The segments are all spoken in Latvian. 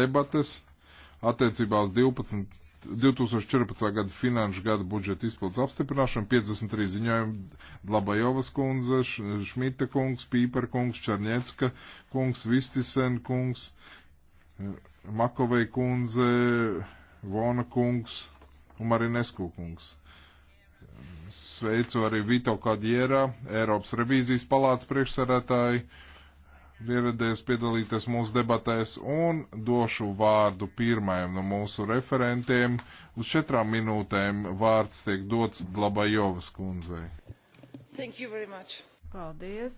debates attiecībā uz 12, 2014. gada finanšu gada budžeta izpildes apstiprināšanu, 53 ziņojumi Labajovas kundze, Šmita kungs, Pīper kungs, Černiecka kungs, Vistisen kungs, Makovei kundze, Vona kungs un Marinesku kungs. Sveicu arī Vito Kadjera, Eiropas revīzijas palātas priekšsarētāju ieradies piedalīties mūsu debatēs un došu vārdu pirmajam no mūsu referentiem. Uz četrām minūtēm vārds tiek dots Labajovas kundzei. Thank you very much. Paldies.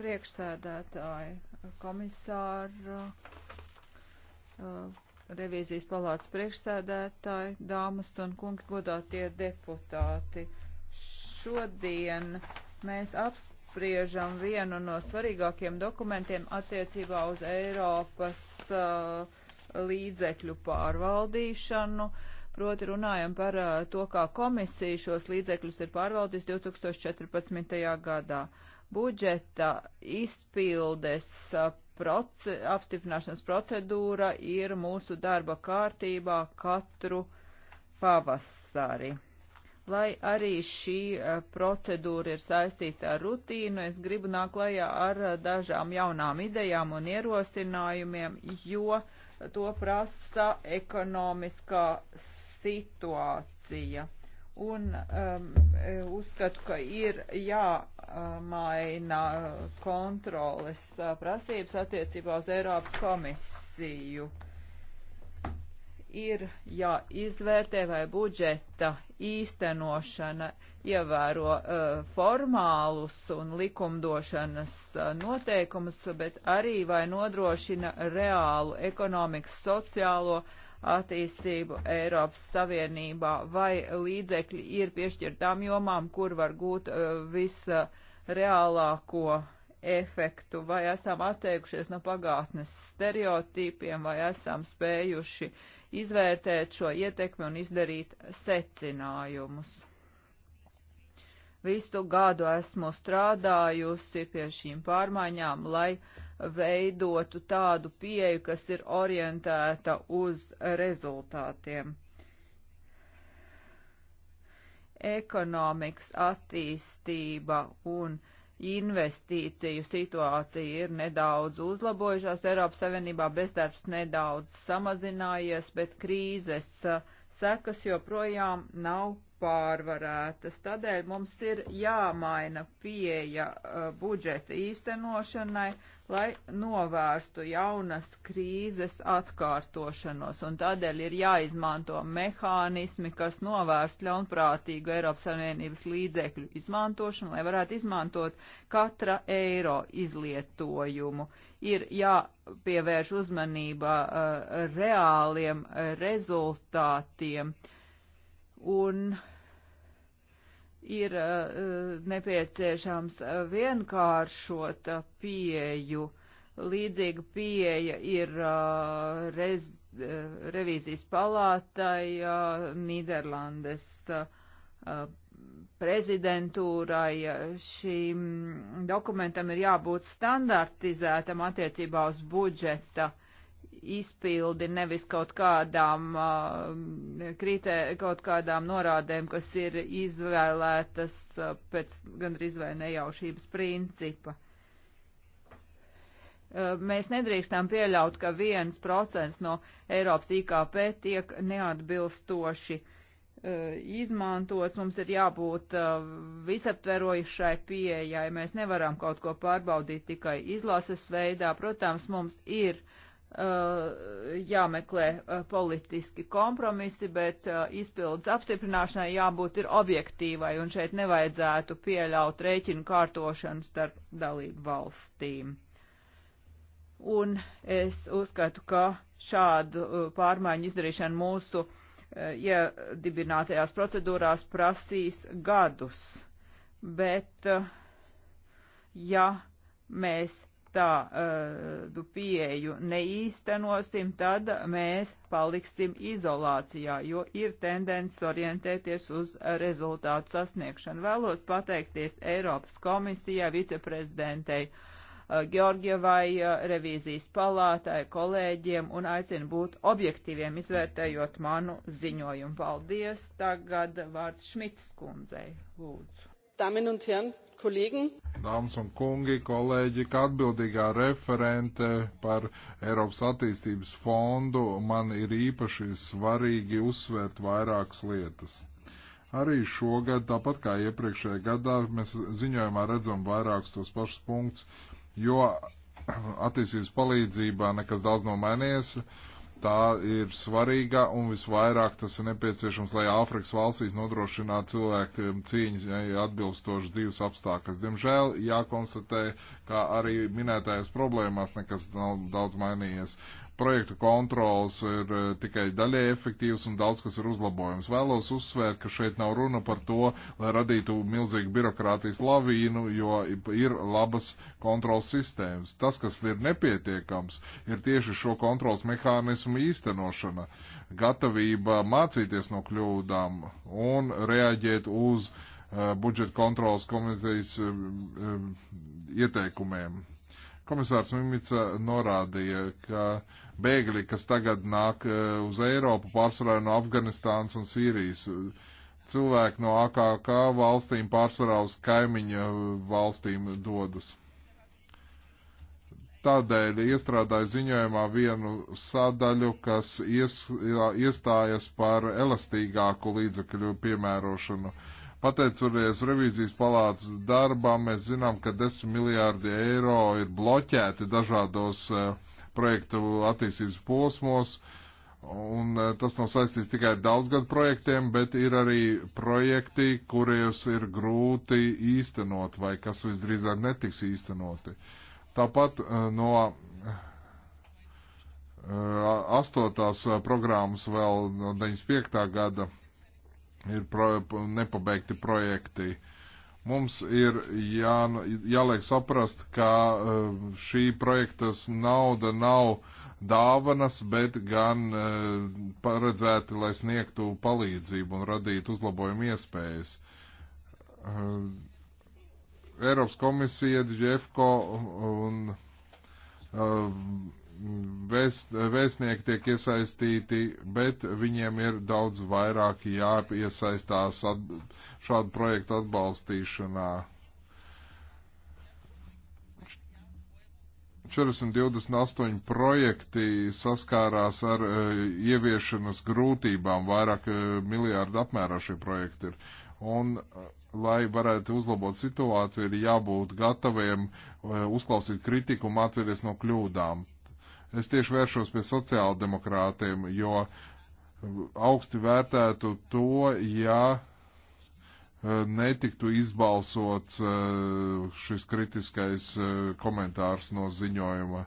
Priekšsēdētāji, komisāra, uh, revīzijas palātas priekšsēdētāji, dāmas un kungi, godātie deputāti. Šodien mēs apstāstījām apspriežam vienu no svarīgākiem dokumentiem attiecībā uz Eiropas uh, līdzekļu pārvaldīšanu. Proti runājam par uh, to, kā komisija šos līdzekļus ir pārvaldījis 2014. gadā. Budžeta izpildes uh, proce apstiprināšanas procedūra ir mūsu darba kārtībā katru pavasari. Lai arī šī eh, procedūra ir saistīta ar rutīnu, es gribu nākt klajā ar eh, dažām jaunām idejām un ierosinājumiem, jo to prasa ekonomiskā situācija. Un um, uzskatu, ka ir jāmaina kontroles prasības attiecībā uz Eiropas komisiju. Uh, ir jāizvērtē, vai budžeta īstenošana ievēro uh, formālus un likumdošanas uh, noteikumus, bet arī vai nodrošina reālu ekonomikas sociālo attīstību Eiropas Savienībā, vai līdzekļi ir piešķirtām jomām, kur var gūt uh, visa reālāko efektu, vai esam atteikušies no pagātnes stereotipiem, vai esam spējuši uh, izvērtēt šo ietekmi un izdarīt secinājumus. Visu gadu esmu strādājusi pie šīm pārmaiņām, lai veidotu tādu pieeju, kas ir orientēta uz rezultātiem ekonomikas attīstība un investīciju situācija ir nedaudz uzlabojušās. Eiropas Savienībā bezdarbs nedaudz samazinājies, bet krīzes uh, sekas joprojām nav pārvarētas. Tādēļ mums ir jāmaina pieeja uh, budžeta īstenošanai, lai novērstu jaunas krīzes atkārtošanos, un tādēļ ir jāizmanto mehānismi, kas novērst ļaunprātīgu Eiropas Savienības līdzekļu izmantošanu, lai varētu izmantot katra eiro izlietojumu. Ir jāpievērš uzmanība uh, reāliem rezultātiem un uh, ir uh, uh, nepieciešams vienkāršot uh, pieju. Līdzīga pieeja ir rez, revīzijas palātai Nīderlandes prezidentūrai šīm dokumentam ir jābūt standartizētam attiecībā uz budžeta uh, izpildi, nevis kaut kādām, uh, kritē, kaut kādām norādēm, kas ir izvēlētas uh, pēc gandrīz vai nejaušības principa. Uh, mēs nedrīkstam pieļaut, ka viens procents no Eiropas IKP tiek neatbilstoši izmantots, mums ir jābūt visaptverojušai pieejai, mēs nevaram kaut ko pārbaudīt tikai izlases veidā. Protams, mums ir uh, Eh, jāmeklē eh, politiski kompromisi, bet eh, izpildes apstiprināšanai jābūt ir objektīvai, un šeit nevajadzētu pieļaut rēķinu kārtošanu starp dalību valstīm. Un es uzskatu, ka šādu pārmaiņu izdarīšana mūsu iedibinātajās ja procedūrās prasīs gadus. Bet, ja mēs tādu eh, nu, pieeju neīstenosim, tad mēs paliksim izolācijā, jo ir tendence orientēties uz rezultātu sasniegšanu. Vēlos pateikties Eiropas komisijai, viceprezidentei eh, Georgievai, eh, revīzijas palātai, kolēģiem un aicinu būt objektīviem, izvērtējot manu ziņojumu. Paldies! Tagad vārds Šmits kundzei. Lūdzu. Damen un Herren, Kollegen. Dāmas un kungi, kolēģi, kā atbildīgā referente par Eiropas attīstības fondu, man ir īpaši svarīgi uzsvērt vairākas lietas. Arī šogad, tāpat kā iepriekšējā gadā, mēs ziņojumā redzam vairākus tos pašus punktus, jo attīstības palīdzībā nekas daudz nav mainījies. Uh, tā ir svarīga un visvairāk tas ir nepieciešams, lai Āfrikas valstīs nodrošinātu cilvēkiem cīņai atbilstoši dzīves apstākļus. Diemžēl jākonstatē, ka arī minētājas problēmās nekas nav daudz mainījies projektu kontrols ir eh, tikai daļai efektīvs un daudz kas ir uzlabojams. Vēlos uzsvērt, ka šeit nav runa par to, lai radītu milzīgu birokrātijas lavīnu, jo ir labas kontrols sistēmas. Tas, kas ir nepietiekams, ir tieši šo kontrols mehānismu īstenošana, gatavība mācīties no kļūdām un reaģēt uz uh, budžeta kontrols komisijas uh, ieteikumiem komisārs Mimica norādīja, ka bēgļi, kas tagad nāk eh, uz Eiropu, pārsvarā no Afganistānas un Sīrijas. Cilvēki no AKK valstīm pārsvarā uz kaimiņa valstīm dodas. Tādēļ iestrādāja ziņojumā vienu sadaļu, kas ies, iestājas par elastīgāku līdzekļu piemērošanu. Pateicoties revīzijas palātas darbam, mēs zinām, ka 10 miljārdi eiro ir bloķēti dažādos uh, projektu attīstības posmos. Un e, tas nav saistīts tikai ar daudzgadu projektiem, bet ir arī projekti, kurus ir grūti īstenot vai kas visdrīzāk netiks īstenoti. Tāpat e, no e, astotās programmas vēl no 95. gada ir pro, nepabeigti projekti. Mums ir jā, jāliek saprast, ka eh, šī projektas nauda nav dāvanas, bet gan eh, paredzēti, lai sniegtu palīdzību un radītu uzlabojumu iespējas. Eh, Eiropas komisija, Džefko un vēst, vēstnieki tiek iesaistīti, bet viņiem ir daudz vairāk jāiesaistās at, šādu projektu atbalstīšanā. 428 projekti saskārās ar uh, ieviešanas grūtībām, vairāk uh, miljārdu apmērā šie projekti ir. Un, uh, lai varētu uzlabot situāciju, ir jābūt gataviem uzklausīt kritiku un mācīties no kļūdām. Es tieši vēršos pie sociāldemokrātiem, jo augsti vērtētu to, ja eh, netiktu izbalsots eh, šis kritiskais eh, komentārs no ziņojuma.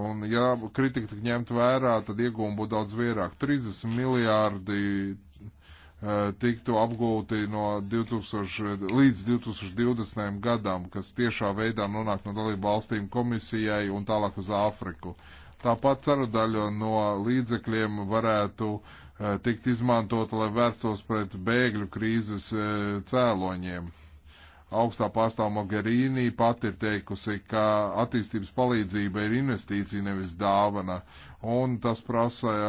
Un, ja kritika tik ņemt vērā, tad iegūmi būtu daudz vairāk. 30 miljārdi Eh, tiktu apgūti no 2000, līdz 2020. gadam, kas tiešā veidā nonāk no dalību valstīm komisijai un tālāk uz Āfriku. Tāpat ceru daļu no līdzekļiem varētu eh, tikt izmantota, lai vērstos pret bēgļu krīzes eh, cēloņiem augstā pārstāva Mogherīnī pati ir teikusi, ka attīstības palīdzība ir investīcija, nevis dāvana. Un tas prasa e,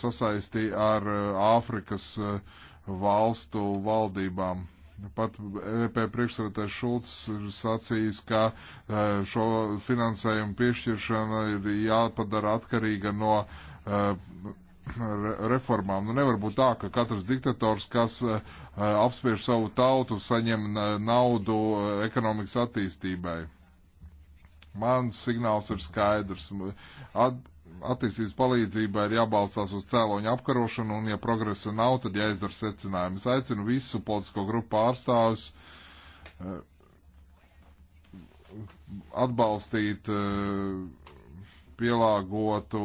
sasaisti ar e, Āfrikas e, valstu valdībām. Pat EP priekšsēdētājs Šulcs ir sacījis, ka šo finansējumu piešķiršana ir jāpadara atkarīga no reformām. Nu, nevar būt tā, ka katrs diktators, kas eh, eh, apspiež savu tautu, saņem naudu eh, ekonomikas attīstībai. Mans signāls ir skaidrs. At, attīstības palīdzība ir jābalstās uz cēloņu apkarošanu, un ja progresa nav, tad jāizdara secinājumi. Es aicinu visu politisko grupu pārstāvis atbalstīt uh, pielāgotu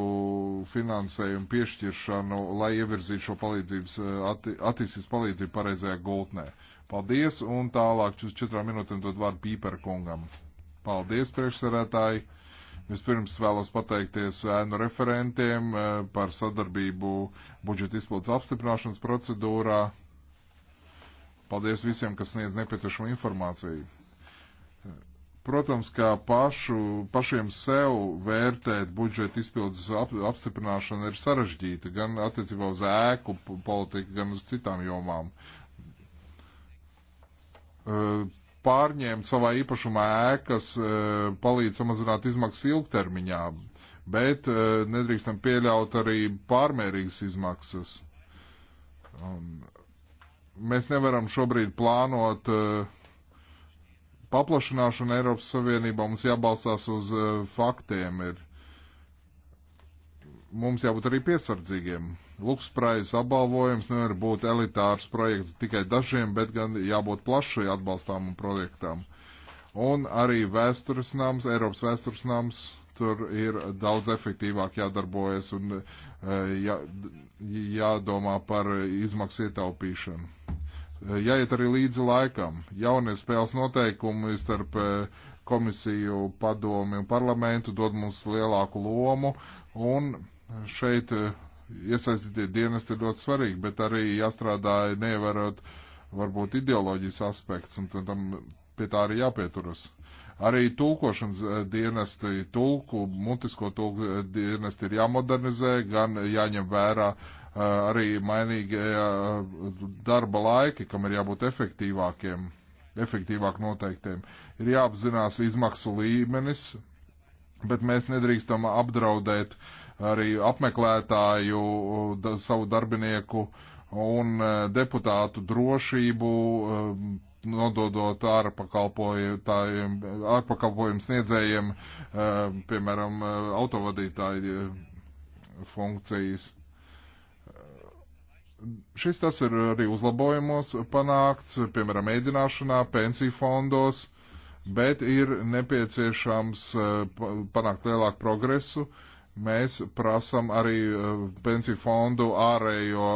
finansējumu piešķiršanu, lai ievirzītu šo palīdzības, eh, atti, attīstības palīdzību pareizajā gultnē. Paldies, un tālāk uz četrām minūtēm dod vārdu Pīperkungam. Paldies, priekšsarētāji! Vispirms vēlos pateikties ēnu referentiem eh, par sadarbību budžeta izpildes apstiprināšanas procedūrā. Paldies visiem, kas sniedz nepieciešamo informāciju. Protams, kā pašu, pašiem sev vērtēt budžeta izpildes ap, apstiprināšanu ir sarežģīta gan attiecībā uz ēku politiku, gan uz citām jomām. Pārņēmt savā īpašumā ēkas palīdz samazināt izmaksas ilgtermiņā, bet nedrīkstam pieļaut arī pārmērīgas izmaksas. Mēs nevaram šobrīd plānot uh, paplašināšana Eiropas Savienībā mums jābalstās uz eh, faktiem. Ir. Mums jābūt arī piesardzīgiem. Luksusprājas apbalvojums nevar būt elitārs projekts tikai dažiem, bet gan jābūt plašai atbalstāmam projektām. Un arī vēstures nams, Eiropas vēstures nams, tur ir daudz efektīvāk jādarbojas un eh, jā, jādomā par izmaksu ietaupīšanu. Eh, jāiet arī līdzi laikam. Jaunie spēles noteikumi starp eh, komisiju, padomi un parlamentu dod mums lielāku lomu, un šeit eh, iesaistītie dienesti ir ļoti svarīgi, bet arī jāstrādā nevarot varbūt ideoloģijas aspekts, un tam pie tā arī jāpieturas arī tulkošanas dienesti, tulku, mutisko tulku dienesti ir jāmodernizē, gan jāņem vērā arī mainīgi darba laiki, kam ir jābūt efektīvākiem, efektīvāk noteiktiem. Ir jāapzinās izmaksu līmenis, bet mēs nedrīkstam apdraudēt arī apmeklētāju, da, savu darbinieku un deputātu drošību, nododot ārpakalpojumu sniedzējiem, piemēram, autovadītāju funkcijas Šis tas ir arī uzlabojumos panākts, piemēram, mēdināšanā, pensiju fondos, bet ir nepieciešams eh, panākt lielāku progresu. Mēs prasam arī eh, pensiju fondu ārējo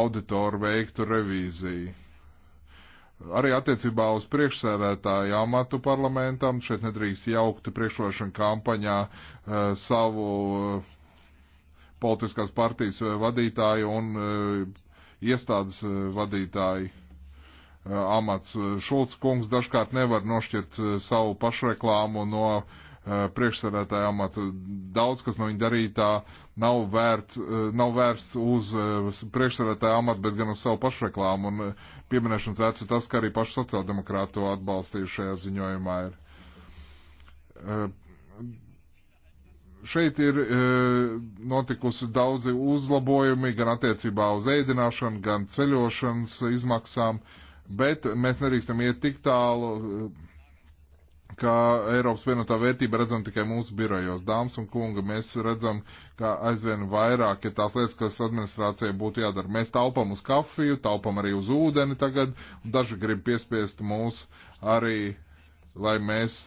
auditoru veiktu revīziju. Arī attiecībā uz priekšsēdētāju amatu parlamentam šeit nedrīkst jaukti priekšvēlēšana kampaņā eh, savu politiskās partijas eh, vadītāju un eh, iestādes eh, vadītāju amats. Šulc kungs dažkārt nevar nošķirt savu pašreklāmu no priekšsarētāja amata. Daudz, kas no viņa darītā nav, vērts, nav vērsts uz priekšsarētāja amatu, bet gan uz savu pašreklāmu. Un pieminēšanas vērts ir tas, ka arī paši sociāldemokrāti to atbalstīja šajā ziņojumā. Ir Šeit ir e, notikusi daudzi uzlabojumi gan attiecībā uz ēdināšanu, gan ceļošanas izmaksām, bet mēs nerīkstam iet tik tālu, e, ka Eiropas vienotā vērtība redzam tikai mūsu birojos. Dāmas un kunga, mēs redzam, ka aizvien vairāk ir tās lietas, kas administrācijai būtu jādara. Mēs taupam uz kafiju, taupam arī uz ūdeni tagad, un daži grib piespiest mūs arī lai mēs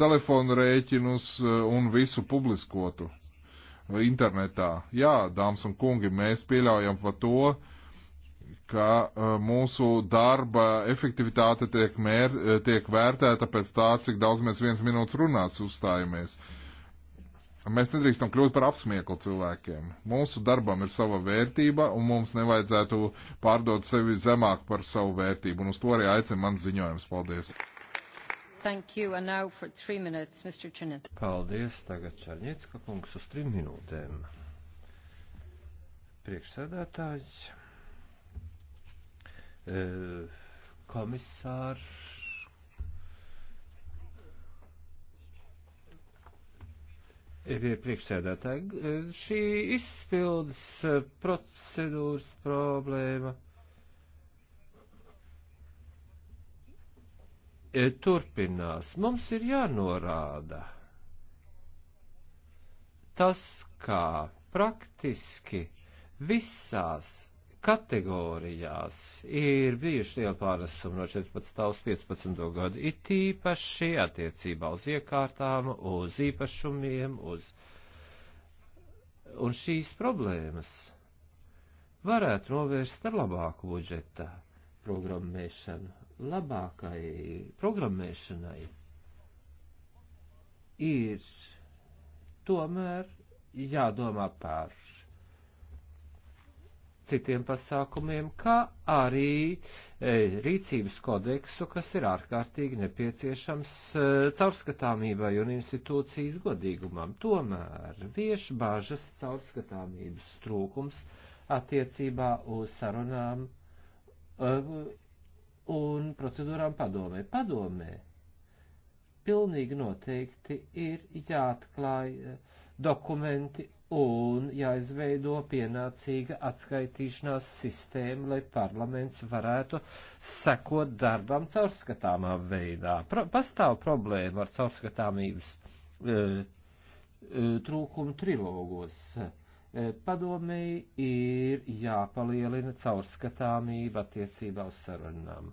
telefonu rēķinus eh, un visu publiskotu internetā. Jā, dāmas un kungi, mēs pieļaujam par to, ka eh, mūsu darba efektivitāte tiek, mēr, eh, tiek vērtēta pēc tā, cik daudz mēs viens minūtes runās uzstājamies. Mēs nedrīkstam kļūt par apsmieklu cilvēkiem. Mūsu darbam ir sava vērtība, un mums nevajadzētu pārdot sevi zemāk par savu vērtību, un uz to arī aicina mans ziņojums. Paldies! Thank you, and now for three minutes, Mr. Černet. Paldies, tagad Černiecka kungs uz trim minūtēm. Priekšsēdētājs, e, komisārs, priekšsēdētāji, šī izpildes procedūras problēma E, turpinās. Mums ir jānorāda tas, kā praktiski visās kategorijās ir bijuši liela pārnesuma no 14. uz 15. gadu, it īpaši attiecībā uz iekārtām, uz īpašumiem, uz. Un šīs problēmas varētu novērst ar labāku budžeta programmēšanu labākai programmēšanai ir tomēr jādomā par citiem pasākumiem, kā arī e, rīcības kodeksu, kas ir ārkārtīgi nepieciešams e, caurskatāmībai un institūcijas godīgumam. Tomēr vieš bāžas caurskatāmības trūkums attiecībā uz sarunām e, un procedūrām padomē. Padomē pilnīgi noteikti ir jāatklāj eh, dokumenti un jāizveido pienācīga atskaitīšanās sistēma, lai parlaments varētu sekot darbam caurskatāmā veidā. Pro, pastāv problēma ar caurskatāmības e, e, trūkumu trilogos. E, Eh, padomēji ir jāpalielina caurskatāmība attiecībā uz sarunām.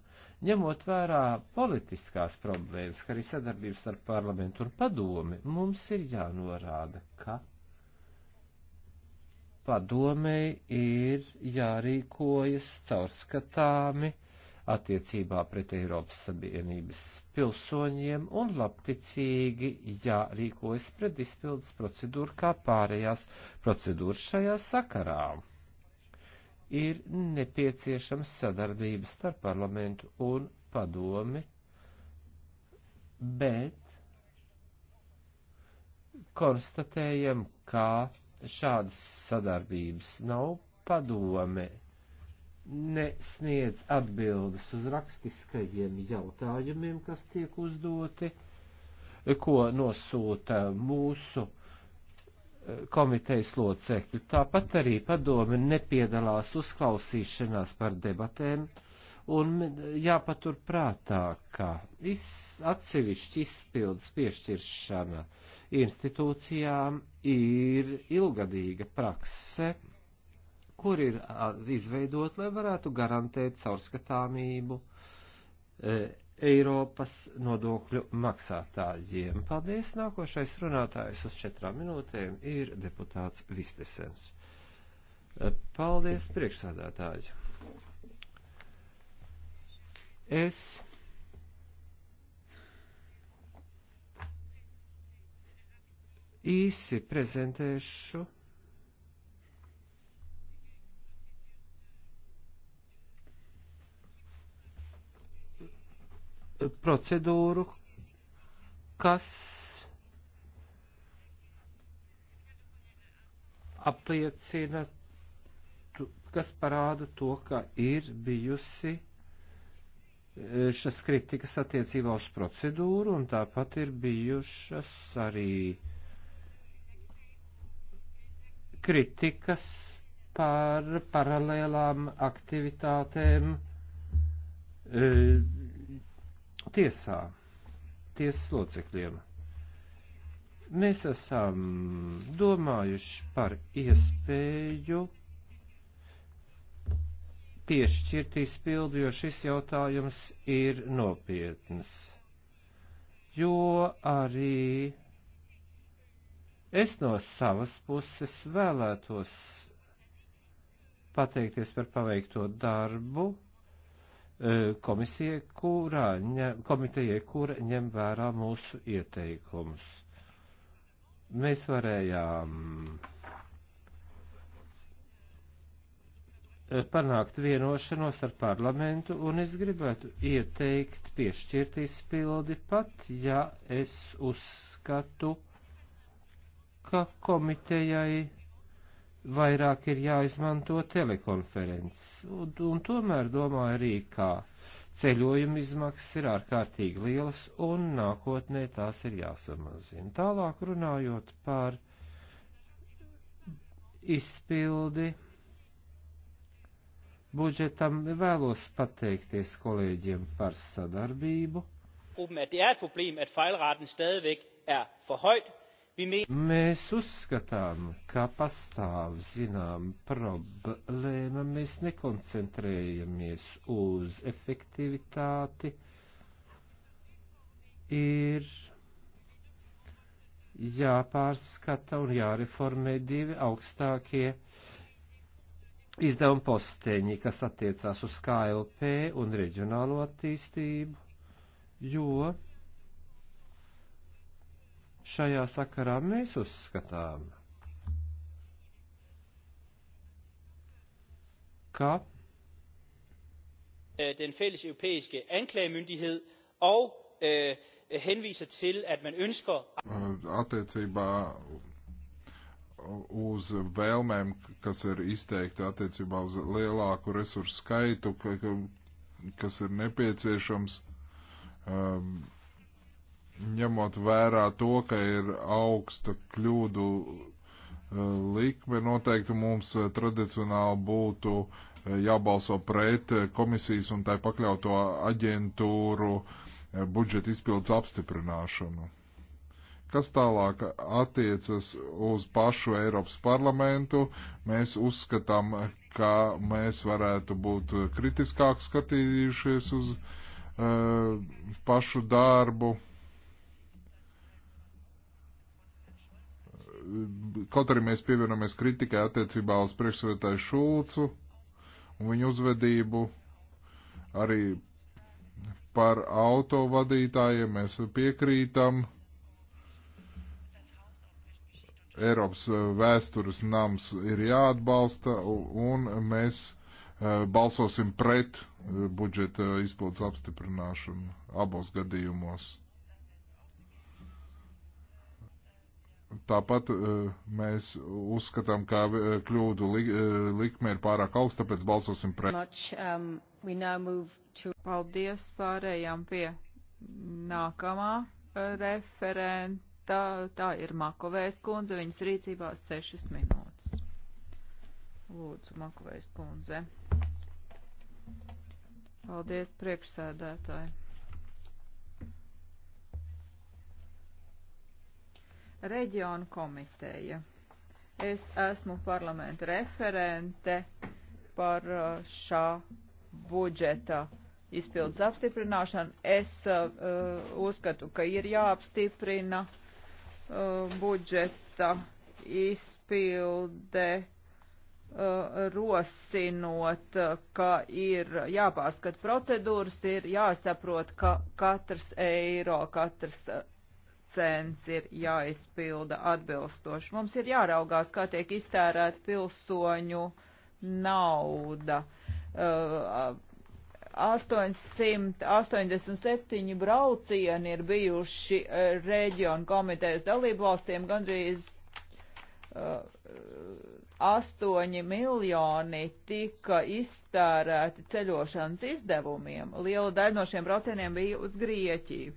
Ņemot vērā politiskās problēmas, kā arī sadarbības ar parlamentu un padomi, mums ir jānorāda, ka padomēji ir jārīkojas caurskatāmi, uh, attiecībā pret Eiropas Savienības pilsoņiem un labticīgi jārīkojas pret izpildes procedūru kā pārējās procedūras šajā sakarā. Ir nepieciešams sadarbības starp parlamentu un padomi, bet konstatējam, ka šādas sadarbības nav padome nesniedz atbildes uz rakstiskajiem jautājumiem, kas tiek uzdoti, ko nosūta mūsu e, komitejas locekļi. Tāpat arī padome nepiedalās uzklausīšanās par debatēm, un jāpatur prātā, ka iz, atsevišķi izpildes piešķiršana institūcijām ir ilgadīga prakse, kur ir izveidot, lai varētu garantēt caurskatāmību e, Eiropas nodokļu maksātājiem. Paldies! Nākošais runātājs uz četrām minūtēm ir deputāts Vistesens. E, paldies, priekšsādātāji! Es īsi prezentēšu procedūru, kas apliecina, kas parāda to, ka ir bijusi e, šas kritikas attiecībā uz procedūru, un tāpat ir bijušas arī kritikas par paralēlām aktivitātēm. E, tiesā, tiesas locekļiem. Mēs esam domājuši par iespēju piešķirt izpildu, jo šis jautājums ir nopietns. Jo arī es no savas puses vēlētos pateikties par paveikto darbu, E, komisijai, kurā ņem, komitejai, kura ņem vērā mūsu ieteikumus. Mēs varējām e, panākt vienošanos ar parlamentu, un es gribētu ieteikt piešķirt izpildi pat, ja es uzskatu, ka komitejai vairāk ir jāizmanto telekonferences. Un, un tomēr domāju arī, kā ceļojuma izmaksas ir ārkārtīgi lielas un nākotnē tās ir jāsamazina. Tālāk runājot par izpildi budžetam, vēlos pateikties kolēģiem par sadarbību. Gruppen, at det er et problem, at fejlraten stadigvæk er for højt, Mēs uzskatām, ka pastāv zinām problēma, mēs nekoncentrējamies uz efektivitāti. Ir jāpārskata un jāreformē divi augstākie izdevuma posteņi, kas attiecās uz KLP un reģionālo attīstību, jo šajā sakarā mēs uzskatām, ka øh, den fælles europæiske anklagemyndighed og øh, henviser til, at man ønsker... Øh, attiecībā uz vēlmēm, kas ir izteikti attiecībā uz lielāku resursu skaitu, kas ir nepieciešams, um, ņemot vērā to, ka ir augsta kļūdu eh, likme, noteikti mums eh, tradicionāli būtu eh, jābalso pret komisijas un tai pakļauto aģentūru budžeta izpildes apstiprināšanu. Kas tālāk attiecas uz pašu Eiropas parlamentu, mēs uzskatām, ka mēs varētu būt kritiskāk skatījušies uz uh, pašu darbu. Uh, kaut arī mēs pievienojamies kritikai attiecībā uz priekšsēdētāju Šulcu un viņa uzvedību, arī par autovadītājiem mēs piekrītam. Eiropas eh, vēstures nams ir jāatbalsta, un mēs eh, balsosim pret eh, budžeta izpildes apstiprināšanu abos gadījumos. Tāpat eh, mēs uzskatām, ka eh, kļūdu eh, likme ir pārāk augsta, tāpēc balsosim pret. Um, to... Paldies, pārējām pie nākamā referenta. Tā ir Makovējas kundze, viņas rīcībā sešas minūtes. Lūdzu, Makovējas kundze. Paldies, priekšsēdētāji. Reģionu komiteja. Es esmu parlamenta referente par uh, šā budžeta izpildus apstiprināšanu. Es uh, uzskatu, ka ir jāapstiprina uh, budžeta izpilde uh, rosinot, uh, ka ir jāpārskat procedūras, ir jāsaprot, ka katrs eiro, katrs uh, cents ir jāizpilda atbilstoši. Mums ir jāraugās, kā tiek iztērēta pilsoņu nauda. Uh, 887 braucieni ir bijuši uh, reģionu komitejas dalību valstiem, gandrīz uh, 8 miljoni tika iztērēti ceļošanas izdevumiem. Liela daļa no šiem braucieniem bija uz Grieķiju.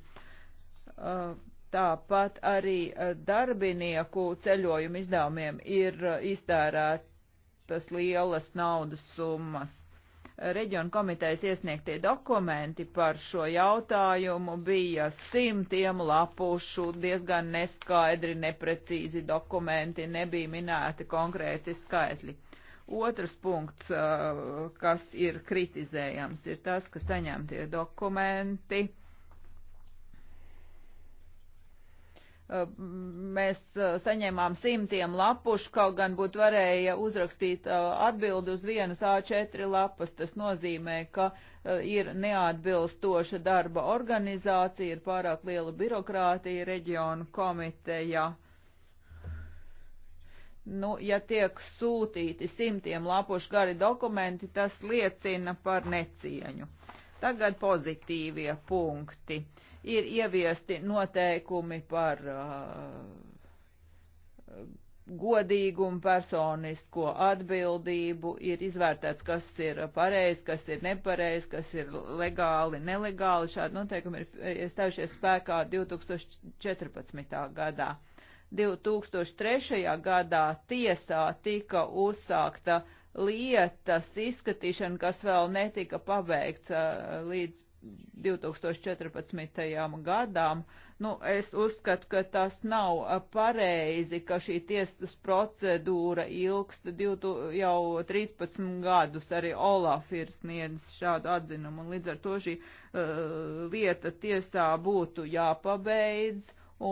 Uh, Tāpat arī eh, darbinieku ceļojumu izdevumiem ir eh, iztērētas lielas naudas summas. Reģionu komitejas iesniegtie dokumenti par šo jautājumu bija simtiem lapušu, diezgan neskaidri, neprecīzi dokumenti, nebija minēti konkrēti skaitļi. Otrs punkts, eh, kas ir kritizējams, ir tas, ka saņemtie dokumenti mēs saņēmām simtiem lapušu, kaut gan būtu varēja uzrakstīt atbildi uz vienas A4 lapas. Tas nozīmē, ka ir neatbilstoša darba organizācija, ir pārāk liela birokrātija reģionu komiteja. Nu, ja tiek sūtīti simtiem lapušu gari dokumenti, tas liecina par necieņu. Tagad pozitīvie punkti. Uh, ir ieviesti noteikumi par uh, godīgumu, personisko atbildību, ir izvērtēts, kas ir pareizi, kas ir nepareizi, kas ir legāli, nelegāli. Šādi noteikumi ir stājušies spēkā 2014. gadā. 2003. gadā tiesā tika uzsākta lietas izskatīšana, kas vēl netika pabeigts uh, līdz 2014. gadam. Nu, es uzskatu, ka tas nav pareizi, ka šī tiesas procedūra ilgst jau 13 gadus. Arī Olaf ir sniedzis šādu atzinumu, un līdz ar to šī uh, lieta tiesā būtu jāpabeidz.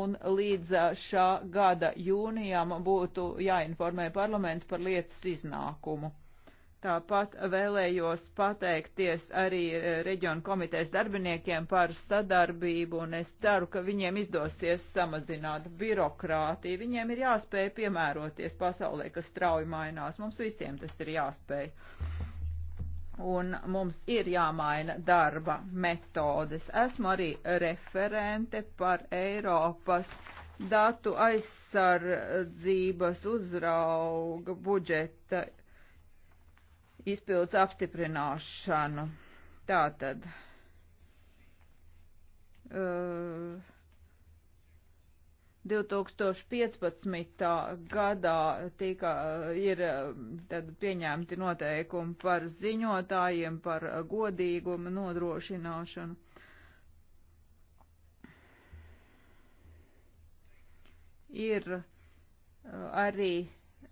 Un līdz uh, šā gada jūnijam būtu jāinformē parlaments par lietas iznākumu. Tāpat vēlējos pateikties arī eh, reģionu komitejas darbiniekiem par sadarbību, un es ceru, ka viņiem izdosies samazināt birokrātiju. Viņiem ir jāspēj piemēroties pasaulē, kas strauji mainās. Mums visiem tas ir jāspēj un mums ir jāmaina darba metodes. Esmu arī referente par Eiropas datu aizsardzības uzrauga budžeta izpildus apstiprināšanu. Tātad. Uh, eh, 2015. gadā tika, eh, ir eh, tad pieņemti noteikumi par ziņotājiem, par godīgumu nodrošināšanu. Ir arī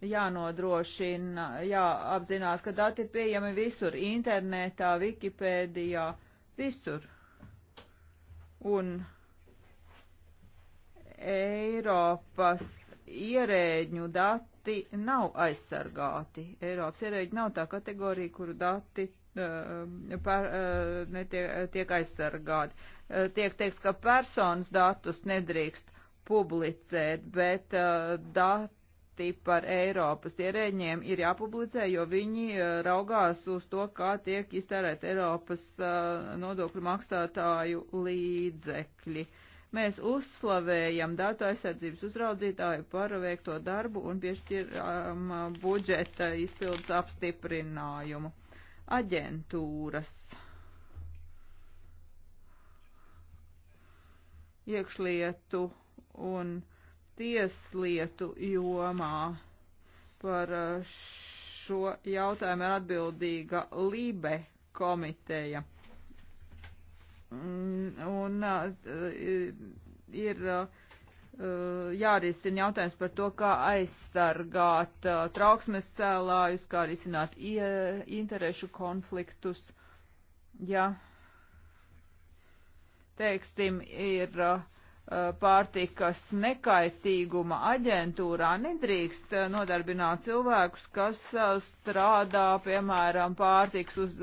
jānodrošina, jāapzinās, ka dati ir pieejami visur - internetā, Wikipēdijā, visur. Un Eiropas ierēģņu dati nav aizsargāti. Eiropas ierēģi nav tā kategorija, kuru dati um, par, uh, netiek, tiek aizsargāti. Uh, tiek teiks, ka personas datus nedrīkst publicēt, bet uh, dat, dati par Eiropas ierēģiem ir jāpublicē, jo viņi eh, raugās uz to, kā tiek iztērēt Eiropas eh, nodokļu maksātāju līdzekļi. Mēs uzslavējam datu aizsardzības uzraudzītāju par veikto darbu un piešķiram eh, budžeta izpildes apstiprinājumu. Aģentūras. Iekšlietu un tieslietu jomā par uh, šo jautājumu ir atbildīga Lībe komiteja. Mm, un uh, ir uh, jārisina jautājums par to, kā aizsargāt trauksmes cēlājus, kā risināt interešu konfliktus. Ja, teiksim, ir uh, Eh, pārtikas nekaitīguma aģentūrā nedrīkst eh, nodarbināt cilvēkus, kas eh, strādā, piemēram, pārtikas uz,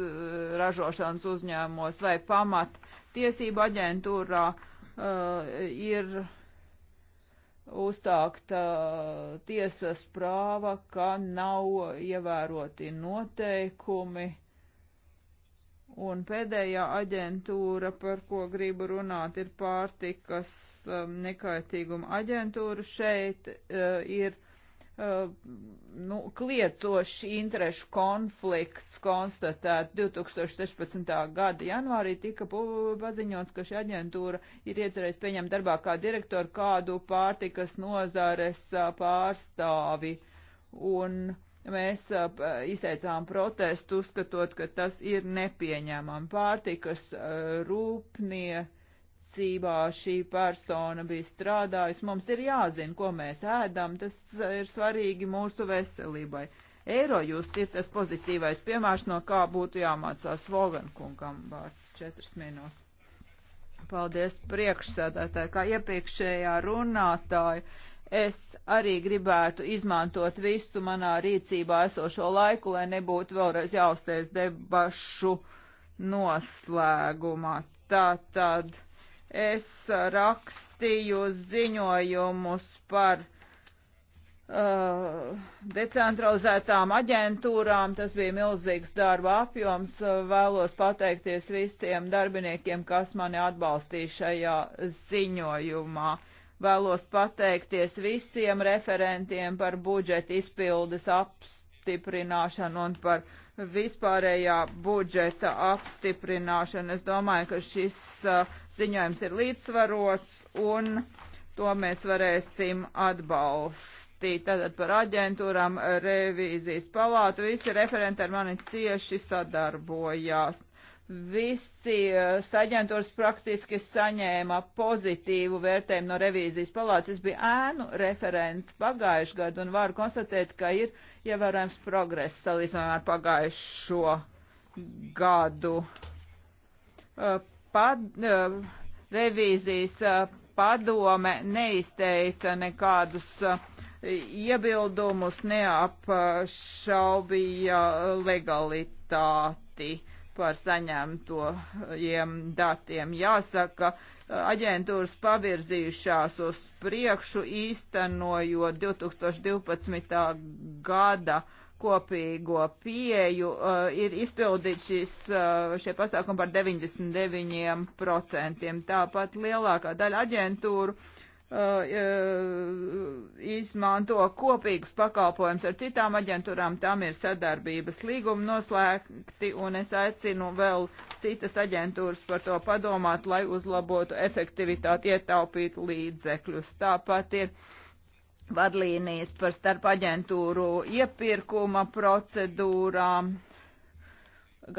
ražošanas uzņēmumos vai pamat tiesību aģentūrā uh, ir uzstākta tiesas prāva, ka nav ievēroti noteikumi Un pēdējā aģentūra, par ko gribu runāt, ir pārtikas um, nekaitīguma aģentūra. Šeit uh, ir uh, nu, kliecoši interešu konflikts konstatēts 2016. gada janvārī tika paziņots, ka šī aģentūra ir iecerējis pieņemt darbā kā direktoru kādu pārtikas nozares uh, pārstāvi. Un, uh, Mēs izteicām protestu, uzskatot, ka tas ir nepieņemami. Pārtikas rūpniecībā šī persona bija strādājusi. Mums ir jāzina, ko mēs ēdam. Tas ir svarīgi mūsu veselībai. Eiro just ir tas pozitīvais piemērs, no kā būtu jāmācās Vogankungam vārds četras minūtes. Paldies priekšsēdētāji, kā iepriekšējā runātāja Es arī gribētu izmantot visu manā rīcībā esošo laiku, lai nebūtu vēlreiz jāuztais debašu noslēgumā. Tātad es rakstīju ziņojumus par Uh, decentralizētām aģentūrām. Tas bija milzīgs darba apjoms. Vēlos pateikties visiem darbiniekiem, kas mani atbalstīja šajā ziņojumā. Vēlos pateikties visiem referentiem par budžeta izpildes apstiprināšanu un par vispārējā budžeta apstiprināšanu. Es domāju, ka šis uh, ziņojums ir līdzsvarots un to mēs varēsim atbalstīt rakstīt tātad par aģentūrām, revīzijas palātu, visi referenti ar mani cieši sadarbojās. Visi eh, saģentūras praktiski saņēma pozitīvu vērtējumu no revīzijas palāces. Es biju ēnu referents pagājušajā gadu un varu konstatēt, ka ir ievērojams progress salīdzinājumā ar pagājušo gadu. Eh, pad, eh, revīzijas padome neizteica nekādus iebildumus, neapšaubīja legalitāti par saņemtojiem datiem. Jāsaka, aģentūras pavirzījušās uz priekšu īstenojot 2012. gada kopīgo pieju, uh, ir izpildīts šis, uh, šie pasākumi par 99%. Tāpat lielākā daļa aģentūru uh, Uh, uh, izmanto kopīgus pakalpojumus ar citām aģentūrām, tam ir sadarbības līgumi noslēgti, un es aicinu vēl citas aģentūras par to padomāt, lai uzlabotu efektivitāti, ietaupītu līdzekļus. Tāpat ir vadlīnijas par starp aģentūru iepirkuma procedūrām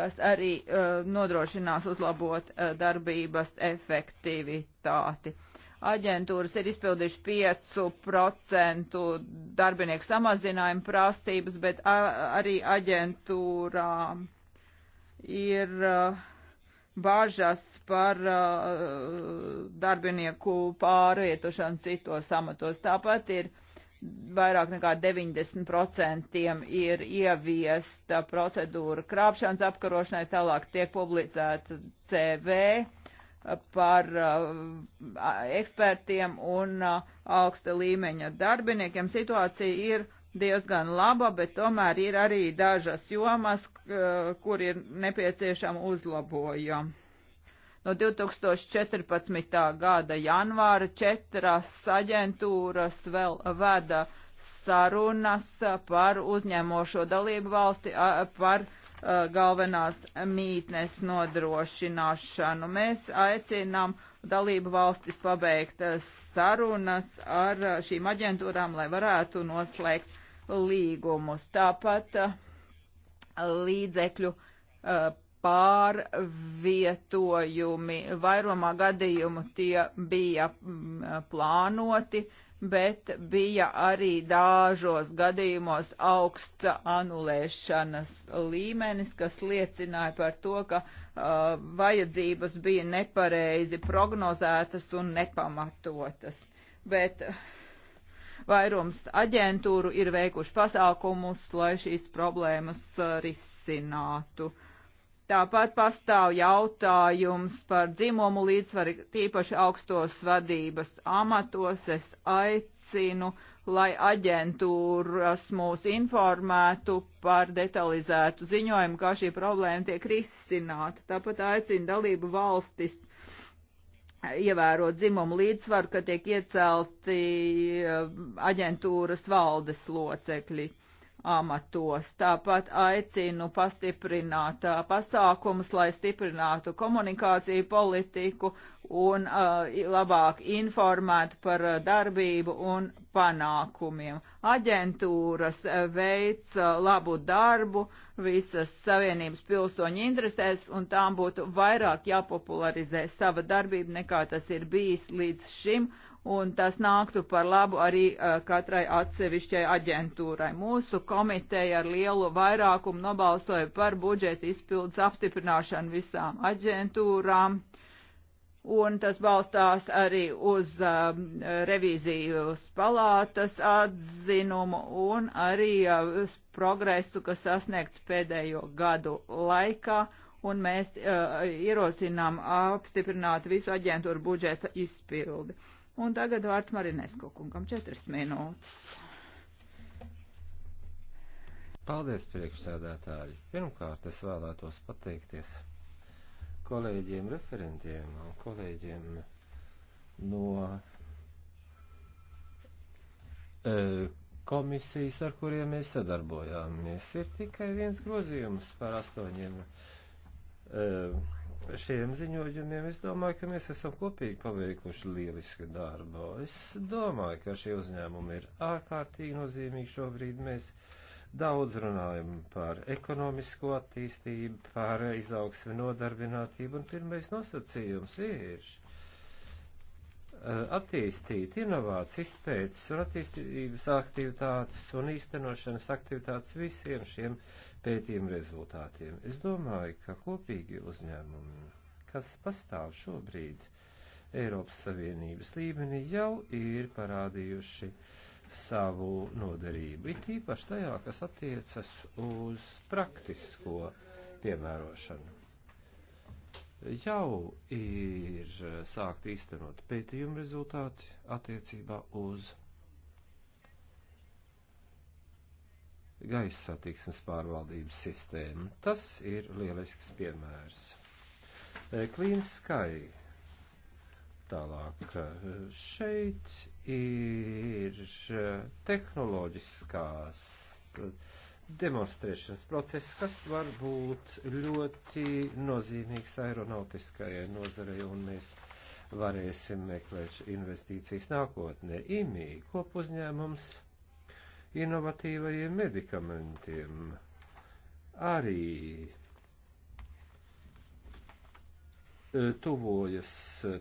kas arī uh, nodrošinās uzlabot uh, darbības efektivitāti. Uh, aģentūras ir izpildījuši 5% darbinieku samazinājumu prasības, bet arī aģentūrām ir bažas par darbinieku pārvietošanu citos amatos. Tāpat ir vairāk nekā 90% ir ieviesta procedūra krāpšanas apkarošanai, tālāk tiek publicēta CV par uh, ekspertiem un uh, augsta līmeņa darbiniekiem. Situācija ir diezgan laba, bet tomēr ir arī dažas jomas, kur ir nepieciešama uzlabojuma. No 2014. gada janvāra četras aģentūras vēl veda sarunas par uzņēmošo dalību valsti, par uh, Uh, galvenās mītnes nodrošināšanu. Mēs aicinām dalību valstis pabeigt uh, sarunas ar uh, šīm aģentūrām, lai varētu noslēgt līgumus. Tāpat līdzekļu pārvietojumi. Vairumā gadījumu tie bija mm, plānoti, bet bija arī dāžos gadījumos augsts anulēšanas līmenis, kas liecināja par to, ka uh, vajadzības bija nepareizi prognozētas un nepamatotas. Bet vairums aģentūru ir veikuši pasākumus, lai šīs problēmas risinātu. Uh, Tāpat pastāv jautājums par dzimumu līdzsvaru, tīpaši augstos vadības amatos. Es aicinu, lai aģentūras mūs informētu par detalizētu ziņojumu, kā šī problēma tiek risināta. Tāpat aicinu dalību valstis ievērot dzimumu līdzsvaru, ka tiek iecelti eh, aģentūras valdes locekļi amatos. Tāpat aicinu pastiprināt uh, pasākumus, lai stiprinātu komunikāciju politiku un uh, labāk informētu par uh, darbību un panākumiem. Aģentūras veic labu darbu visas Savienības pilsoņu interesēs, un tām būtu vairāk jāpopularizē sava darbība, nekā tas ir bijis līdz šim. Uh, un tas nāktu par labu arī eh, katrai atsevišķai aģentūrai. Mūsu komiteja ar lielu vairākumu nobalsoja par budžeta izpildes apstiprināšanu visām aģentūrām. Un tas balstās arī uz um, revīzijas palātas atzinumu un arī uh, eh, uz progresu, kas sasniegts pēdējo gadu laikā un mēs uh, ierosinām apstiprināt visu aģentūru budžeta izpildi. Un tagad vārds Marinesko kungam četras minūtes. Paldies, priekšsēdētāji. Pirmkārt, es vēlētos pateikties kolēģiem referentiem un kolēģiem no e, komisijas, ar kuriem mēs sadarbojāmies. Ir tikai viens grozījums par astoņiem. E, šiem ziņojumiem, es domāju, ka mēs esam kopīgi paveikuši lielisku darbu. Es domāju, ka šie uzņēmumi ir ārkārtīgi nozīmīgi šobrīd. Mēs daudz runājam par ekonomisko attīstību, par izaugsmi nodarbinātību, un pirmais nosacījums ir Eh, attīstīt inovācijas izpētes un attīstības aktivitātes un īstenošanas aktivitātes visiem šiem pētījumu rezultātiem. Es domāju, ka kopīgi uzņēmumi, kas pastāv šobrīd Eiropas Savienības līmenī, jau ir parādījuši savu noderību, it īpaši tajā, kas attiecas uz praktisko piemērošanu jau ir sākt īstenot pētījumu rezultāti attiecībā uz gaisa satiksmes pārvaldības sistēmu. Tas ir lielisks piemērs. Klīns e, Skai. Tālāk e, šeit ir e, tehnoloģiskās uh, demonstrēšanas process, kas var būt ļoti nozīmīgs aeronautiskajai nozarei, un mēs varēsim meklēt investīcijas nākotnē. IMI kopuzņēmums inovatīvajiem medikamentiem arī e, tuvojas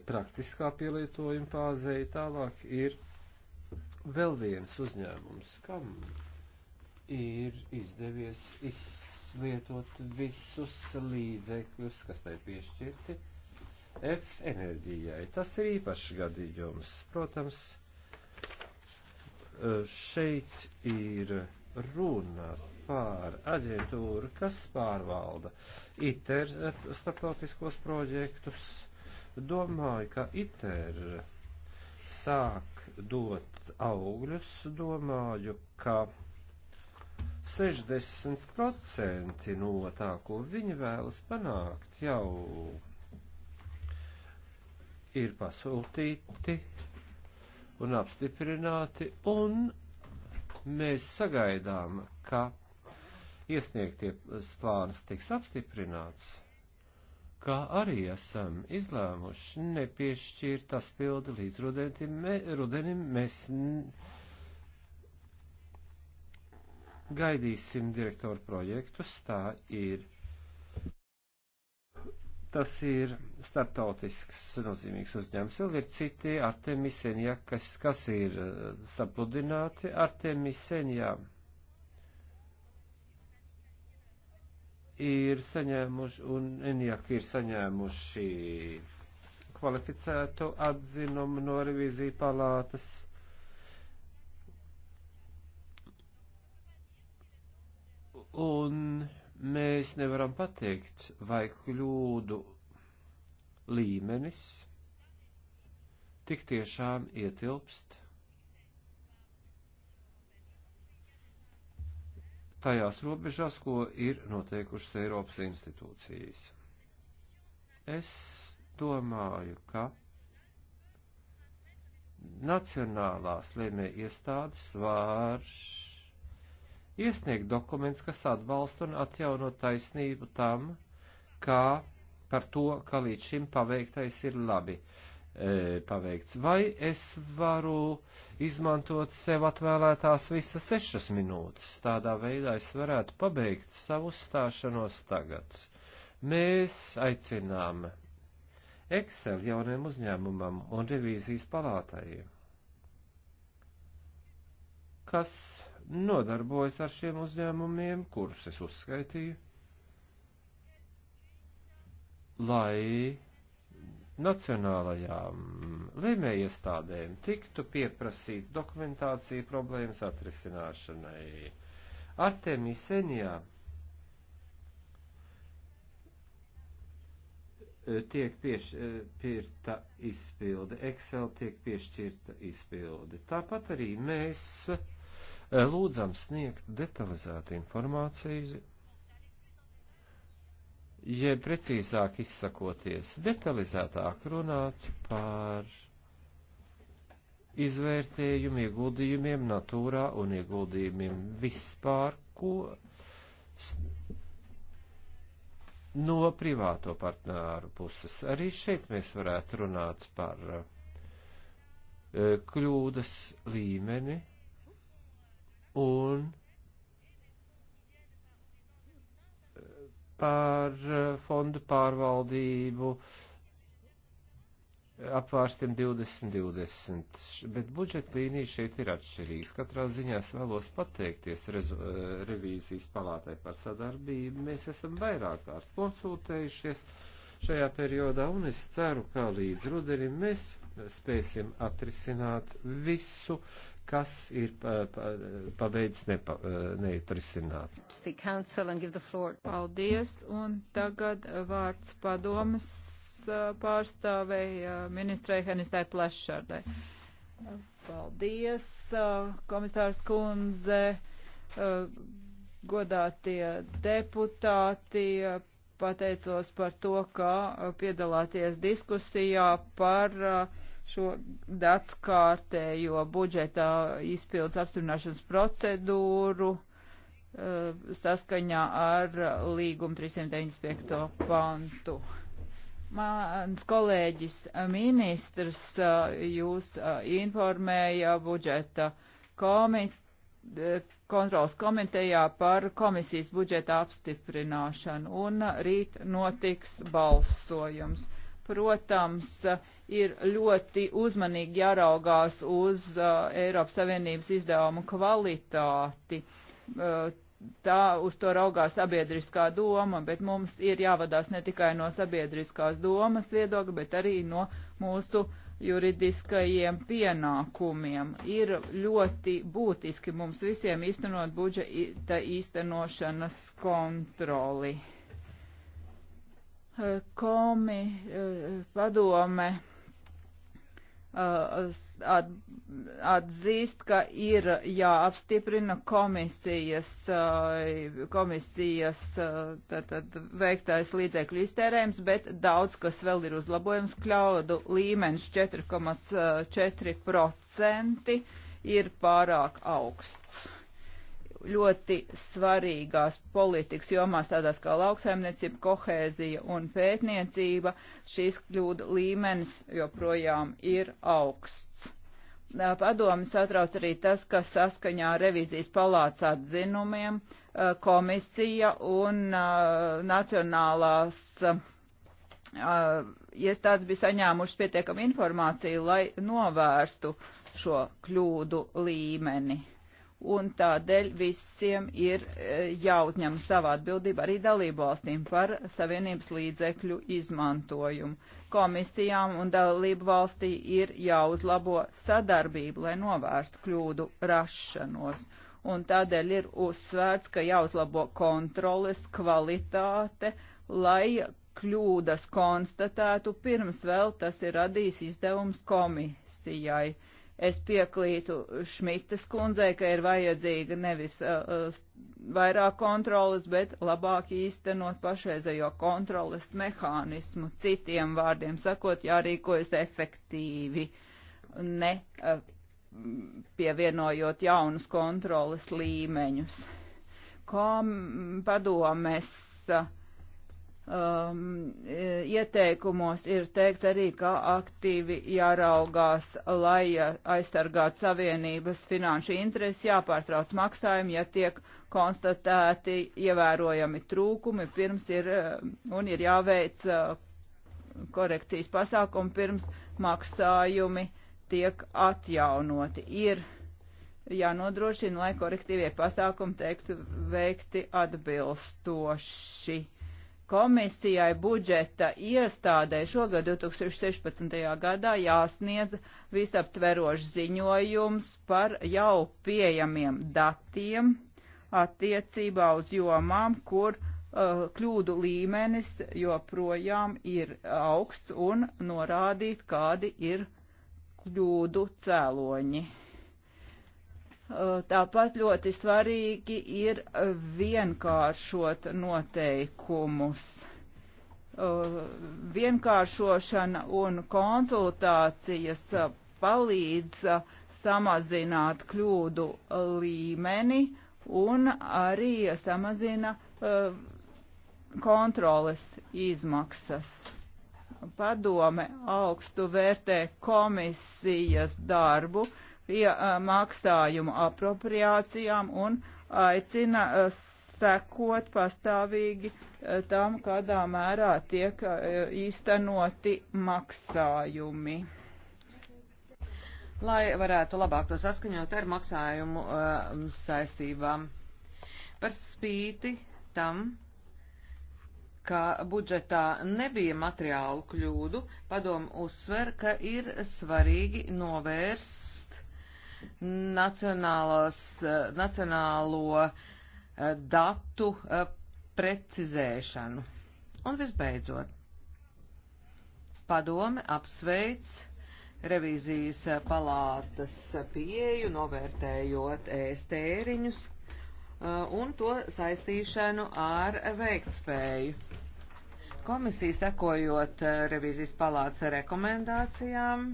praktiskā pielietojuma fāzei, tālāk ir vēl viens uzņēmums, kam ir izdevies izlietot visus līdzekļus, kas tai piešķirti F enerģijai. Tas ir īpašs gadījums. Protams, eh, šeit ir runa par aģentūru, kas pārvalda ITER starptautiskos projektus. Domāju, ka ITER sāk dot augļus, domāju, ka 60% no tā, ko viņi vēlas panākt, jau ir pasūtīti un apstiprināti, un mēs sagaidām, ka iesniegtie plāns tiks apstiprināts, kā arī esam izlēmuši nepiešķirt tas pildi līdz rudenim, me, rudenim mēs. N, gaidīsim direktoru projektus, tā ir. Tas ir starptautisks nozīmīgs uzņēmums. Vēl ir citi Artemisenja, kas, kas ir eh, sapludināti Artemisenja. Ir saņēmuši, un Enjaki ir saņēmuši kvalificētu atzinumu no revīzija palātas Un mēs nevaram pateikt, vai kļūdu līmenis tik tiešām ietilpst tajās robežās, ko ir noteikušas Eiropas institūcijas. Es domāju, ka nacionālās lēmē iestādes var iesniegt dokuments, kas atbalsta un atjauno taisnību tam, kā par to, ka līdz šim paveiktais ir labi e, paveikts. Vai es varu izmantot sev atvēlētās visas sešas minūtes? Tādā veidā es varētu pabeigt savu stāšanos tagad. Mēs aicinām Excel jauniem uzņēmumam un revīzijas palātājiem. Kas nodarbojas ar šiem uzņēmumiem, kurus es uzskaitīju, lai nacionālajām lēmējiestādēm tiktu pieprasīt dokumentāciju problēmas atrisināšanai. Artemisenijā tiek piešķirta izpilde, Excel tiek piešķirta izpilde. Tāpat arī mēs uh, lūdzam sniegt detalizētu informāciju, jeb precīzāk izsakoties, detalizētāk runāt par izvērtējumu ieguldījumiem natūrā un ieguldījumiem vispār, ko no privāto partnāru puses. Arī šeit mēs varētu runāt par eh, kļūdas līmeni un par eh, fondu pārvaldību apvārstiem 2020, bet budžeta līnija šeit ir atšķirīgs. Katrā ziņā es vēlos pateikties rezo, eh, revīzijas palātai par sadarbību. Mēs esam vairāk kārt konsultējušies šajā periodā, un es ceru, ka līdz rudenim mēs spēsim atrisināt visu kas ir pabeidz nepa, neatrisināts. Paldies, un tagad vārds padomas pārstāvēja ministrei Henistai Plešardai. Paldies, komisārs kundze, godātie deputāti, pateicos par to, ka piedalāties diskusijā par uh, šo dats kārtējo budžeta izpildus apstiprināšanas procedūru eh, saskaņā ar līgumu 395. pantu. Mans kolēģis ministrs eh, jūs eh, informēja budžeta komit kontrols komitejā par komisijas budžeta apstiprināšanu un rīt notiks balsojums protams, ir ļoti uzmanīgi jāraugās uz uh, Eiropas Savienības izdevumu kvalitāti. Uh, tā uz to raugās sabiedriskā doma, bet mums ir jāvadās ne tikai no sabiedriskās domas viedokļa, bet arī no mūsu juridiskajiem pienākumiem. Ir ļoti būtiski mums visiem īstenot budžeta īstenošanas kontroli komi eh, padome eh, atzīst, ka ir jāapstiprina komisijas, eh, komisijas tātad, veiktais līdzekļu iztērējums, bet daudz, kas vēl ir uzlabojums, kļaudu līmenis 4,4% ir pārāk augsts ļoti svarīgās politikas jomās, tādās kā lauksaimniecība, kohēzija un pētniecība, šīs kļūdu līmenis joprojām ir augsts. Padomi satrauc arī tas, ka saskaņā revizijas palāca atzinumiem komisija un nacionālās iestādes bija saņēmušas pietiekami informāciju, lai novērstu šo kļūdu līmeni un tādēļ visiem ir e, jāuzņem savā atbildība arī dalību valstīm par savienības līdzekļu izmantojumu. Komisijām un dalību valstī ir jāuzlabo sadarbību, lai novērstu kļūdu rašanos. Un tādēļ ir uzsvērts, ka jāuzlabo kontroles kvalitāte, lai kļūdas konstatētu pirms vēl tas ir radījis izdevums komisijai. Uh, Es piekrītu Šmitas kundzei, ka ir vajadzīga nevis uh, uh vairāk kontrolas, bet labāk īstenot pašreizējo kontrolas mehānismu. Citiem vārdiem sakot, jārīkojas efektīvi, ne uh, pievienojot jaunus kontrolas līmeņus. Kā padomes uh, um, ieteikumos ir teikt arī, ka aktīvi jāraugās, lai aizsargātu savienības finanšu interesi, jāpārtrauc maksājumi, ja tiek konstatēti ievērojami trūkumi, pirms ir um, un ir jāveic uh, korekcijas pasākumi, pirms maksājumi tiek atjaunoti. Ir jānodrošina, lai korektīvie pasākumi teiktu veikti atbilstoši komisijai budžeta iestādē šogad 2016. gadā jāsniedz visaptverošs ziņojums par jau pieejamiem datiem attiecībā uz jomām, kur uh, kļūdu līmenis joprojām ir augsts un norādīt, kādi ir kļūdu cēloņi. Eh, tāpat ļoti svarīgi ir vienkāršot noteikumus. Eh, vienkāršošana un konsultācijas eh, palīdz samazināt kļūdu līmeni un arī samazina kontroles izmaksas. Padome augstu vērtē komisijas darbu, pie uh, maksājumu apropriācijām un aicina uh, sekot pastāvīgi uh, tam, kādā mērā tiek uh, īstenoti maksājumi. Lai varētu labāk to saskaņot ar maksājumu uh, saistībām. Par spīti tam, ka budžetā nebija materiālu kļūdu, padomu uzsver, ka ir svarīgi novērst nacionālos, nacionālo eh, datu eh, precizēšanu. Un visbeidzot, padome apsveic revīzijas eh, palātas pieeju, novērtējot ēstēriņus un to saistīšanu ar veiktspēju. Komisija sekojot revīzijas palātas rekomendācijām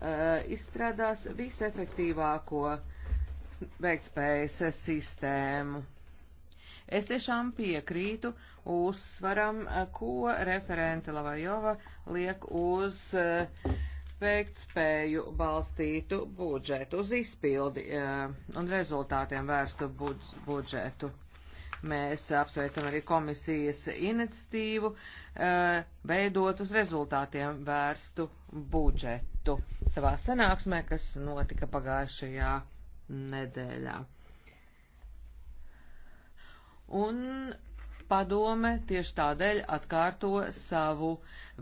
Uh, izstrādās visefektīvāko veiktspējas sistēmu. Es tiešām piekrītu uzsvaram, uh, ko referente Lavajova liek uz uh, veiktspēju balstītu budžetu, uz izpildi un rezultātiem vērstu budžetu. Mēs apsveicam arī komisijas iniciatīvu eh, veidot uz rezultātiem vērstu budžetu savā sanāksmē, kas notika pagājušajā nedēļā. Un Padome tieši tādēļ atkārto savu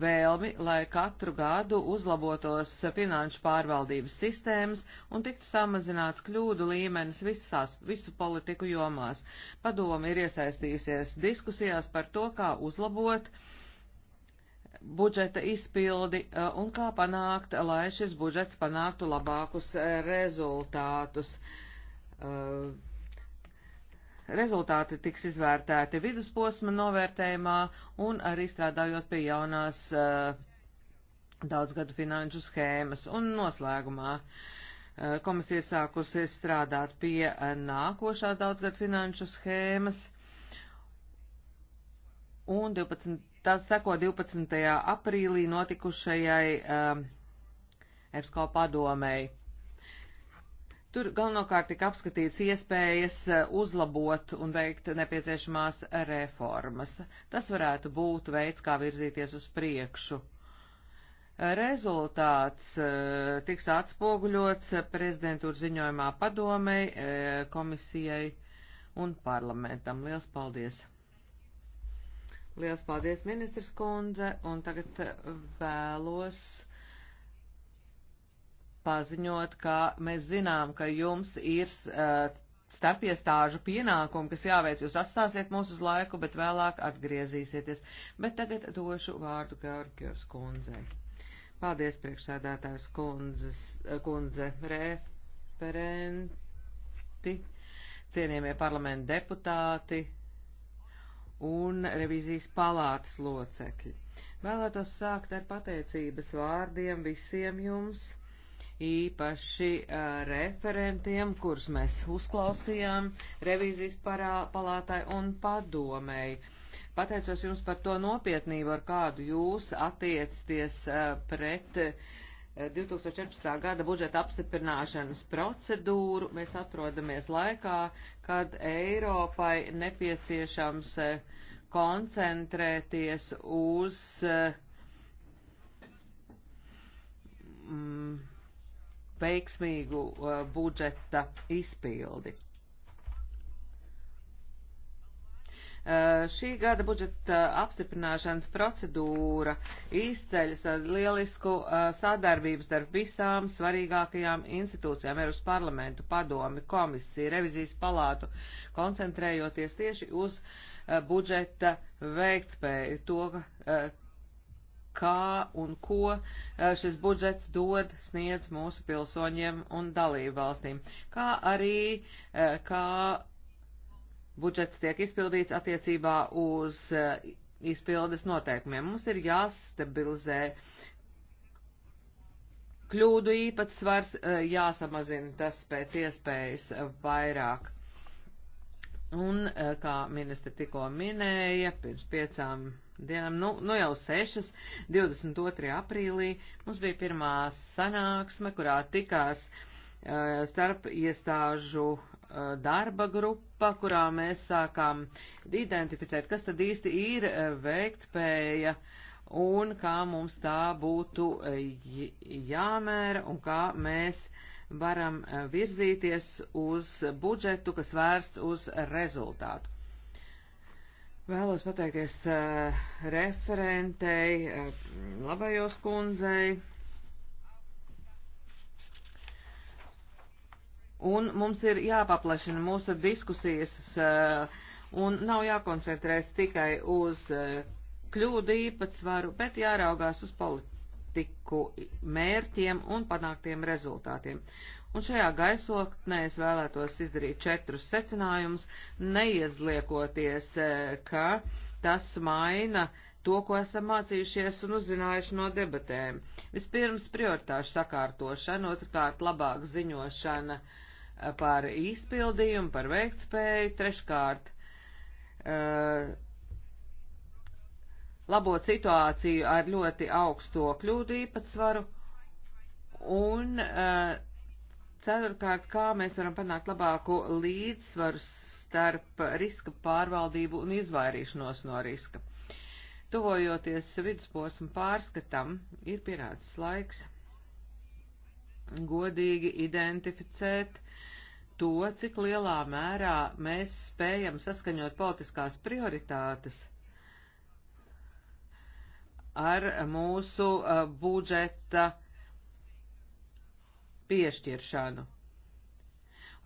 vēlmi, lai katru gadu uzlabotos finanšu pārvaldības sistēmas un tiktu samazināts kļūdu līmenis visās, visu politiku jomās. Padome ir iesaistījusies diskusijās par to, kā uzlabot budžeta izpildi e, un kā panākt, lai šis budžets panāktu labākus e, rezultātus. Uh, Rezultāti tiks izvērtēti vidusposma novērtējumā un arī strādājot pie jaunās uh, daudzgadu finanšu schēmas. Un noslēgumā uh, komisija sākusi strādāt pie uh, nākošās daudzgadu finanšu schēmas. Un 12, tas seko 12. aprīlī notikušajai EFSCO padomēji Tur galvenokārt tika apskatīts iespējas e, uzlabot un veikt nepieciešamās reformas. Tas varētu būt veids, kā virzīties uz priekšu. E, rezultāts e, tiks atspoguļots prezidentūra ziņojumā padomei, komisijai un parlamentam. Liels paldies! Liels paldies, ministrs kundze, un tagad vēlos paziņot, ka mēs zinām, ka jums ir uh, starpiestāžu pienākumi, kas jāveic. Jūs atstāsiet mūs uz laiku, bet vēlāk atgriezīsieties. Bet tagad došu vārdu Georgijos kundzei. Paldies, priekšsēdētājs kundzes, eh, kundze, referenti, cienījamie parlamenta deputāti un revizijas palātas locekļi. Vēlētos sākt ar pateicības vārdiem visiem jums īpaši referentiem, kurus mēs uzklausījām revīzijas palātai un padomēji. Pateicos jums par to nopietnību, ar kādu jūs attiecaties pret 2014. gada budžeta apstiprināšanas procedūru. Mēs atrodamies laikā, kad Eiropai nepieciešams koncentrēties uz mm, veiksmīgu uh, budžeta izpildi. Uh, šī gada budžeta apstiprināšanas procedūra izceļas ar lielisku uh, sadarbību starp visām svarīgākajām institūcijām, Eiropas parlamentu, padomi, komisiju, revizijas palātu, koncentrējoties tieši uz uh, budžeta veiktspēju, to, uh, kā un ko eh, šis budžets dod, sniedz mūsu pilsoņiem un dalību valstīm, kā arī eh, kā budžets tiek izpildīts attiecībā uz eh, izpildes noteikumiem. Mums ir jāstabilizē kļūdu īpatsvars, jāsamazina tas pēc iespējas vairāk. Un, eh, kā ministra tikko minēja, pirms piecām dienām, nu, nu jau sešas, 22. aprīlī, mums bija pirmā sanāksme, kurā tikās uh, starp iestāžu uh, darba grupa, kurā mēs sākām identificēt, kas tad īsti ir uh, veiktspēja un kā mums tā būtu jāmēra un kā mēs uh, varam eh, virzīties uz budžetu, kas vērsts uz rezultātu. Vēlos pateikties uh, referentei, uh, labajos kundzei. Un mums ir jāpaplašina mūsu diskusijas uh, un nav jākoncentrēs tikai uz kļūdu īpatsvaru, bet jāraugās uz politiku statistiku mērķiem un panāktiem rezultātiem. Un šajā gaisotnē es vēlētos izdarīt četrus secinājumus, neiezliekoties, e, ka tas maina to, ko esam mācījušies un uzzinājuši no debatēm. Vispirms prioritāšu sakārtošana, otrkārt labāk ziņošana e, par izpildījumu, par veiktspēju, treškārt. Uh, labot situāciju ar ļoti augsto kļūdu īpatsvaru un eh, ceturkārt, kā mēs varam panākt labāku līdzsvaru starp riska pārvaldību un izvairīšanos no riska. Tuvojoties vidusposmu pārskatam, ir pienācis laiks godīgi identificēt to, cik lielā mērā mēs spējam saskaņot politiskās prioritātes – ar mūsu uh, budžeta piešķiršanu.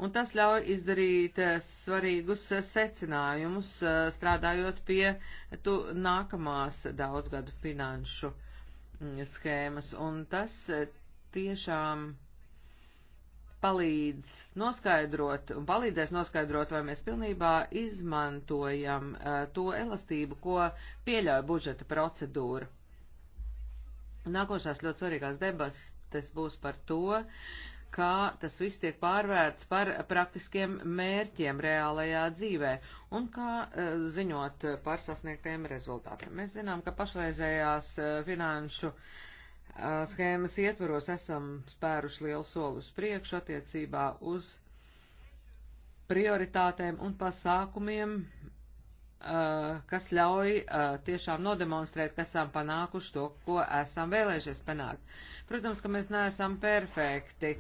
Un tas ļauj izdarīt uh, svarīgus uh, secinājumus, strādājot pie tu nākamās daudzgadu finanšu mm, schēmas. Un tas tiešām palīdz noskaidrot un palīdzēs noskaidrot, vai mēs pilnībā izmantojam uh, to elastību, ko pieļauj budžeta procedūra. Nākošās ļoti svarīgās debates būs par to, kā tas viss tiek pārvērts par praktiskiem mērķiem reālajā dzīvē un kā e, ziņot par sasniegtiem rezultātiem. Mēs zinām, ka pašreizējās e, finanšu e, schēmas ietvaros esam spēruši lielu soli uz priekšu attiecībā uz prioritātēm un pasākumiem, Eh, kas ļauj eh, tiešām nodemonstrēt, ka esam panākuši to, ko esam vēlējušies panākt. Protams, ka mēs neesam perfekti,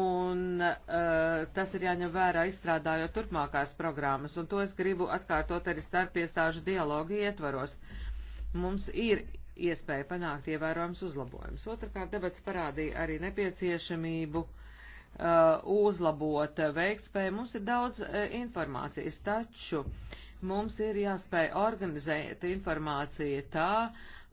un eh, tas ir jāņem vērā izstrādājot turpmākās programmas, un to es gribu atkārtot arī starp iestāžu dialogu ietvaros. Mums ir iespēja panākt ievērojams uzlabojums. Otrakārt, debats parādīja arī nepieciešamību uzlabot veiktspēju. Mums ir daudz informācijas, taču uh, Mums ir jāspēj organizēt informāciju tā,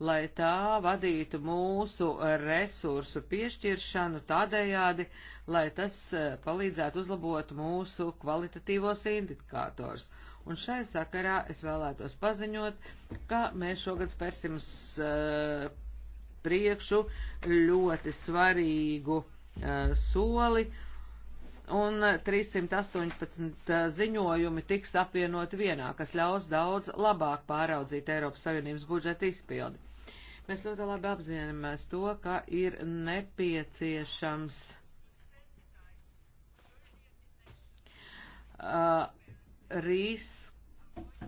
lai tā vadītu mūsu resursu piešķiršanu tādējādi, lai tas e, palīdzētu uzlabot mūsu kvalitatīvos indikātors. Un šai sakarā es vēlētos paziņot, ka mēs šogad spērsim uz uh, priekšu ļoti svarīgu uh, soli un 318 ziņojumi tiks apvienot vienā, kas ļaus daudz labāk pāraudzīt Eiropas Savienības budžeta izpildi. Mēs ļoti labi apzināmies to, ka ir nepieciešams uh, ris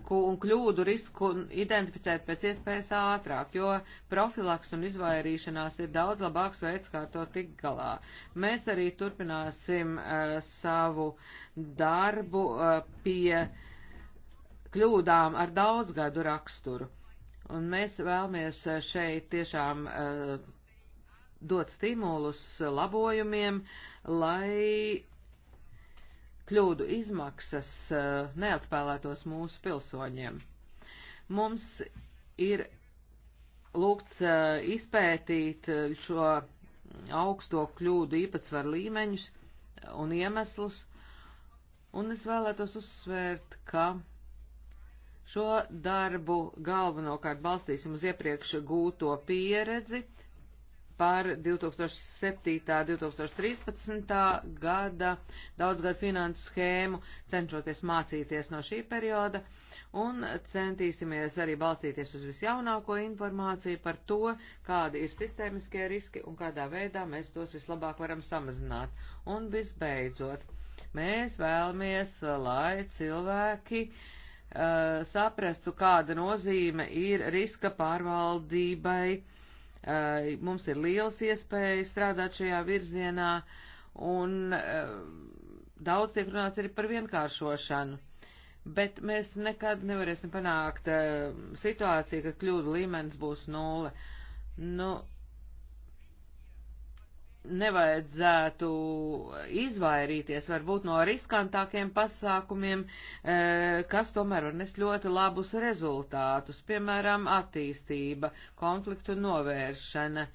risku un kļūdu risku identificēt pēc iespējas ātrāk, jo profilaks un izvairīšanās ir daudz labāks veids, kā to tik galā. Mēs arī turpināsim uh, savu darbu uh, pie kļūdām ar daudzgadu raksturu. Un mēs vēlamies eh, šeit tiešām uh, dot stimulus labojumiem, lai kļūdu izmaksas eh, neatspēlētos mūsu pilsoņiem. Mums ir lūgts eh, izpētīt eh, šo augsto kļūdu īpatsvaru līmeņus un iemeslus, un es vēlētos uzsvērt, ka šo darbu galvenokārt balstīsim uz iepriekš gūto pieredzi, par 2007.-2013. gada daudzgadu finansu schēmu, cenšoties mācīties no šī perioda, un centīsimies arī balstīties uz visjaunāko informāciju par to, kādi ir sistēmiskie riski un kādā veidā mēs tos vislabāk varam samazināt. Un visbeidzot, mēs vēlamies, lai cilvēki uh, saprastu, kāda nozīme ir riska pārvaldībai Mums ir liels iespējas strādāt šajā virzienā, un eh, daudz tiek runāts arī par vienkāršošanu. Bet mēs nekad nevarēsim panākt eh, situāciju, ka kļūdu līmenis būs nulle. Nu, nevajadzētu izvairīties varbūt no riskantākiem pasākumiem, e, kas tomēr var nest ļoti labus rezultātus, piemēram, attīstība, konfliktu novēršana,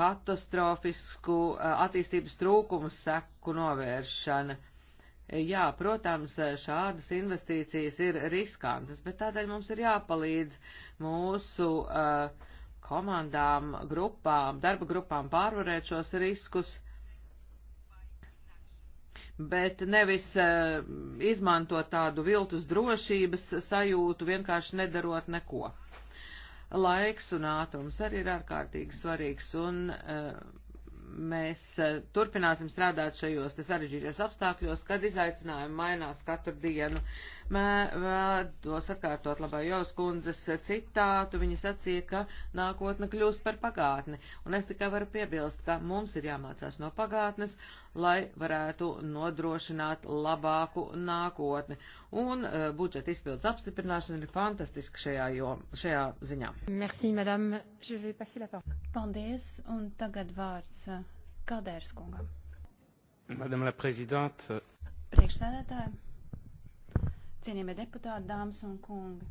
katastrofisku e, attīstības trūkumu seku novēršana. Jā, protams, e, šādas investīcijas ir riskantas, bet tādēļ mums ir jāpalīdz mūsu uh, komandām, grupām, darba grupām pārvarēt šos riskus, bet nevis uh, izmantot tādu viltus drošības sajūtu, vienkārši nedarot neko. Laiks un ātrums arī ir ārkārtīgi svarīgs, un uh, mēs uh, turpināsim strādāt šajos sarežģītajos apstākļos, kad izaicinājumi mainās katru dienu. Uh, Vēlos atkārtot labajos kundzes citātu. Viņa sacīja, ka nākotne kļūst par pagātni. Un es tikai varu piebilst, ka mums ir jāmācās no pagātnes, lai varētu nodrošināt labāku nākotni. Un uh, budžeta izpildes apstiprināšana ir fantastiska šajā, jom, šajā ziņā. Merci, madame. Je vais passer la parole. Paldies. Un tagad vārds eh, Kādērs kungam. Madame la présidente. Priekšsēdētāji. Cienījamie deputāti, dāmas un kungi,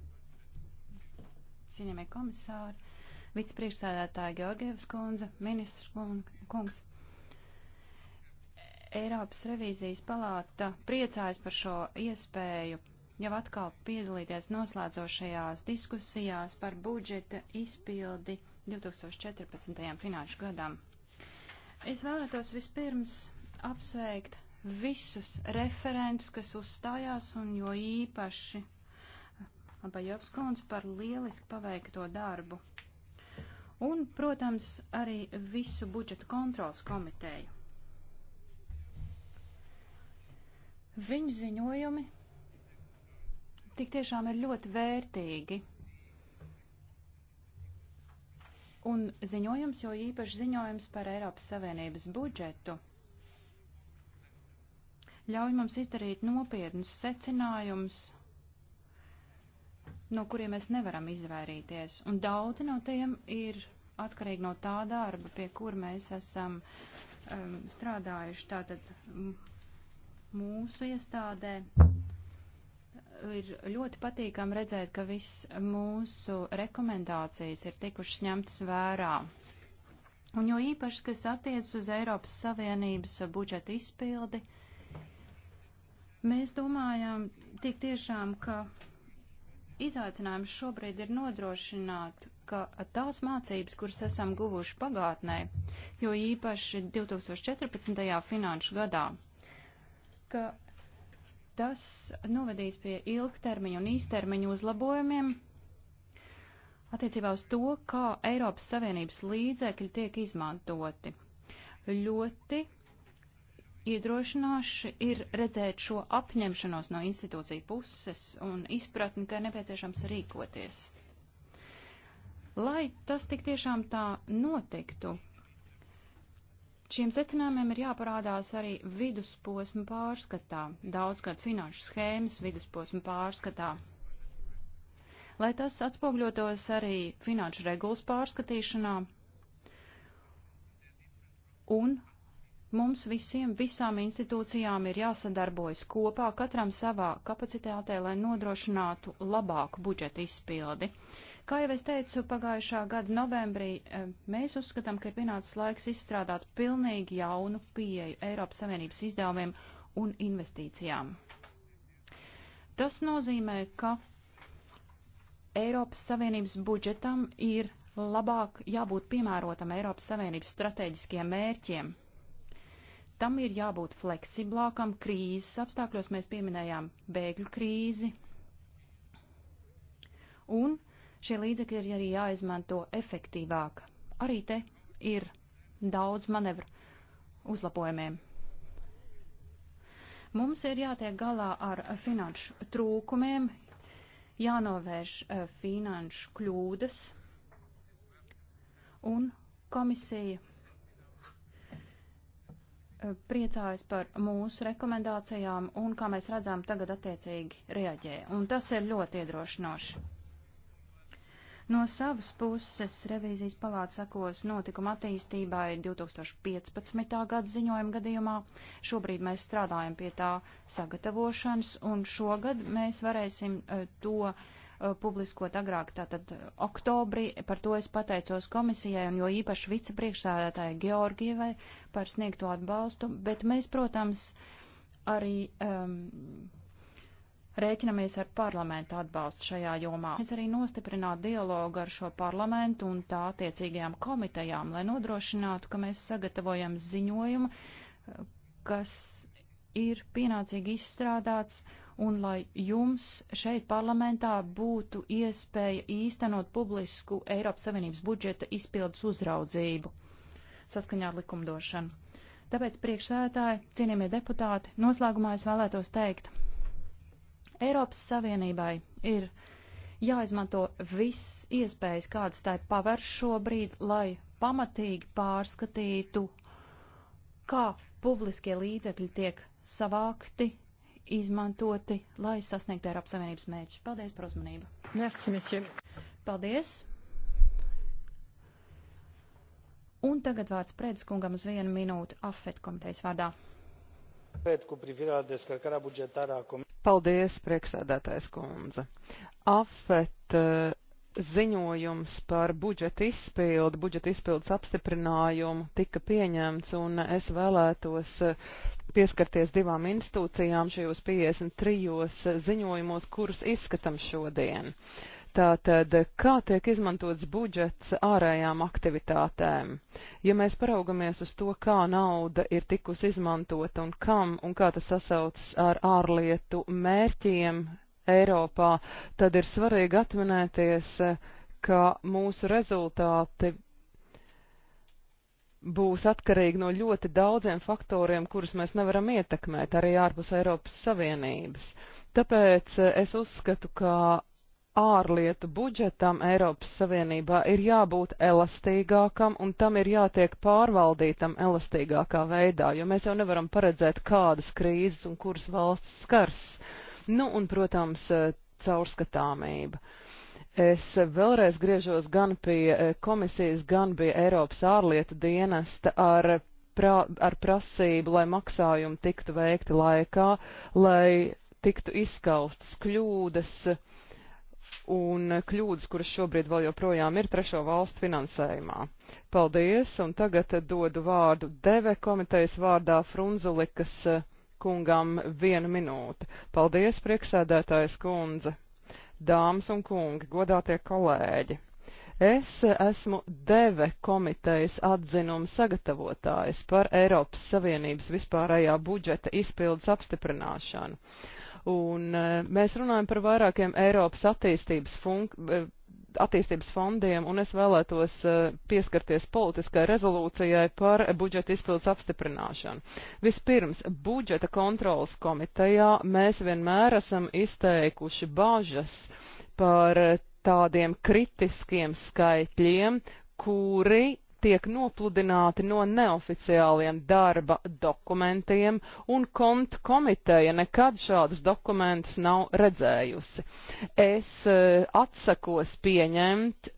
cienījamie komisāri, vicepriekšsēdētāja Georgievas kundze, ministra kungs. Eiropas revīzijas palāta priecājas par šo iespēju jau atkal piedalīties noslēdzošajās diskusijās par budžeta izpildi 2014. finanšu gadam. Es vēlētos vispirms apsveikt visus referentus, kas uzstājās, un jo īpaši Abajovskons par lieliski paveikto darbu. Un, protams, arī visu budžeta kontrols komiteju. Viņu ziņojumi tik tiešām ir ļoti vērtīgi. Un ziņojums, jo īpaši ziņojums par Eiropas Savienības budžetu ļauj mums izdarīt nopietnus secinājumus, no kuriem mēs nevaram izvairīties. Un daudzi no tiem ir atkarīgi no tā darba, pie kur mēs esam um, strādājuši. Tātad mūsu iestādē ir ļoti patīkami redzēt, ka viss mūsu rekomendācijas ir tikušas ņemtas vērā. Un jo īpaši, kas attiec uz Eiropas Savienības budžeta izpildi, uh, Mēs domājam tik tiešām, ka izaicinājums šobrīd ir nodrošināt, ka tās mācības, kuras esam guvuši pagātnē, jo īpaši 2014. finanšu gadā, ka tas novedīs pie ilgtermiņa un īstermiņa uzlabojumiem attiecībā uz to, kā Eiropas Savienības līdzekļi tiek izmantoti. Ļoti Iedrošināši ir redzēt šo apņemšanos no institūciju puses un izpratni, ka ir nepieciešams rīkoties. Lai tas tik tiešām tā notiktu, šiem secinājumiem ir jāparādās arī vidusposma pārskatā, daudzgad finanšu schēmas vidusposma pārskatā. Lai tas atspogļotos arī finanšu regulas pārskatīšanā un Mums visiem, visām institūcijām ir jāsadarbojas kopā, katram savā kapacitātē, lai nodrošinātu labāku budžeta izpildi. Kā jau es teicu, pagājušā gada novembrī eh, mēs uzskatām, ka ir pienācis laiks izstrādāt pilnīgi jaunu pieeju Eiropas Savienības izdevumiem un investīcijām. Tas nozīmē, ka Eiropas Savienības budžetam ir labāk jābūt piemērotam Eiropas Savienības strateģiskiem mērķiem tam ir jābūt fleksiblākam krīzes apstākļos. Mēs pieminējām bēgļu krīzi. Un šie līdzekļi ir arī jāizmanto efektīvāk. Arī te ir daudz manevru uzlabojumiem. Mums ir jātiek galā ar finanšu trūkumiem, jānovērš eh, finanšu kļūdas, un komisija Eh, priecājas par mūsu rekomendācijām un, kā mēs redzam, tagad attiecīgi reaģē. Un tas ir ļoti iedrošinoši. No savas puses revīzijas palāca sakos notikuma attīstībai 2015. gada ziņojuma gadījumā. Šobrīd mēs strādājam pie tā sagatavošanas, un šogad mēs varēsim eh, to uh, Eh, publiskot agrāk, tātad eh, oktobrī. Par to es pateicos komisijai un jo īpaši vicepriekšsādātāja Georgievai par sniegto atbalstu, bet mēs, protams, arī um, rēķinamies ar parlamentu atbalstu šajā jomā. Mēs arī nostiprināt dialogu ar šo parlamentu un tā attiecīgajām komitejām, lai nodrošinātu, ka mēs sagatavojam ziņojumu, eh, kas ir pienācīgi izstrādāts un lai jums šeit parlamentā būtu iespēja īstenot publisku Eiropas Savienības budžeta izpildus uzraudzību saskaņā ar likumdošanu. Tāpēc priekšsētāji, cienījamie deputāti, noslēgumā es vēlētos teikt, Eiropas Savienībai ir jāizmanto viss iespējas, kādas tai paver šobrīd, lai pamatīgi pārskatītu, kā publiskie līdzekļi tiek savākti izmantoti, lai sasniegtu Eiropas Savienības mērķus. Paldies par uzmanību. Merci, monsieur. Paldies. Un tagad vārds Prēdes kungam uz vienu minūtu AFET komitejas vārdā. Paldies, prieksēdētājs kundze. AFET eh, ziņojums par budžeta izpildu, budžeta izpildes apstiprinājumu tika pieņemts, un es vēlētos eh, pieskarties divām institūcijām šajos 53 eh, ziņojumos, kurus izskatam šodien. Tātad, kā tiek izmantots budžets ārējām aktivitātēm? Ja mēs paraugamies uz to, kā nauda ir tikus izmantota un kam, un kā tas sasaucas ar ārlietu mērķiem, Eiropā, tad ir svarīgi atminēties, ka mūsu rezultāti būs atkarīgi no ļoti daudziem faktoriem, kurus mēs nevaram ietekmēt arī ārpus Eiropas Savienības. Tāpēc eh, es uzskatu, ka ārlietu budžetam Eiropas Savienībā ir jābūt elastīgākam un tam ir jātiek pārvaldītam elastīgākā veidā, jo mēs jau nevaram paredzēt, kādas krīzes un kuras valsts skars. Uh, Nu, un, protams, eh, caurskatāmība. Es vēlreiz griežos gan pie eh, komisijas, gan pie Eiropas ārlietu dienesta ar, pra, ar prasību, lai maksājumi tiktu veikti laikā, lai tiktu izskaustas kļūdas un kļūdas, kuras šobrīd vēl joprojām ir trešo valstu finansējumā. Paldies, un tagad dodu vārdu Deve komitejas vārdā Frunzulikas. Uh, kungam viena minūte. Paldies, prieksēdētājs kundze, dāmas un kungi, godātie kolēģi. Es esmu deve komitejas atzinuma sagatavotājs par Eiropas Savienības vispārējā budžeta izpildes apstiprināšanu. Un eh, mēs runājam par vairākiem Eiropas attīstības funk eh, attīstības fondiem, un es vēlētos eh, pieskarties politiskai rezolūcijai par budžeta izpildes apstiprināšanu. Vispirms, budžeta kontrolas komitejā mēs vienmēr esam izteikuši bažas par tādiem kritiskiem skaitļiem, kuri tiek nopludināti no neoficiāliem darba dokumentiem, un kontu komiteja nekad šādus dokumentus nav redzējusi. Es uh, atsakos pieņemt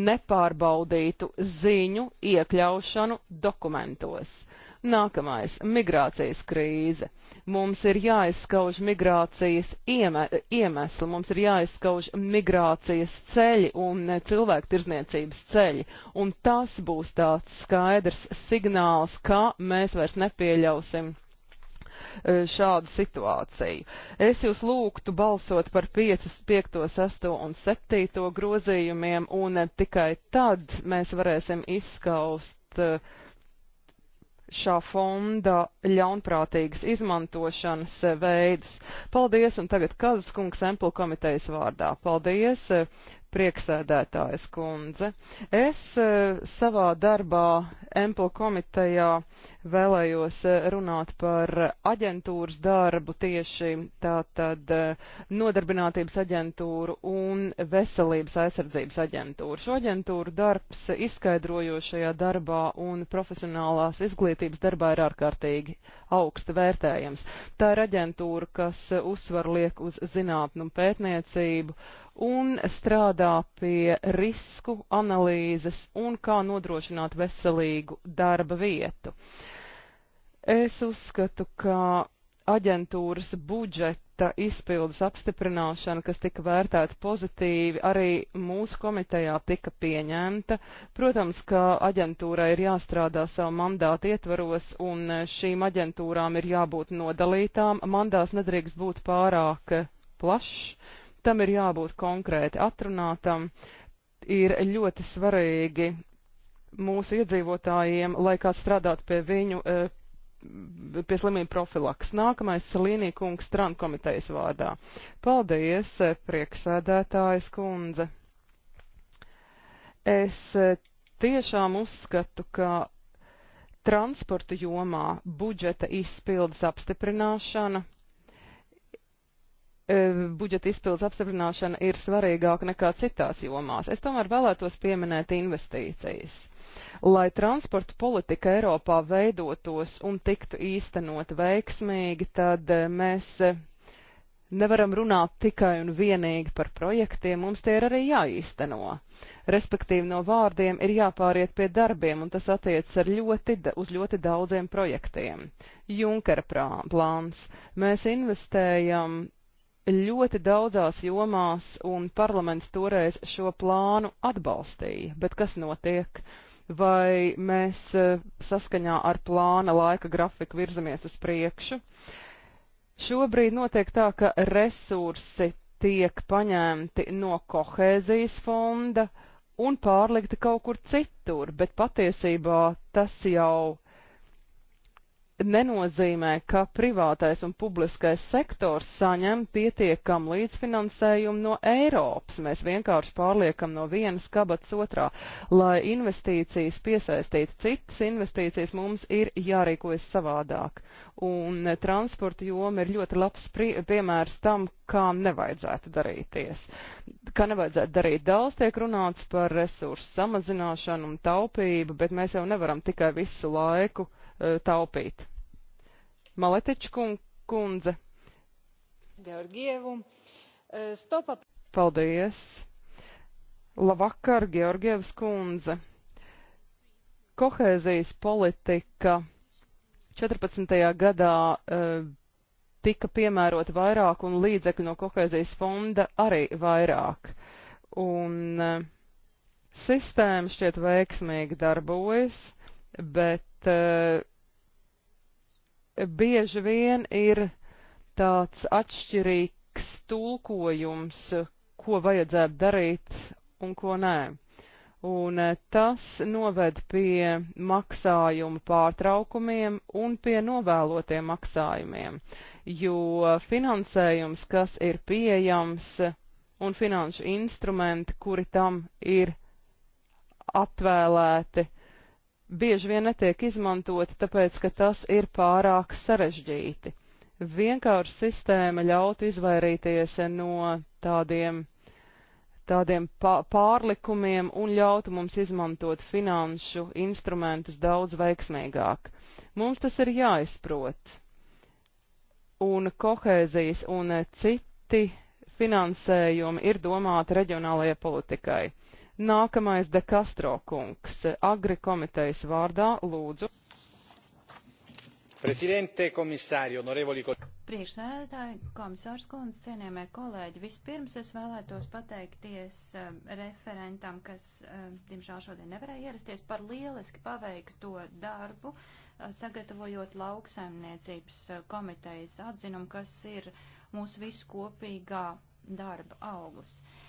nepārbaudītu ziņu iekļaušanu dokumentos. Nākamais - migrācijas krīze. Mums ir jāizskauž migrācijas ieme, iemesli, mums ir jāizskauž migrācijas ceļi un eh, cilvēku tirzniecības ceļi. Un tas būs tāds skaidrs signāls, ka mēs vairs nepieļausim eh, šādu situāciju. Es jūs lūgtu balsot par 5, 5, 6 un 7 grozījumiem, un eh, tikai tad mēs varēsim izskaust uh, šā fonda ļaunprātīgas izmantošanas veidus. Paldies, un tagad Kazas kungs Emplu komitejas vārdā. Paldies! prieksēdētājas kundze. Es e, savā darbā Empla komitejā vēlējos e, runāt par aģentūras darbu tieši tātad e, nodarbinātības aģentūru un veselības aizsardzības aģentūru. Šo aģentūru darbs izskaidrojošajā darbā un profesionālās izglītības darbā ir ārkārtīgi augsti vērtējams. Tā ir aģentūra, kas uzsvar liek uz zinātnu un pētniecību. Uh, un strādā pie risku analīzes un kā nodrošināt veselīgu darba vietu. Es uzskatu, ka aģentūras budžeta izpildes apstiprināšana, kas tika vērtēta pozitīvi, arī mūsu komitejā tika pieņemta. Protams, ka aģentūrai ir jāstrādā savu mandātu ietvaros, un šīm aģentūrām ir jābūt nodalītām. Mandās nedrīkst būt pārāk plašs, tam ir jābūt konkrēti atrunātam. Ir ļoti svarīgi mūsu iedzīvotājiem, lai kāds strādātu pie viņu, eh, pie slimību profilaks. Nākamais Salīnija kungs Tran komitejas vārdā. Paldies, eh, prieksēdētājas kundze. Es eh, tiešām uzskatu, ka transporta jomā budžeta izpildes apstiprināšana E, budžeta izpildes apstiprināšana ir svarīgāka nekā citās jomās. Es tomēr vēlētos pieminēt investīcijas. Lai transporta politika Eiropā veidotos un tiktu īstenot veiksmīgi, tad e, mēs e, nevaram runāt tikai un vienīgi par projektiem, mums tie ir arī jāīsteno. Respektīvi no vārdiem ir jāpāriet pie darbiem, un tas attiecas ļoti, uz ļoti daudziem projektiem. Junkera plāns. Mēs investējam ļoti daudzās jomās, un parlaments toreiz šo plānu atbalstīja. Bet kas notiek? Vai mēs eh, saskaņā ar plāna laika grafiku virzamies uz priekšu? Šobrīd notiek tā, ka resursi tiek paņemti no kohēzijas fonda un pārlikti kaut kur citur, bet patiesībā tas jau nenozīmē, ka privātais un publiskais sektors saņem pietiekam līdzfinansējumu no Eiropas. Mēs vienkārši pārliekam no vienas kabatas otrā. Lai investīcijas piesaistītu citas investīcijas, mums ir jārīkojas savādāk. Un transporta joma ir ļoti labs piemērs tam, kā nevajadzētu darīties. Kā nevajadzētu darīt daudz, tiek runāts par resursu samazināšanu un taupību, bet mēs jau nevaram tikai visu laiku uh, taupīt. Maletič kundze. Georgievu. E, stopa. Paldies. Labvakar, Georgievs kundze. Kohēzijas politika 14. gadā uh, tika piemērot vairāk un līdzekļu no kohēzijas fonda arī vairāk. Un uh, sistēma šķiet veiksmīgi darbojas, bet uh, bieži vien ir tāds atšķirīgs tulkojums, ko vajadzētu darīt un ko nē. Un eh, tas noved pie maksājumu pārtraukumiem un pie novēlotiem maksājumiem, jo finansējums, kas ir pieejams, un finanšu instrumenti, kuri tam ir atvēlēti, bieži vien netiek izmantoti, tāpēc, ka tas ir pārāk sarežģīti. Vienkārši sistēma ļautu izvairīties no tādiem, tādiem pārlikumiem un ļautu mums izmantot finanšu instrumentus daudz veiksmīgāk. Mums tas ir jāizprot. Un kohēzijas un citi finansējumi ir domāti reģionālajai politikai. Nākamais De Castro kungs, Agri komitejas vārdā, lūdzu. Presidente, komisāri, honorevoli kolēģi. Priekšsēdētāji, komisārs kundze, cienījamie kolēģi, vispirms es vēlētos pateikties um, referentam, kas, um, diemžēl, šodien nevarēja ierasties par lieliski paveikto darbu, uh, sagatavojot lauksaimniecības uh, komitejas atzinumu, kas ir mūsu visu kopīgā darba auglis. Uh,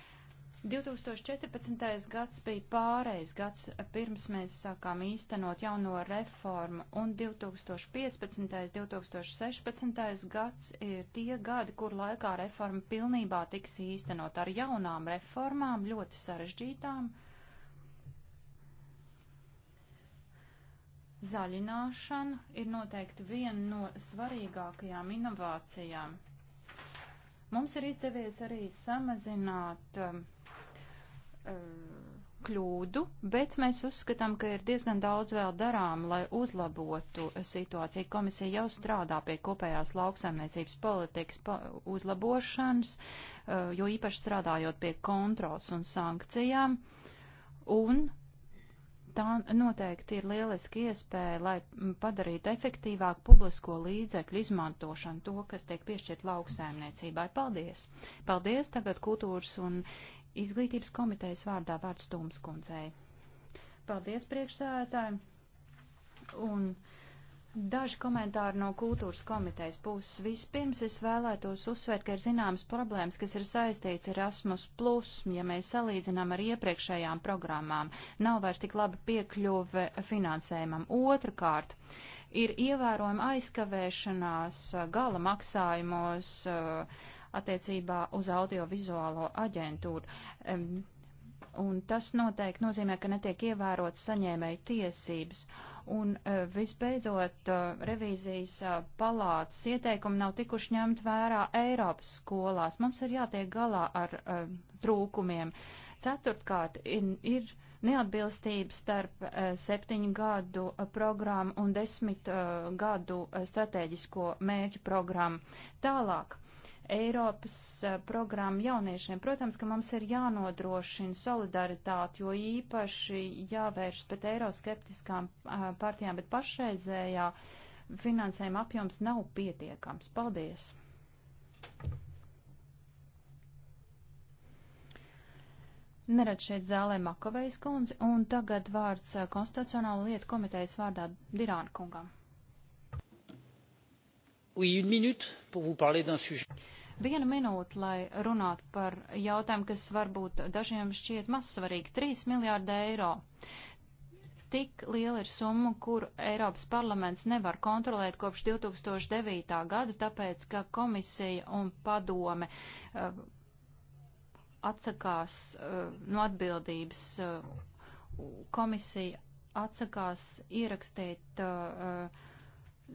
2014. gads bija pārējais gads, pirms mēs sākām īstenot jauno reformu, un 2015. 2016. gads ir tie gadi, kur laikā reforma pilnībā tiks īstenot ar jaunām reformām, ļoti sarežģītām, Zaļināšana ir noteikti viena no svarīgākajām inovācijām. Mums ir izdevies arī samazināt um, Eh, kļūdu, bet mēs uzskatām, ka ir diezgan daudz vēl darām, lai uzlabotu situāciju. Komisija jau strādā pie kopējās lauksaimniecības politikas uzlabošanas, eh, jo īpaši strādājot pie kontrols un sankcijām. Un tā noteikti ir lieliski iespēja, lai padarītu efektīvāk publisko līdzekļu izmantošanu to, kas tiek piešķirt lauksaimniecībai. Paldies! Paldies tagad kultūras un izglītības komitejas vārdā vārds Tūmskundzei. Paldies priekšsēdētājiem! Un daži komentāri no kultūras komitejas puses. Vispirms es vēlētos uzsvērt, ka ir zināmas problēmas, kas ir saistīts ar Erasmus, ja mēs salīdzinām ar iepriekšējām programmām. Nav vairs tik laba piekļuve finansējumam. Otrakārt, ir ievērojama aizkavēšanās gala maksājumos. Uh, attiecībā uz audiovizuālo aģentūru. Um, un tas noteikti nozīmē, ka netiek ievērot saņēmēju tiesības. Un e, visbeidzot, e, revīzijas e, palātas ieteikumi nav tikuši ņemt vērā Eiropas skolās. Mums ir jātiek galā ar um, trūkumiem. Ceturtkārt, ir, ir neatbilstība starp septiņu gadu programmu un desmit uh, gadu strateģisko mērķu programmu. Tālāk Eiropas eh, programmu jauniešiem. Protams, ka mums ir jānodrošina solidaritāte, jo īpaši jāvēršas pret eiroskeptiskām eh, partijām, bet pašreizējā finansējuma apjoms nav pietiekams. Paldies! Nerad šeit zālē Makovejas kundzi, un tagad vārds eh, konstitucionāla lieta komitejas vārdā Dirāna kungam. Oui, une minute pour vous parler d'un sujet vienu minūti, lai runātu par jautājumu, kas varbūt dažiem šķiet mazsvarīgi - 3 miljārdi eiro. Tik liela ir summa, kur Eiropas parlaments nevar kontrolēt kopš 2009. gada, tāpēc, ka komisija un padome uh, atsakās uh, no atbildības. Uh, komisija atsakās ierakstīt uh, uh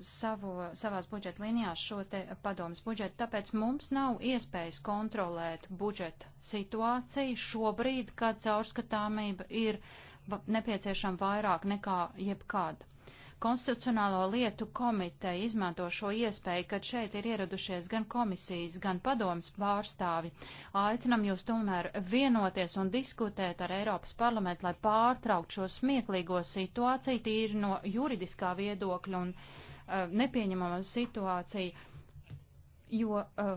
savo, savās budžeta līnijās šo te padomas budžetu, tāpēc mums nav iespējas kontrolēt budžeta situāciju šobrīd, kad caurskatāmība ir nepieciešama vairāk nekā jebkad. Konstitucionālo lietu komiteja izmanto šo iespēju, kad šeit ir ieradušies gan komisijas, gan padomas pārstāvi. Aicinam jūs tomēr vienoties un diskutēt ar Eiropas parlamentu, lai pārtraukt šo smieklīgo situāciju tīri no juridiskā viedokļa un uh, Uh, nepieņemama situācija, jo uh,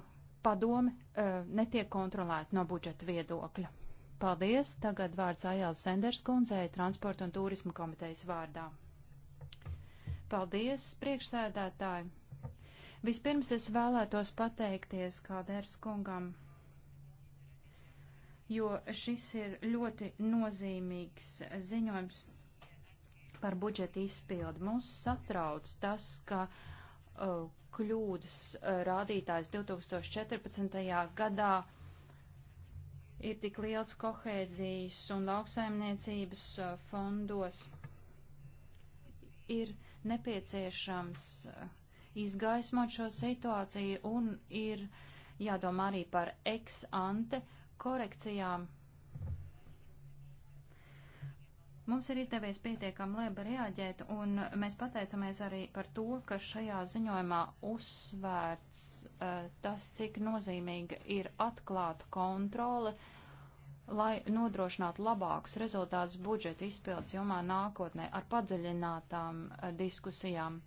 padome uh, netiek kontrolēta no budžeta viedokļa. Paldies! Tagad vārds Ajāls Senders kundzei transporta un turisma komitejas vārdā. Paldies, priekšsēdētāji! Vispirms es vēlētos pateikties Kādērs kungam, jo šis ir ļoti nozīmīgs ziņojums par budžeta izpildi. Mums satrauc tas, ka uh, kļūdas uh, rādītājs 2014. gadā ir tik liels kohēzijas un lauksaimniecības uh, fondos. Ir nepieciešams uh, izgaismot šo situāciju un ir jādomā arī par ex ante korekcijām Mums ir izdevies pietiekami labi reaģēt, un mēs pateicamies arī par to, ka šajā ziņojumā uzsvērts uh, tas, cik nozīmīga ir atklāta kontrole, lai nodrošinātu labākus rezultātus budžeta izpildes jomā nākotnē ar padziļinātām uh, diskusijām.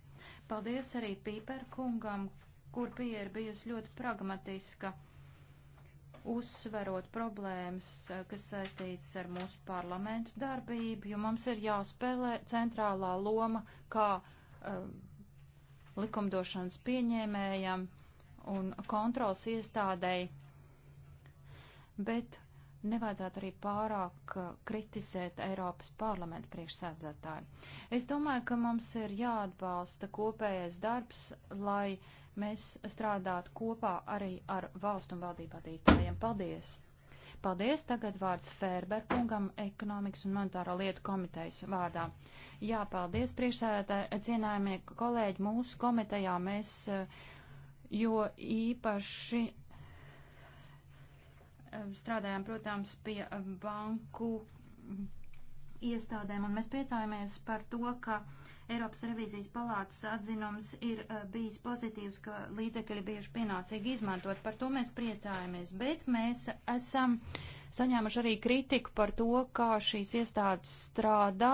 Paldies arī Pīper kungam, kur pieeja ir bijusi ļoti pragmatiska. Uh, uzsverot problēmas, eh, kas saistītas ar mūsu parlamentu darbību, jo mums ir jāspēlē centrālā loma kā uh, likumdošanas pieņēmējam un kontrols iestādēji, bet nevajadzētu arī pārāk eh, kritizēt Eiropas parlamentu priekšsēdētāju. Es domāju, ka mums ir jāatbalsta kopējais darbs, lai uh, mēs strādātu kopā arī ar valstu un valdību attīstājiem. Paldies! Paldies, tagad vārds Fērberkungam, ekonomikas un monetāro lietu komitejas vārdā. Jā, paldies, priekšsēdētāji, cienājamie kolēģi, mūsu komitejā mēs eh, jo īpaši eh, strādājām, protams, pie eh, banku iestādēm, un mēs priecājamies par to, ka uh, Eiropas revīzijas palātas atzinums ir eh, bijis pozitīvs, ka līdzekļi bijuši pienācīgi izmantot. Par to mēs priecājamies, bet mēs esam saņēmuši arī kritiku par to, kā šīs iestādes strādā.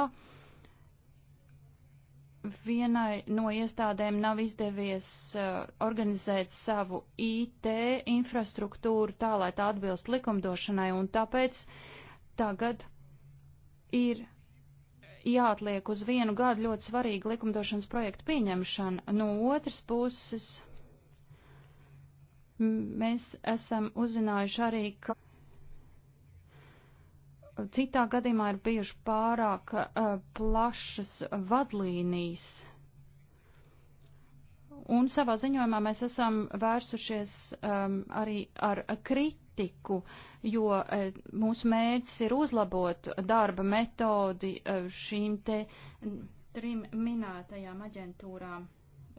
Vienai no iestādēm nav izdevies uh, organizēt savu IT infrastruktūru tā, lai tā atbilst likumdošanai, un tāpēc tagad ir jāatliek uz vienu gadu ļoti svarīgu likumdošanas projektu pieņemšanu. No otras puses, mēs esam uzzinājuši arī, ka citā gadījumā ir bijuši pārāk uh, plašas vadlīnijas. Un savā ziņojumā mēs esam vērsušies um, arī ar kritiku etiku, jo e, mūsu mērķis ir uzlabot darba metodi e, šīm te trim minētajām aģentūrām.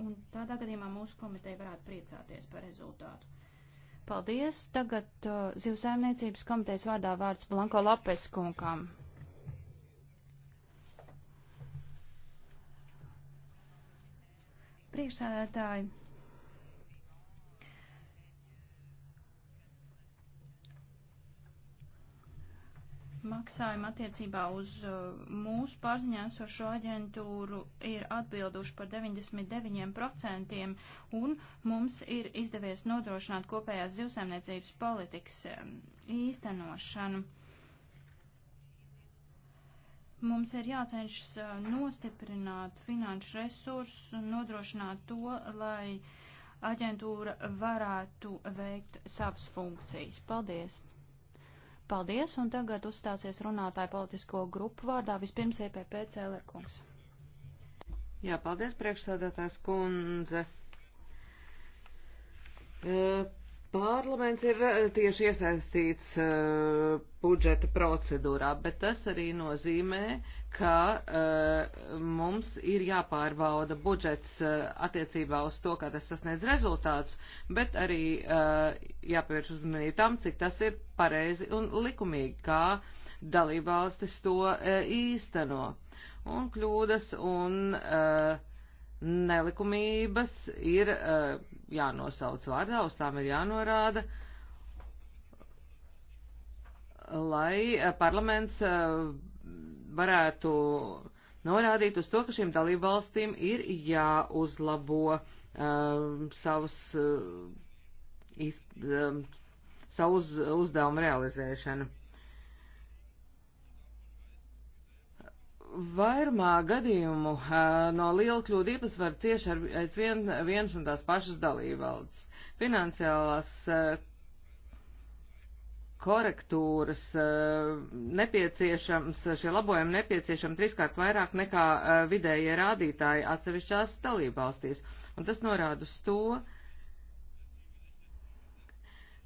Un tādā gadījumā mūsu komiteja varētu priecāties par rezultātu. Paldies. Tagad uh, e, zivsēmniecības komitejas vārdā vārds Blanko Lapes kungam. Priekšsēdētāji. maksājumi attiecībā uz uh, mūsu pārziņā esošo aģentūru ir atbilduši par 99% un mums ir izdevies nodrošināt kopējās zivsaimniecības politikas um, īstenošanu. Mums ir jācenšas uh, nostiprināt finanšu resursus un nodrošināt to, lai aģentūra varētu veikt savas funkcijas. Paldies! Paldies, un tagad uzstāsies runātāja politisko grupu vārdā vispirms EPP Cēlerkungs. Jā, paldies, priekšsādātājs kundze. E Parlaments ir eh, tieši iesaistīts uh, budžeta procedūrā, bet tas arī nozīmē, ka uh, mums ir jāpārbauda budžets uh, attiecībā uz to, kā tas sasniedz rezultātus, bet arī uh, jāpievērš uzmanību tam, cik tas ir pareizi un likumīgi, kā dalībvalstis to uh, īsteno. Un kļūdas un. Uh, nelikumības ir uh, jānosauc vārdā, uz tām ir jānorāda, lai uh, parlaments uh, varētu norādīt uz to, ka šīm dalībvalstīm ir jāuzlabo savus iz, savu uz, uzdevumu realizēšanu. Vairumā gadījumu no liela kļūda īpatsvaru cieši ar aizvien viens un tās pašas dalībvaldes. Finansiālās korektūras nepieciešams, šie labojumi nepieciešami trīskārt vairāk nekā vidējie rādītāji atsevišķās dalībvalstīs. Un tas norāda uz to,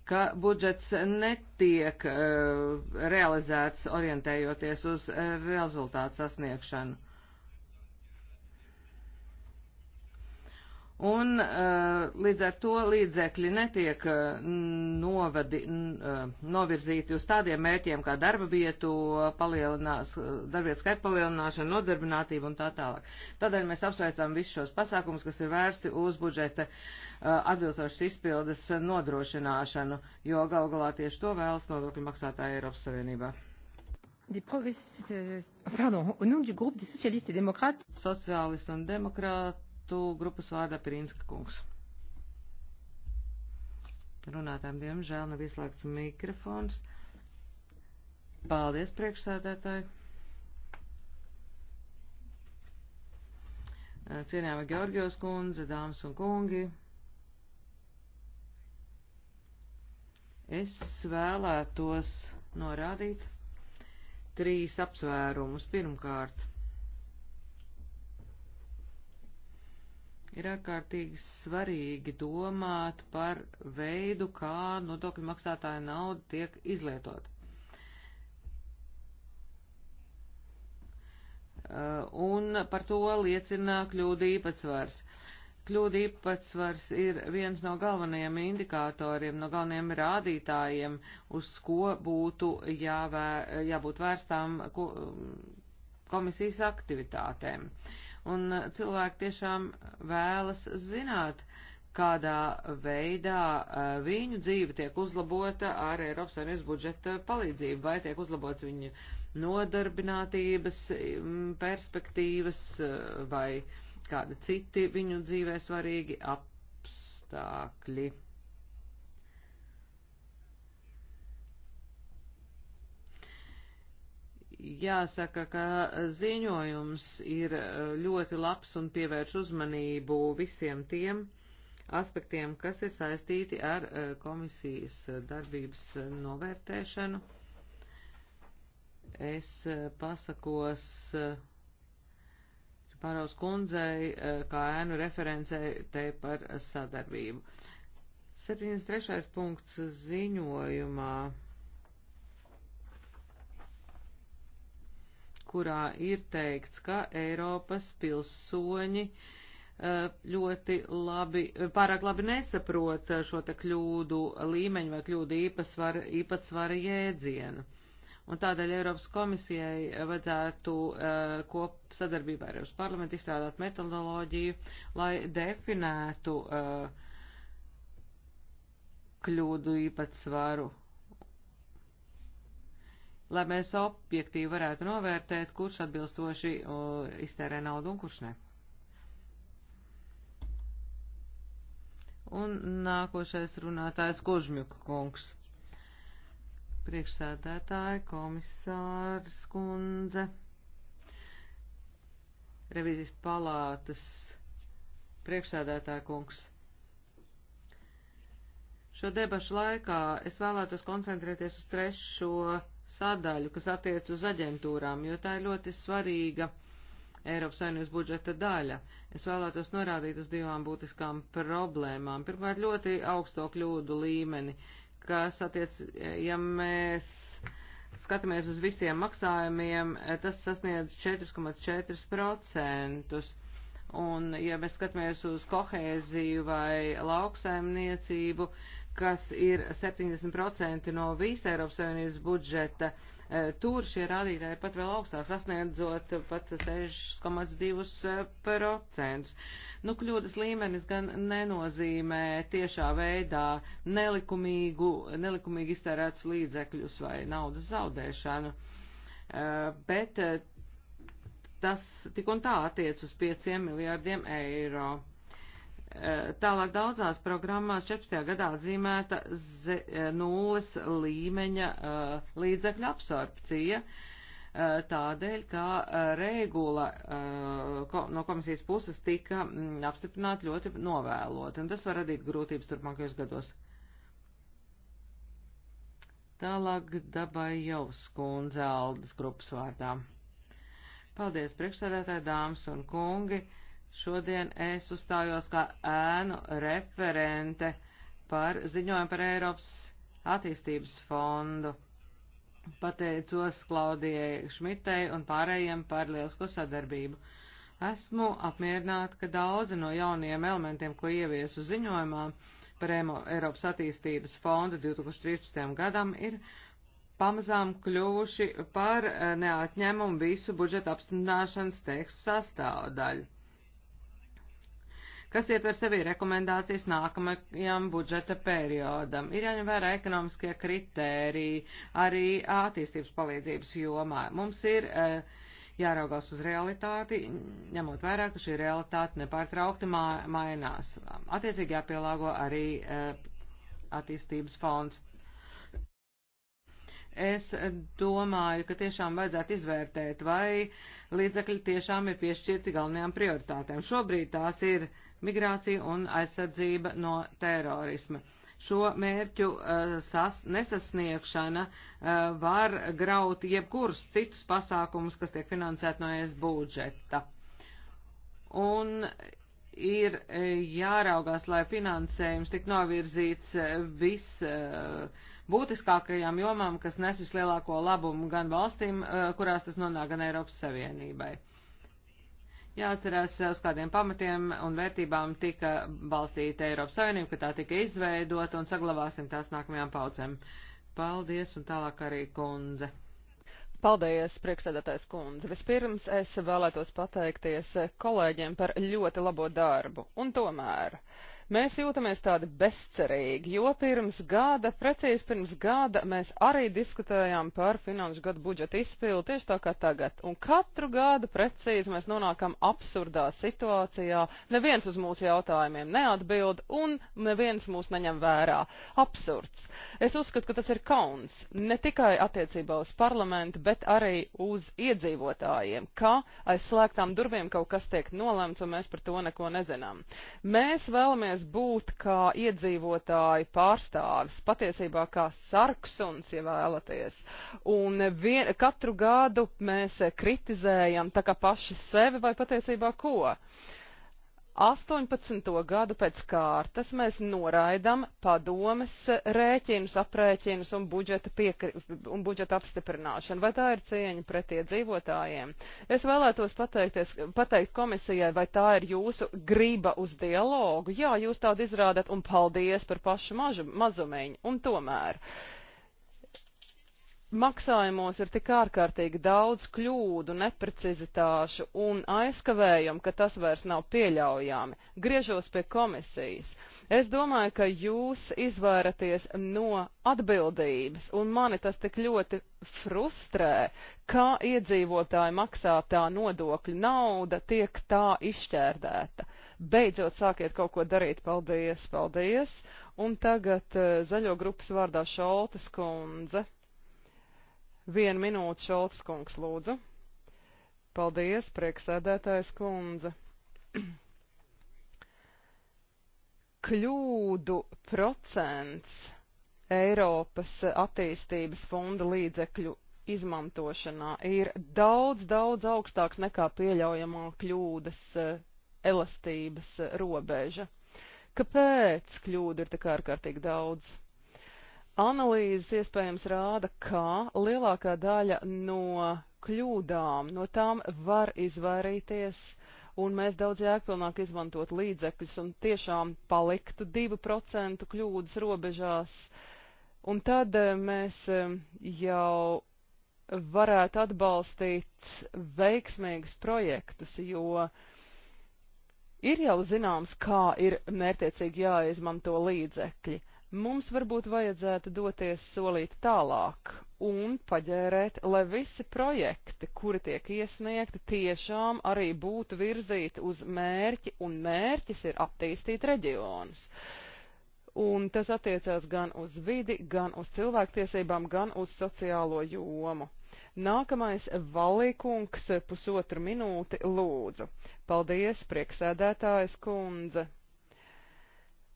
ka budžets netiek uh, realizēts orientējoties uz uh, rezultātu sasniegšanu. un uh, līdz ar to līdzekļi netiek uh, novadi, uh, novirzīti uz tādiem mērķiem kā darba vietu palielinās, uh, darbvietu skaitu palielināšana, nodarbinātība un tā tālāk. Tādēļ mēs apsveicam visus šos pasākumus, kas ir vērsti uz budžeta uh, atbilstošas izpildes nodrošināšanu, jo gal galā tieši to vēlas nodokļu maksātāji Eiropas Savienībā des progressistes, euh, pardon, au nom du groupe des socialistes et démocrates. Socialistes et démocrates Tautu grupas vārdā Pirinska kungs. Runātājiem diemžēl nav ieslēgts mikrofons. Paldies, priekšsēdētāji! Cienījama Georgijos kundze, dāmas un kungi! Es vēlētos norādīt trīs apsvērumus. Pirmkārt, ir ārkārtīgi svarīgi domāt par veidu, kā nodokļu maksātāja nauda tiek izlietot. Uh, un par to liecina kļūda īpatsvars. Kļūda īpatsvars ir viens no galvenajiem indikatoriem, no galvenajiem rādītājiem, uz ko būtu jāvē, jābūt vērstām um, komisijas aktivitātēm. Uh, un uh, cilvēki tiešām vēlas zināt, kādā veidā uh, viņu dzīve tiek uzlabota ar Eiropas Savienības budžeta palīdzību, vai tiek uzlabots viņu nodarbinātības um, perspektīvas, uh, vai kādi citi viņu dzīvē svarīgi apstākļi. Jāsaka, ka ziņojums ir e, ļoti labs un pievērš uzmanību visiem tiem aspektiem, kas ir saistīti ar e, komisijas darbības novērtēšanu. Es e, pasakos Pāraus kundzei, kā ēnu referencei, te par sadarbību. 73. punkts ziņojumā kurā ir teikts, ka Eiropas pilsoņi eh, ļoti labi, pārāk labi nesaprot eh, šo te kļūdu līmeņu vai kļūdu īpatsvaru, īpatsvaru jēdzienu. Un tādēļ Eiropas komisijai vajadzētu eh, kop sadarbībā ar Eiropas parlamentu izstrādāt metodoloģiju, lai definētu kļūdu īpatsvaru lai mēs objektīvi varētu novērtēt, kurš atbilstoši uh, iztērē naudu un kurš ne. Un nākošais runātājs Kožmjuka kungs. Priekšsēdētāji, komisārs kundze, revizijas palātas priekšsēdētāja kungs. Šo debašu laikā es vēlētos koncentrēties uz trešo sadaļu, kas attiec uz aģentūrām, jo tā ir ļoti svarīga Eiropas Savienības budžeta daļa. Es vēlētos norādīt uz divām būtiskām problēmām. Pirmkārt, ļoti augsto kļūdu līmeni, kas attiec, ja mēs skatāmies uz visiem maksājumiem, tas sasniedz 4,4%. Un, ja mēs skatāmies uz kohēziju vai lauksaimniecību, uh, kas ir 70% no visa Eiropas Savienības budžeta. E, tur šie rādītāji ir pat vēl augstāk, sasniedzot pat 6,2%. E, nu, kļūdas līmenis gan nenozīmē tiešā veidā nelikumīgu, nelikumīgi iztērētus līdzekļus vai naudas zaudēšanu, e, bet tas tik un tā attiec uz 5 miljārdiem eiro. Eh, tālāk daudzās programmās 14. gadā atzīmēta eh, nulles līmeņa eh, līdzekļu absorpcija tādēļ, ka regula no komisijas puses tika mm, apstiprināta ļoti novēlot, un tas var radīt grūtības turpmākajos gados. Tālāk dabai jau skundze Aldas grupas vārdā. Paldies, priekšsēdētāji, dāmas un kungi! Uh, Šodien es uzstājos kā ēnu referente par ziņojumu par Eiropas attīstības fondu. Pateicos Klaudijai Šmitei un pārējiem par lielisko sadarbību. Esmu apmierināta, ka daudzi no jaunajiem elementiem, ko ieviesu ziņojumā par Eiropas attīstības fondu 2013. gadam, ir pamazām kļuvuši par neatņemumu visu budžeta apstiprināšanas tekstu sastāvdaļu kas ietver sevi rekomendācijas nākamajam budžeta periodam. Ir jāņem vērā ekonomiskie kritēriji arī attīstības palīdzības jomā. Mums ir eh, jāraugās uz realitāti, ņemot vērā, ka šī realitāte nepārtraukti mainās. Attiecīgi jāpielāgo arī eh, attīstības fonds. Es domāju, ka tiešām vajadzētu izvērtēt, vai līdzekļi tiešām ir piešķirti galvenajām prioritātēm. Šobrīd tās ir migrācija un aizsardzība no terorisma. Šo mērķu uh, sas, nesasniegšana uh, var graut jebkurus citus pasākumus, kas tiek finansēti no ES budžeta. Un ir uh, jāraugās, lai finansējums tik novirzīts uh, viss. Uh, būtiskākajām jomām, kas nes vislielāko labumu gan valstīm, eh, kurās tas nonāk, gan Eiropas Savienībai. Jāatcerās, eh, uz kādiem pamatiem un vērtībām tika balstīta Eiropas Savienība, ka tā tika izveidota un saglabāsim tās nākamajām paudzēm. Paldies un tālāk arī kundze. Paldies, priekšsēdētājs kundze. Vispirms es vēlētos pateikties kolēģiem par ļoti labo darbu. Un tomēr. Uh, Mēs jūtamies tādi bezcerīgi, jo pirms gada, precīzi pirms gada, mēs arī diskutējām par finanšu gadu budžeta izpildu tieši tā kā tagad. Un katru gadu precīzi mēs nonākam absurdā situācijā. Neviens uz mūsu jautājumiem neatbild un neviens mūs neņem vērā. Absurds. Es uzskatu, ka tas ir kauns ne tikai attiecībā uz parlamentu, bet arī uz iedzīvotājiem, ka aiz slēgtām durvīm kaut kas tiek nolemts un mēs par to neko nezinām. Mēs vēlamies vēlētos būt kā iedzīvotāju pārstāvis, patiesībā kā sarksuns, ja vēlaties. Un vien, katru gadu mēs kritizējam tā kā paši sevi vai patiesībā ko. Uh, 18. gadu pēc kārtas mēs noraidam padomes rēķinus, aprēķinus un budžeta, piekri, un budžeta apstiprināšanu. Vai tā ir cieņa pret iedzīvotājiem? Es vēlētos pateikt komisijai, vai tā ir jūsu griba uz dialogu. Jā, jūs tādu izrādat un paldies par pašu mažu, mazumiņu. Un tomēr. Uh, maksājumos ir tik ārkārtīgi daudz kļūdu, neprecizitāšu un aizkavējumu, ka tas vairs nav pieļaujami. Griežos pie komisijas. Es domāju, ka jūs izvairaties no atbildības, un mani tas tik ļoti frustrē, kā iedzīvotāji maksātā nodokļa nauda tiek tā izšķērdēta. Beidzot sākiet kaut ko darīt. Paldies, paldies! Un tagad eh, zaļo grupas vārdā Šoltas kundze. Vienu minūti Šolts kungs lūdzu. Paldies, prieksēdētājs kundze. Kļūdu procents Eiropas attīstības fonda līdzekļu izmantošanā ir daudz, daudz augstāks nekā pieļaujamā kļūdas eh, elastības robeža. Kāpēc kļūdu ir tik ārkārtīgi daudz? Analīzes iespējams rāda, ka lielākā daļa no kļūdām, no tām var izvairīties, un mēs daudz jēgpilnāk izmantot līdzekļus un tiešām paliktu 2% kļūdas robežās. Un tad eh, mēs eh, jau varētu atbalstīt veiksmīgus projektus, jo ir jau zināms, kā ir mērtiecīgi jāizmanto līdzekļi. Mums varbūt vajadzētu doties solīt tālāk un paģērēt, lai visi projekti, kuri tiek iesniegti, tiešām arī būtu virzīti uz mērķi, un mērķis ir attīstīt reģionus. Un tas attiecās gan uz vidi, gan uz cilvēktiesībām, gan uz sociālo jomu. Nākamais valīkungs pusotru minūti lūdzu. Paldies, prieksēdētājas kundze!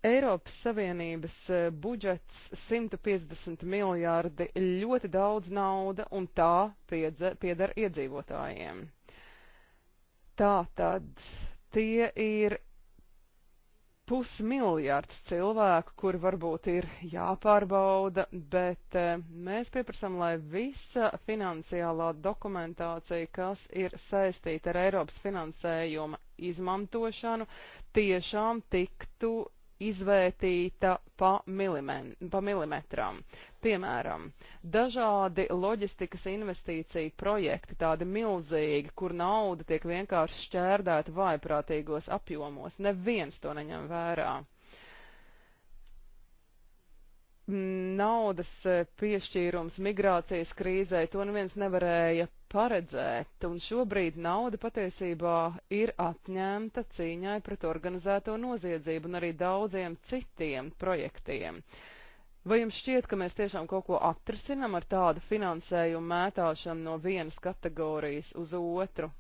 Eiropas Savienības e, budžets 150 miljārdi ļoti daudz nauda un tā piedara iedzīvotājiem. Tā tad tie ir pusmiljārds cilvēku, kuri varbūt ir jāpārbauda, bet e, mēs pieprasām, lai visa finansiālā dokumentācija, kas ir saistīta ar Eiropas finansējuma izmantošanu, tiešām tiktu izvērtīta pa, milimen, pa milimetram. Piemēram, dažādi loģistikas investīcija projekti, tādi milzīgi, kur nauda tiek vienkārši šķērdēta vaiprātīgos apjomos, neviens to neņem vērā naudas eh, piešķīrums migrācijas krīzē, to neviens nevarēja paredzēt, un šobrīd nauda patiesībā ir atņemta cīņai pret organizēto noziedzību un arī daudziem citiem projektiem. Vai jums šķiet, ka mēs tiešām kaut ko atrisinam ar tādu finansējumu mētāšanu no vienas kategorijas uz otru?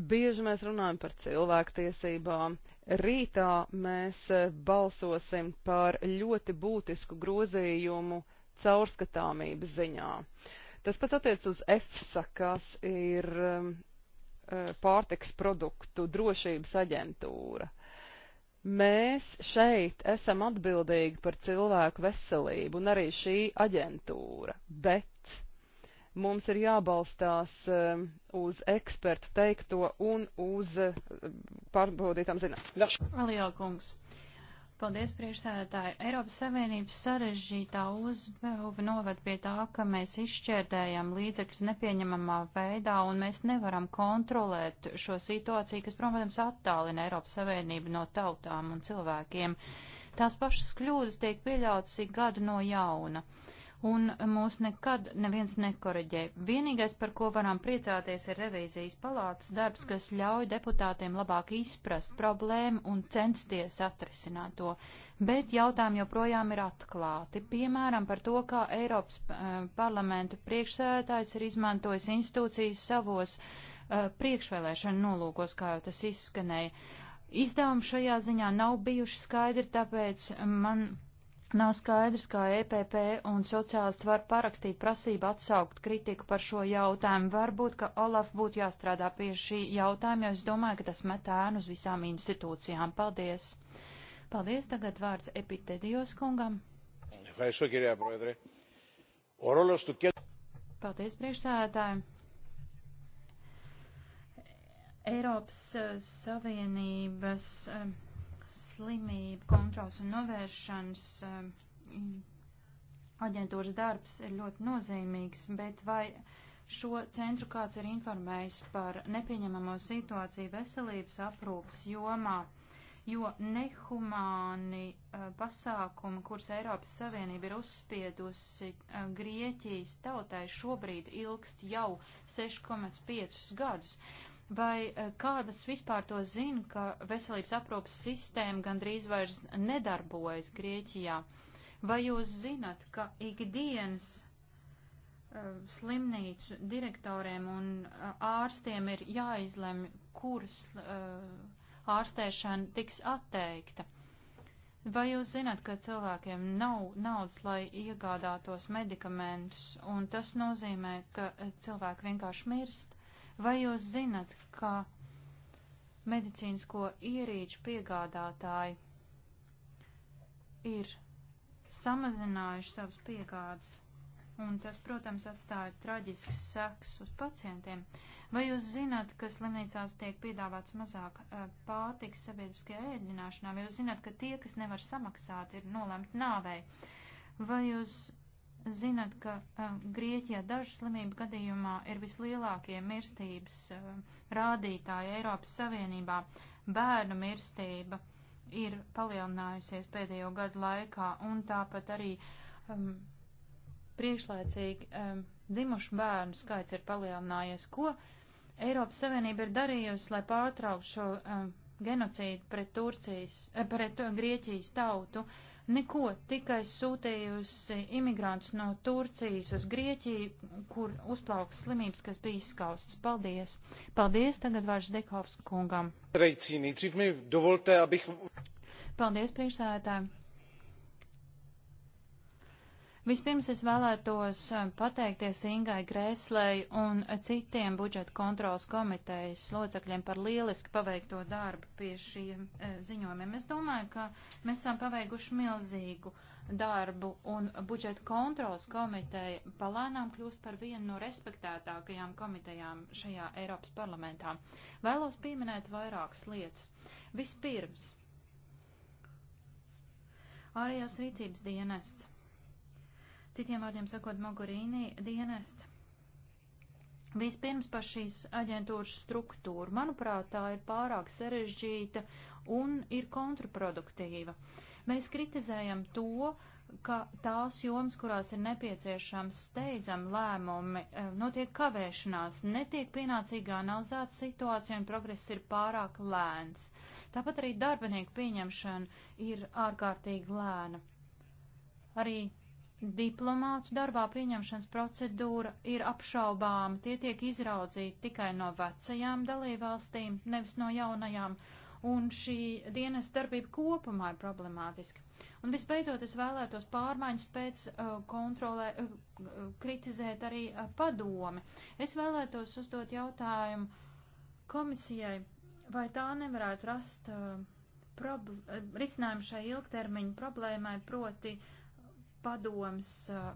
Bieži mēs runājam par cilvēktiesībām, Rītā mēs eh, balsosim par ļoti būtisku grozījumu caurskatāmības ziņā. Tas pats attiec uz EFSA, kas ir um, eh, pārtiks produktu drošības aģentūra. Mēs šeit esam atbildīgi par cilvēku veselību un arī šī aģentūra, bet Mums ir jābalstās eh, uz ekspertu teikto un uz eh, pārbaudītām zināšanām. Alielkungs. Paldies, priekšsēdētāji. Eiropas Savienības sarežģītā uzbeuva noved pie tā, ka mēs izšķērdējam līdzekļus nepieņemamā veidā un mēs nevaram kontrolēt šo situāciju, kas, protams, attālina Eiropas Savienību no tautām un cilvēkiem. Tās pašas kļūdas tiek pieļautas ik gadu no jauna. Uh, un mūs nekad neviens nekoreģē. Vienīgais, par ko varam priecāties, ir revīzijas palātas darbs, kas ļauj deputātiem labāk izprast problēmu un censties atrisināt to. Bet jautājumi joprojām ir atklāti, piemēram, par to, kā Eiropas eh, parlamenta priekšsēdētājs ir izmantojis institūcijas savos uh, priekšvēlēšanu nolūkos, kā jau tas izskanēja. Izdevumi šajā ziņā nav bijuši skaidri, tāpēc man Nav skaidrs, kā EPP un sociālisti var parakstīt prasību atsaukt kritiku par šo jautājumu. Varbūt, ka Olaf būtu jāstrādā pie šī jautājuma, jo es domāju, ka tas met ēnu uz visām institūcijām. Paldies! Paldies! Tagad vārds epitēdijos kungam. Paldies, priekšsēdētāji! Eiropas Savienības. Uh, slimību kontrols un novēršanas eh, aģentūras darbs ir ļoti nozīmīgs, bet vai šo centru kāds ir informējis par nepieņemamo situāciju veselības aprūpas jomā, jo nehumāni eh, pasākumi, kurus Eiropas Savienība ir uzspiedusi eh, Grieķijas tautai, šobrīd ilgst jau 6,5 gadus. Vai eh, kādas vispār to zina, ka veselības aprūpas sistēma gandrīz vairs nedarbojas Grieķijā? Vai jūs zinat, ka ikdienas eh, slimnīcu direktoriem un eh, ārstiem ir jāizlemj, kuras ārstēšana tiks atteikta. Vai jūs zināt, ka cilvēkiem nav naudas, lai iegādātos medikamentus, un tas nozīmē, ka cilvēki vienkārši mirst? Vai jūs zinat, ka medicīnisko ierīču piegādātāji ir samazinājuši savas piegādes, un tas, protams, atstāja traģisks seks uz pacientiem. Vai jūs zināt, ka slimnīcās tiek piedāvāts mazāk eh, pārtiks sabiedriskajā ēdināšanā, vai jūs zināt, ka tie, kas nevar samaksāt, ir nolemti nāvei? Vai jūs zinat, ka uh, Grieķijā dažu slimību gadījumā ir vislielākie mirstības uh, rādītāji Eiropas Savienībā. Bērnu mirstība ir palielinājusies pēdējo gadu laikā un tāpat arī um, priekšlaicīgi um, dzimušu bērnu skaits ir palielinājies. Ko Eiropas Savienība ir darījusi, lai pārtrauktu šo um, genocīdu pret, Turcijas, eh, pret uh, Grieķijas tautu? Uh, Neko, tikai sūtījusi imigrantus no Turcijas uz Grieķiju, kur uzplauka slimības, kas bija izskaustas. Paldies! Paldies tagad vairs Dekovs kungam! Paldies, priekšsēdētāji! Vispirms es vēlētos eh, pateikties Ingai Grēslei un citiem budžeta kontrolas komitejas locekļiem par lieliski paveikto darbu pie šiem e, ziņojumiem. Es domāju, ka mēs esam paveikuši milzīgu darbu un budžeta kontrolas komiteja palēnām kļūst par vienu no respektētākajām komitejām šajā Eiropas parlamentā. Vēlos pieminēt vairākas lietas. Vispirms, ārējās rīcības dienests. Citiem vārdiem sakot, Mogurīni dienests. Vispirms par šīs aģentūras struktūru. Manuprāt, tā ir pārāk sarežģīta un ir kontraproduktīva. Mēs kritizējam to, ka tās jomas, kurās ir nepieciešams steidzam lēmumi, eh, notiek kavēšanās, netiek pienācīgi analizēta situācija un progress ir pārāk lēns. Tāpat arī darbinieku pieņemšana ir ārkārtīgi lēna. Arī Diplomātu darbā pieņemšanas procedūra ir apšaubāma, tie tiek izraudzīti tikai no vecajām dalībvalstīm, nevis no jaunajām, un šī dienas darbība kopumā ir problemātiska. Un visbeidzot, es vēlētos pārmaiņas pēc uh, kontrolē, uh, uh kritizēt arī uh, padomi. Es vēlētos uzdot jautājumu komisijai, vai tā nevarētu rast uh, uh risinājumu šai ilgtermiņu problēmai proti. Uh, padoms uh,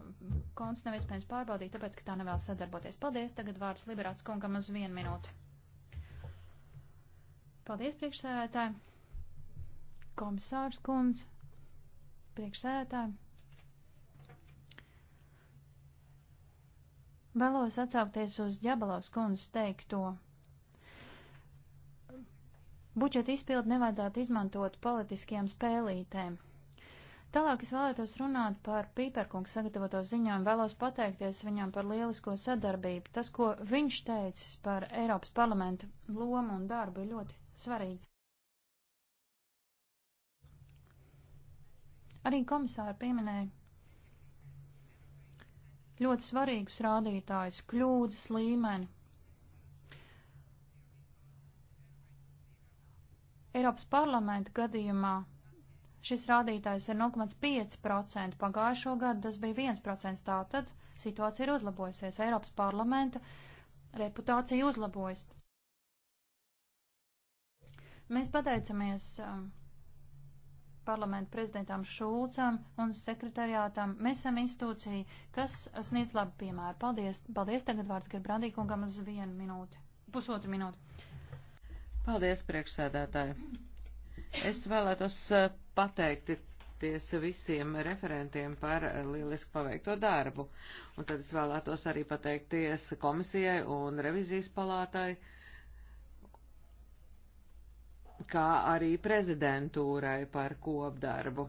konts nav iespējams pārbaudīt, tāpēc, ka tā nevēlas sadarboties. Paldies, tagad vārds liberāts kungam uz vienu minūti. Paldies, priekšsēdētāji. Komisārs kungs, priekšsēdētāji. Vēlos atsaukties uz Ģabalovs kundzes teikto. Budžeta izpildu nevajadzētu izmantot politiskiem spēlītēm. Tālāk es vēlētos runāt par Pīperkungu sagatavoto ziņām, vēlos pateikties viņam par lielisko sadarbību. Tas, ko viņš teicis par Eiropas parlamentu lomu un darbu, ir ļoti svarīgi. Arī komisāri pieminēja ļoti svarīgus rādītājus, kļūdas līmeni. Eiropas parlamenta gadījumā Šis rādītājs ir 0,5%, pagājušo gadu tas bija 1%, tātad situācija ir uzlabojusies, Eiropas parlamenta reputācija uzlabojas. Mēs pateicamies um, parlamentu prezidentam Šulcam un sekretariātam. Mēs esam institūcija, kas sniedz labu piemēru. Paldies, paldies tagad vārds Gerbrandīkungam uz vienu minūti, pusotru minūti. Paldies, priekšsēdētāji. Es vēlētos eh, pateikties visiem referentiem par eh, lieliski paveikto darbu, un tad es vēlētos arī pateikties komisijai un revizijas palātai, kā arī prezidentūrai par kopdarbu.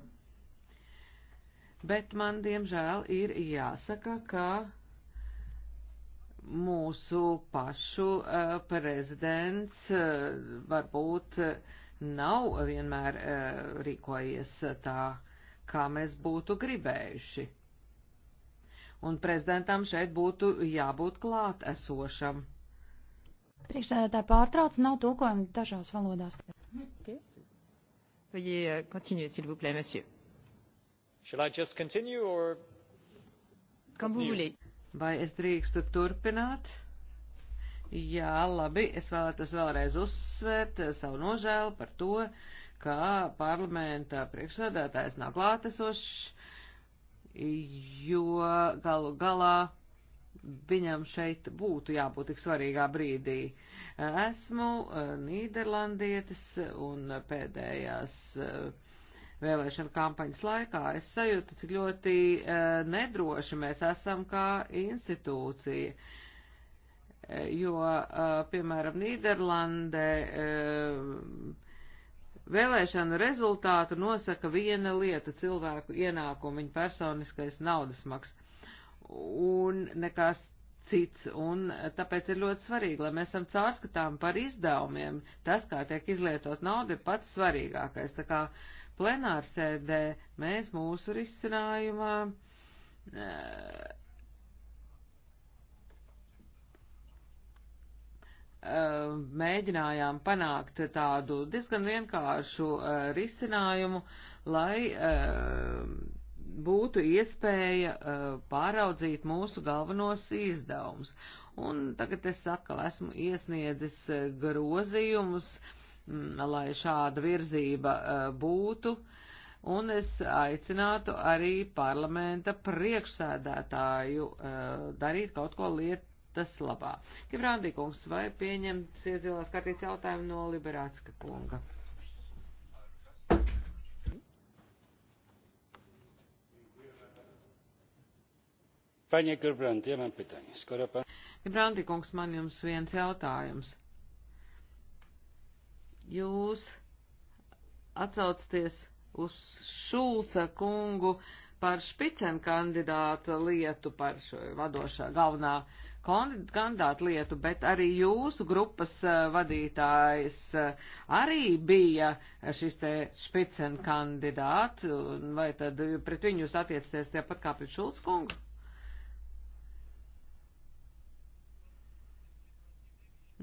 Bet man, diemžēl, ir jāsaka, ka mūsu pašu uh, prezidents uh, varbūt uh, nav vienmēr e, rīkojies tā, kā mēs būtu gribējuši. Un prezidentam šeit būtu jābūt klāt esošam. Priekšsēdētāji pārtrauc, nav tulkojumi dažās valodās. Okay. Veuillez euh, continuer, s'il vous plaît, monsieur. Shall I just continue or... Comme vous voulez. Vai es drīkstu turpināt? Jā, labi, es vēlētos vēlreiz uzsvērt eh, savu nožēlu par to, ka parlamentā priekšsēdētājs nav klātesošs, jo galu galā viņam šeit būtu jābūt tik svarīgā brīdī. Esmu eh, Nīderlandietis un pēdējās eh, vēlēšana kampaņas laikā es sajūtu, cik ļoti nedroši mēs esam kā institūcija. Uh, jo, piemēram, Nīderlandē vēlēšanu rezultātu nosaka viena lieta - cilvēku ienākumu, viņa personiskais naudas maks, un nekas cits, un tāpēc ir ļoti svarīgi, lai mēs esam caurskatām par izdevumiem. Tas, kā tiek izlietot nauda, ir pats svarīgākais. Tā kā plenārsēdē mēs mūsu risinājumā. Uh, Um, mēģinājām panākt tādu diezgan vienkāršu uh, risinājumu, lai um, būtu iespēja uh, pāraudzīt mūsu galvenos izdevumus. Un tagad es atkal esmu iesniedzis uh, grozījumus, mm, lai šāda virzība būtu un es aicinātu arī parlamenta priekšsēdētāju uh, darīt kaut ko liet, tas labā. Gebrāndī kungs, vai pieņemts iedzīvās kārtīts jautājumu no Liberācka kunga? Panie Gebrandi, ja man pytanie, skoro pan... Gebrandi kungs, man jums viens jautājums. Jūs atsaucties uz Šulca kungu par špicen kandidāta lietu, par šo vadošā galvenā uh, kandidātu lietu, bet arī jūsu grupas vadītājs arī bija šis te špicen kandidāts, vai tad pret viņu jūs attiecaties tāpat kā pret Šulc kungu?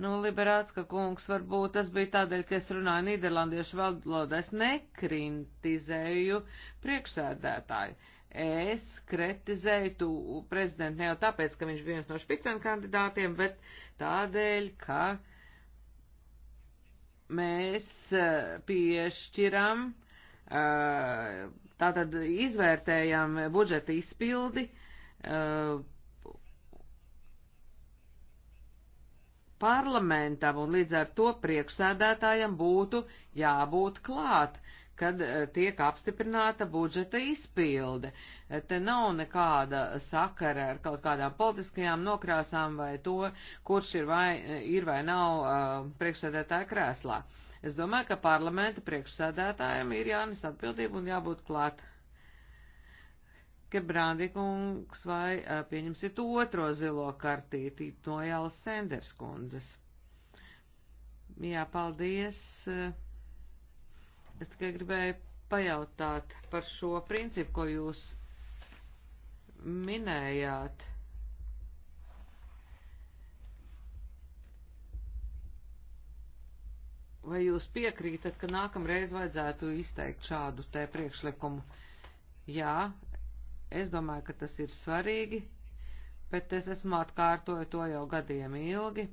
Nu, Liberācka kungs, varbūt tas bija tādēļ, ka es runāju nīderlandiešu valodā, es nekritizēju priekšsēdētāju es kritizēju tu prezidentu ne jau tāpēc, ka viņš bija viens no špicēm kandidātiem, bet tādēļ, ka mēs eh, piešķiram, eh, tātad izvērtējam budžeta izpildi eh, parlamentam, un līdz ar to priekšsēdētājam būtu jābūt klāt. Uh, kad eh, tiek apstiprināta budžeta izpilde. Eh, te nav nekāda sakara ar kaut kādām politiskajām nokrāsām vai to, kurš ir vai, eh, ir vai nav priekšsēdētāja krēslā. Es domāju, ka parlamenta priekšsēdētājiem ir jānes atbildība un jābūt klāt. Gebrāndīkungs vai pieņemsit otro zilo kartīti no Jālas Senders kundzes. Jā, paldies. Uh, Es tikai gribēju pajautāt par šo principu, ko jūs minējāt. Vai jūs piekrītat, ka nākamreiz vajadzētu izteikt šādu te priekšlikumu? Jā, es domāju, ka tas ir svarīgi, bet es esmu atkārtoju to jau gadiem ilgi.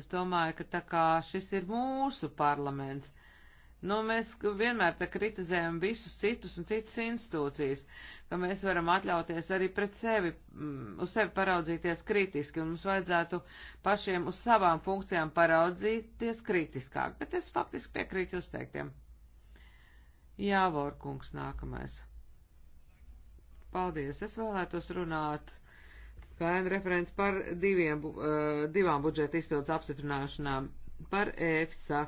Es domāju, ka tā kā šis ir mūsu parlaments, nu mēs vienmēr tā kritizējam visus citus un citas institūcijas, ka mēs varam atļauties arī pret sevi, mm, uz sevi paraudzīties kritiski, un mums vajadzētu pašiem uz savām funkcijām paraudzīties kritiskāk, bet es faktiski piekrītu jūs teiktiem. Jā, Vorkungs, nākamais. Paldies, es vēlētos runāt Pēna referents par diviem, eh, divām budžeta izpildes apstiprināšanām par EFSA,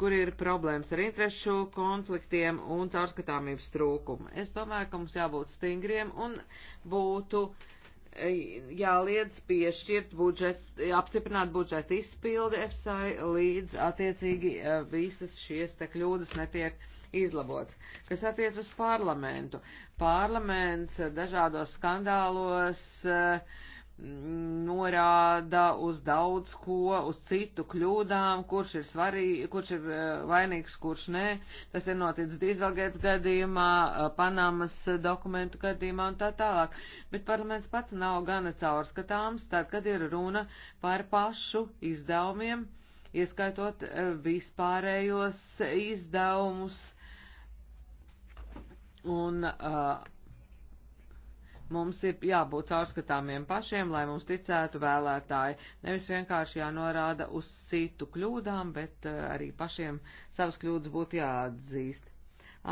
kur ir problēmas ar interešu konfliktiem un caurskatāmības trūkumu. Es domāju, ka mums jābūt stingriem un būtu eh, jāliedz piešķirt budžet, apstiprināt budžeta izpildi EFSA līdz attiecīgi eh, visas šies te kļūdas netiek izlabots. Kas attiec uz parlamentu? Parlaments dažādos skandālos eh, norāda uz daudz ko, uz citu kļūdām, kurš ir svarīgi, kurš ir eh, vainīgs, kurš nē. Tas ir noticis Dīzelgēts gadījumā, eh, Panamas dokumentu gadījumā un tā tālāk. Bet parlaments pats nav gana caurskatāms, tad, kad ir runa par pašu izdevumiem, ieskaitot vispārējos izdevumus Un uh, mums ir jābūt caurskatāmiem pašiem, lai mums ticētu vēlētāji. Nevis vienkārši jānorāda uz citu kļūdām, bet uh, arī pašiem savas kļūdas būtu jāatzīst.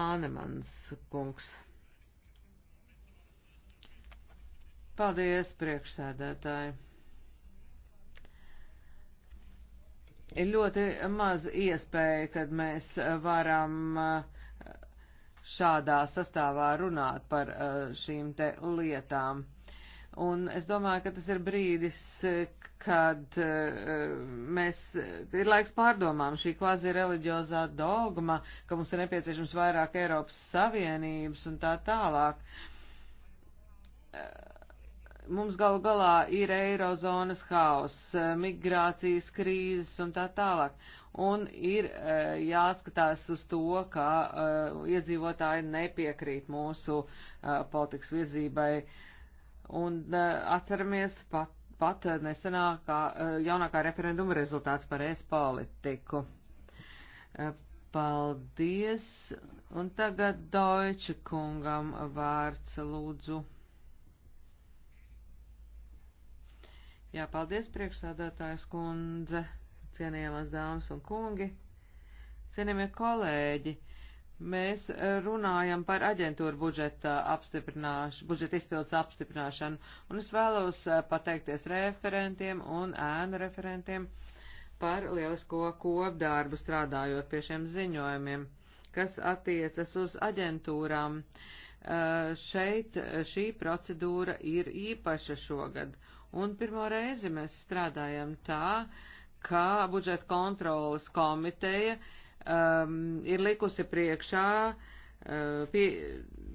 Ānemans kungs. Paldies, priekšsēdētāji. Ir ļoti maz iespēja, kad mēs varam uh, šādā sastāvā runāt par uh, šīm te lietām. Un es domāju, ka tas ir brīdis, kad uh, mēs, ir laiks pārdomām šī kvazi reliģiozā dogma, ka mums ir nepieciešams vairāk Eiropas Savienības un tā tālāk uh, Mums galu galā ir eirozonas haoss, migrācijas krīzes un tā tālāk. Un ir e, jāskatās uz to, ka e, iedzīvotāji nepiekrīt mūsu e, politikas virzībai. Un atceramies pat, pat nesenākā, jaunākā referenduma rezultāts par es politiku. Paldies. Un tagad Deutsche kungam vārds lūdzu. Jā, paldies priekšsādātājs kundze, cienījamās dāmas un kungi, cienījamie kolēģi. Mēs runājam par aģentūru budžeta apstiprināšanu, budžeta izpildes apstiprināšanu, un es vēlos eh, pateikties referentiem un ēnu referentiem par lielisko kopdarbu strādājot pie šiem ziņojumiem, kas attiecas uz aģentūrām. Eh, šeit eh, šī procedūra ir īpaša šogad, Un pirmo reizi mēs strādājam tā, ka budžeta kontrolas komiteja um, ir likusi priekšā uh, pie,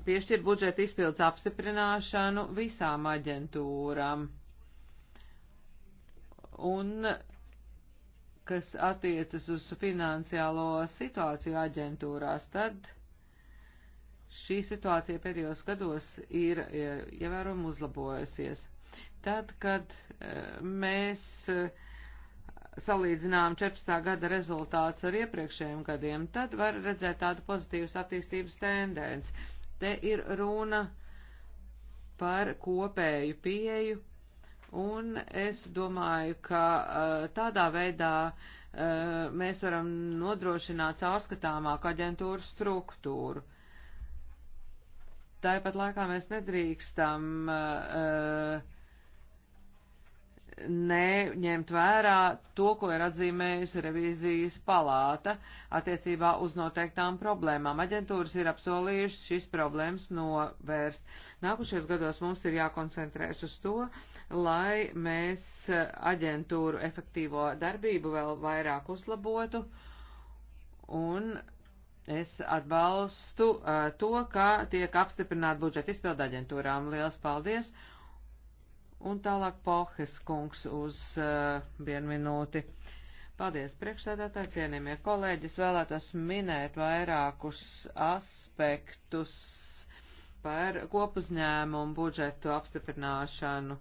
piešķirt budžeta izpildes apstiprināšanu visām aģentūram. Un kas attiecas uz finansiālo situāciju aģentūrās, tad šī situācija pēdējos gados ir ievērojami uzlabojusies. Tad, kad e, mēs e, salīdzinām 14. gada rezultātus ar iepriekšējiem gadiem, tad var redzēt tādu pozitīvas attīstības tendenci. Te ir runa par kopēju pieeju, un es domāju, ka e, tādā veidā mēs varam nodrošināt caurskatāmāku aģentūru struktūru. Tāpat laikā mēs nedrīkstam uh, neņemt vērā to, ko ir atzīmējusi revīzijas palāta attiecībā uz noteiktām problēmām. Aģentūras ir apsolījušas šīs problēmas novērst. Nākušajos gados mums ir jākoncentrēs uz to, lai mēs aģentūru efektīvo darbību vēl vairāk uzlabotu un Es atbalstu uh, to, ka tiek apstiprināta budžeta izpilda aģentūrām. Lielas paldies! Uh, Un tālāk Pohes kungs uz uh, vienu minūti. Paldies, priekšsēdētāji, cienījamie kolēģi. Es vēlētos minēt vairākus aspektus par kopuzņēmumu budžetu apstiprināšanu.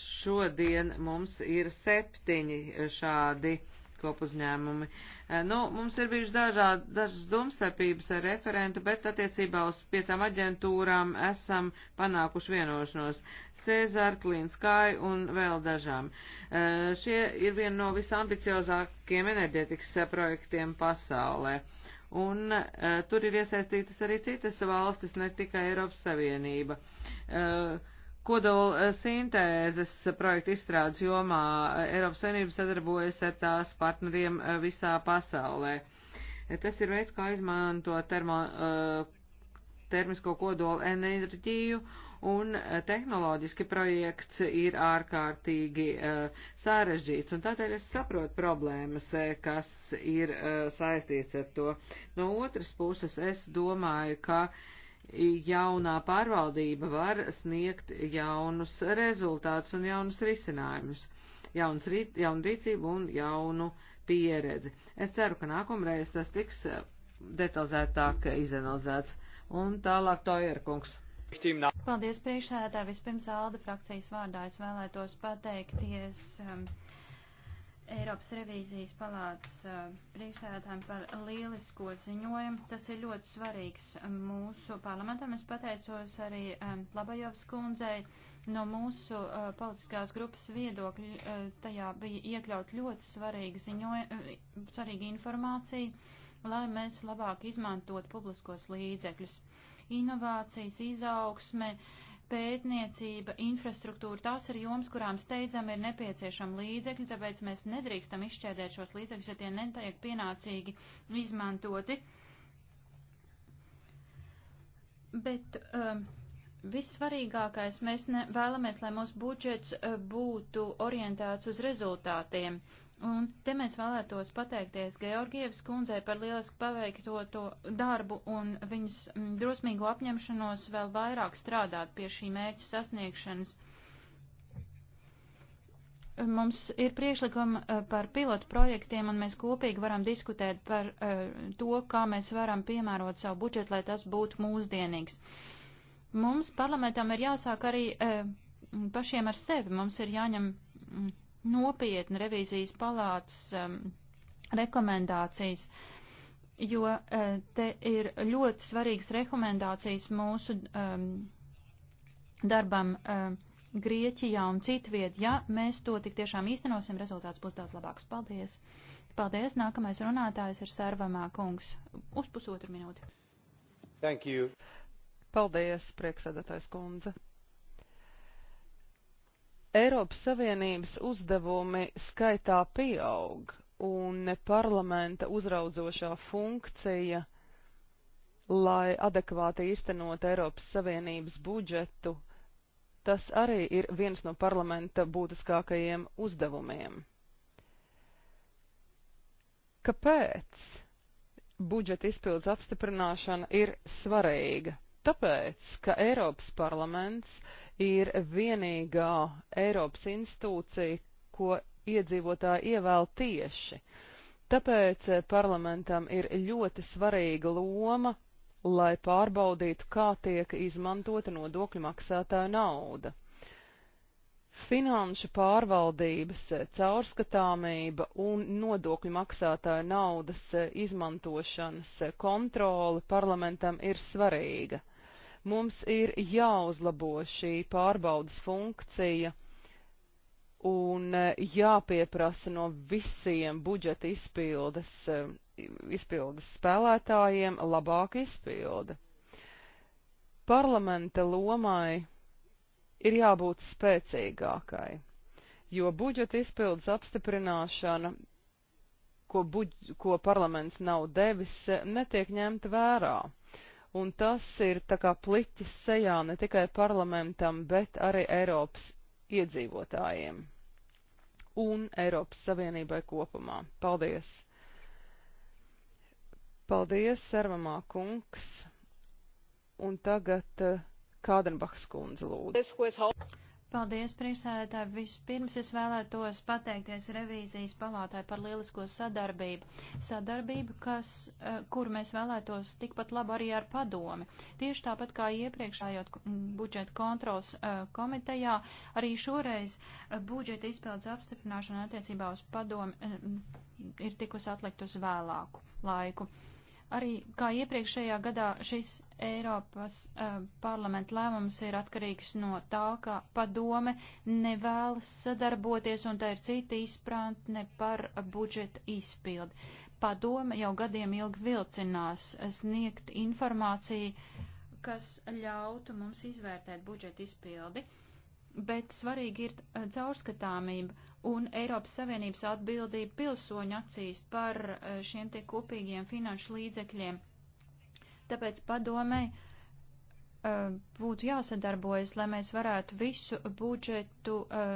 Šodien mums ir septiņi šādi uh, kopuzņēmumi. Eh, nu, mums ir bijuši dažādi, dažas domstarpības ar referentu, bet attiecībā uz piecām aģentūrām esam panākuši vienošanos. Cezar, Klinskai un vēl dažām. Eh, šie ir vieni no visambiciozākiem enerģetikas projektiem pasaulē. Un uh, tur ir iesaistītas arī citas valstis, ne tikai Eiropas Savienība. Uh, Kodola sintēzes projekta izstrādes jomā Eiropas Savienība sadarbojas ar tās partneriem eh, visā pasaulē. Eh, tas ir veids, kā izmanto termo, eh, termisko kodolu enerģiju un tehnoloģiski projekts ir ārkārtīgi uh, sarežģīts, un tādēļ es saprotu problēmas, kas ir uh, saistīts ar to. No otras puses, es domāju, ka uh, jaunā pārvaldība var sniegt jaunus rezultātus un jaunus risinājumus, jauns rīt, jaunu rīcību un jaunu pieredzi. Es ceru, ka nākamreiz tas tiks detalizētāk izanalizēts. Un tālāk to ir kungs. Paldies priekšsēdētāji. Vispirms Alda frakcijas vārdā es vēlētos pateikties. Um, Eiropas revīzijas palātas priekšsēdētājiem par lielisko ziņojumu. Tas ir ļoti svarīgs mūsu parlamentam. Es pateicos arī Labajovs kundzei. No mūsu politiskās grupas viedokļa tajā bija iekļaut ļoti svarīga, ziņoja, svarīga informācija, lai mēs labāk izmantot publiskos līdzekļus. Inovācijas, izaugsme, uh, pētniecība, infrastruktūra, tās ir joms, kurām steidzam ir nepieciešama līdzekļi, tāpēc mēs nedrīkstam izšķēdēt šos līdzekļus, ja tie netiek pienācīgi izmantoti. Bet um, vissvarīgākais, mēs ne, vēlamies, lai mūsu budžets uh, būtu orientēts uz rezultātiem. Un te mēs vēlētos pateikties Georgievas kundzei par lieliski paveikto to darbu un viņas mm, drosmīgo apņemšanos vēl vairāk strādāt pie šī mērķa sasniegšanas. Mums ir priekšlikumi eh, par pilotu projektiem, un mēs kopīgi varam diskutēt par eh, to, kā mēs varam piemērot savu budžetu, lai tas būtu mūsdienīgs. Mums parlamentam ir jāsāk arī eh, pašiem ar sevi. Mums ir jāņem mm, nopietni revīzijas palātas um, rekomendācijas, jo uh, te ir ļoti svarīgas rekomendācijas mūsu um, darbam uh, Grieķijā un citviet. Ja mēs to tik tiešām īstenosim, rezultāts būs daudz labāks. Paldies! Paldies! Nākamais runātājs ir Sērvamā kungs. Uz pusotru minūti. Thank you. Paldies, priekšsēdētājs kundze. Eiropas Savienības uzdevumi skaitā pieaug, un parlamenta uzraudzošā funkcija, lai adekvāti īstenot Eiropas Savienības budžetu, tas arī ir viens no parlamenta būtiskākajiem uzdevumiem. Kāpēc budžeta izpildes apstiprināšana ir svarīga? Tāpēc, ka Eiropas parlaments ir vienīgā Eiropas institūcija, ko iedzīvotāji ievēl tieši. Tāpēc eh, parlamentam ir ļoti svarīga loma, lai pārbaudītu, kā tiek izmantota nodokļu maksātāju nauda. Finanšu pārvaldības eh, caurskatāmība un nodokļu maksātāju naudas eh, izmantošanas kontrole parlamentam ir svarīga. Mums ir jāuzlabo šī pārbaudas funkcija un e, jāpieprasa no visiem budžeta izpildes, e, izpildes spēlētājiem labāka izpilde. Parlamenta lomai ir jābūt spēcīgākai, jo budžeta izpildes apstiprināšana, ko, buģ, ko parlaments nav devis, e, netiek ņemta vērā un tas ir tā kā pliķis sejā ne tikai parlamentam, bet arī Eiropas iedzīvotājiem un Eiropas Savienībai kopumā. Paldies! Paldies, Servamā kungs! Un tagad eh, Kādenbachs kundze lūdzu. Paldies, priekšsēdētāji. Vispirms es vēlētos pateikties revīzijas palātāji par lielisko sadarbību. Sadarbību, kas, eh, kur mēs vēlētos tikpat labu arī ar padomi. Tieši tāpat kā iepriekšējot budžeta kontrols eh, komitejā, arī šoreiz eh, budžeta izpildes apstiprināšana attiecībā uz padomi ir tikus atlikt uz vēlāku laiku. Arī kā iepriekšējā gadā šis Eiropas uh, parlamenta lēmums ir atkarīgs no tā, ka padome nevēlas sadarboties un tā ir cita izprantne par budžeta izpildi. Padome jau gadiem ilgi vilcinās sniegt informāciju, kas ļautu mums izvērtēt budžeta izpildi, bet svarīgi ir eh, caurskatāmība un Eiropas Savienības atbildība pilsoņu acīs par eh, šiem te kopīgiem finanšu līdzekļiem. Tāpēc padomēji eh, būtu jāsadarbojas, lai mēs varētu visu budžetu eh,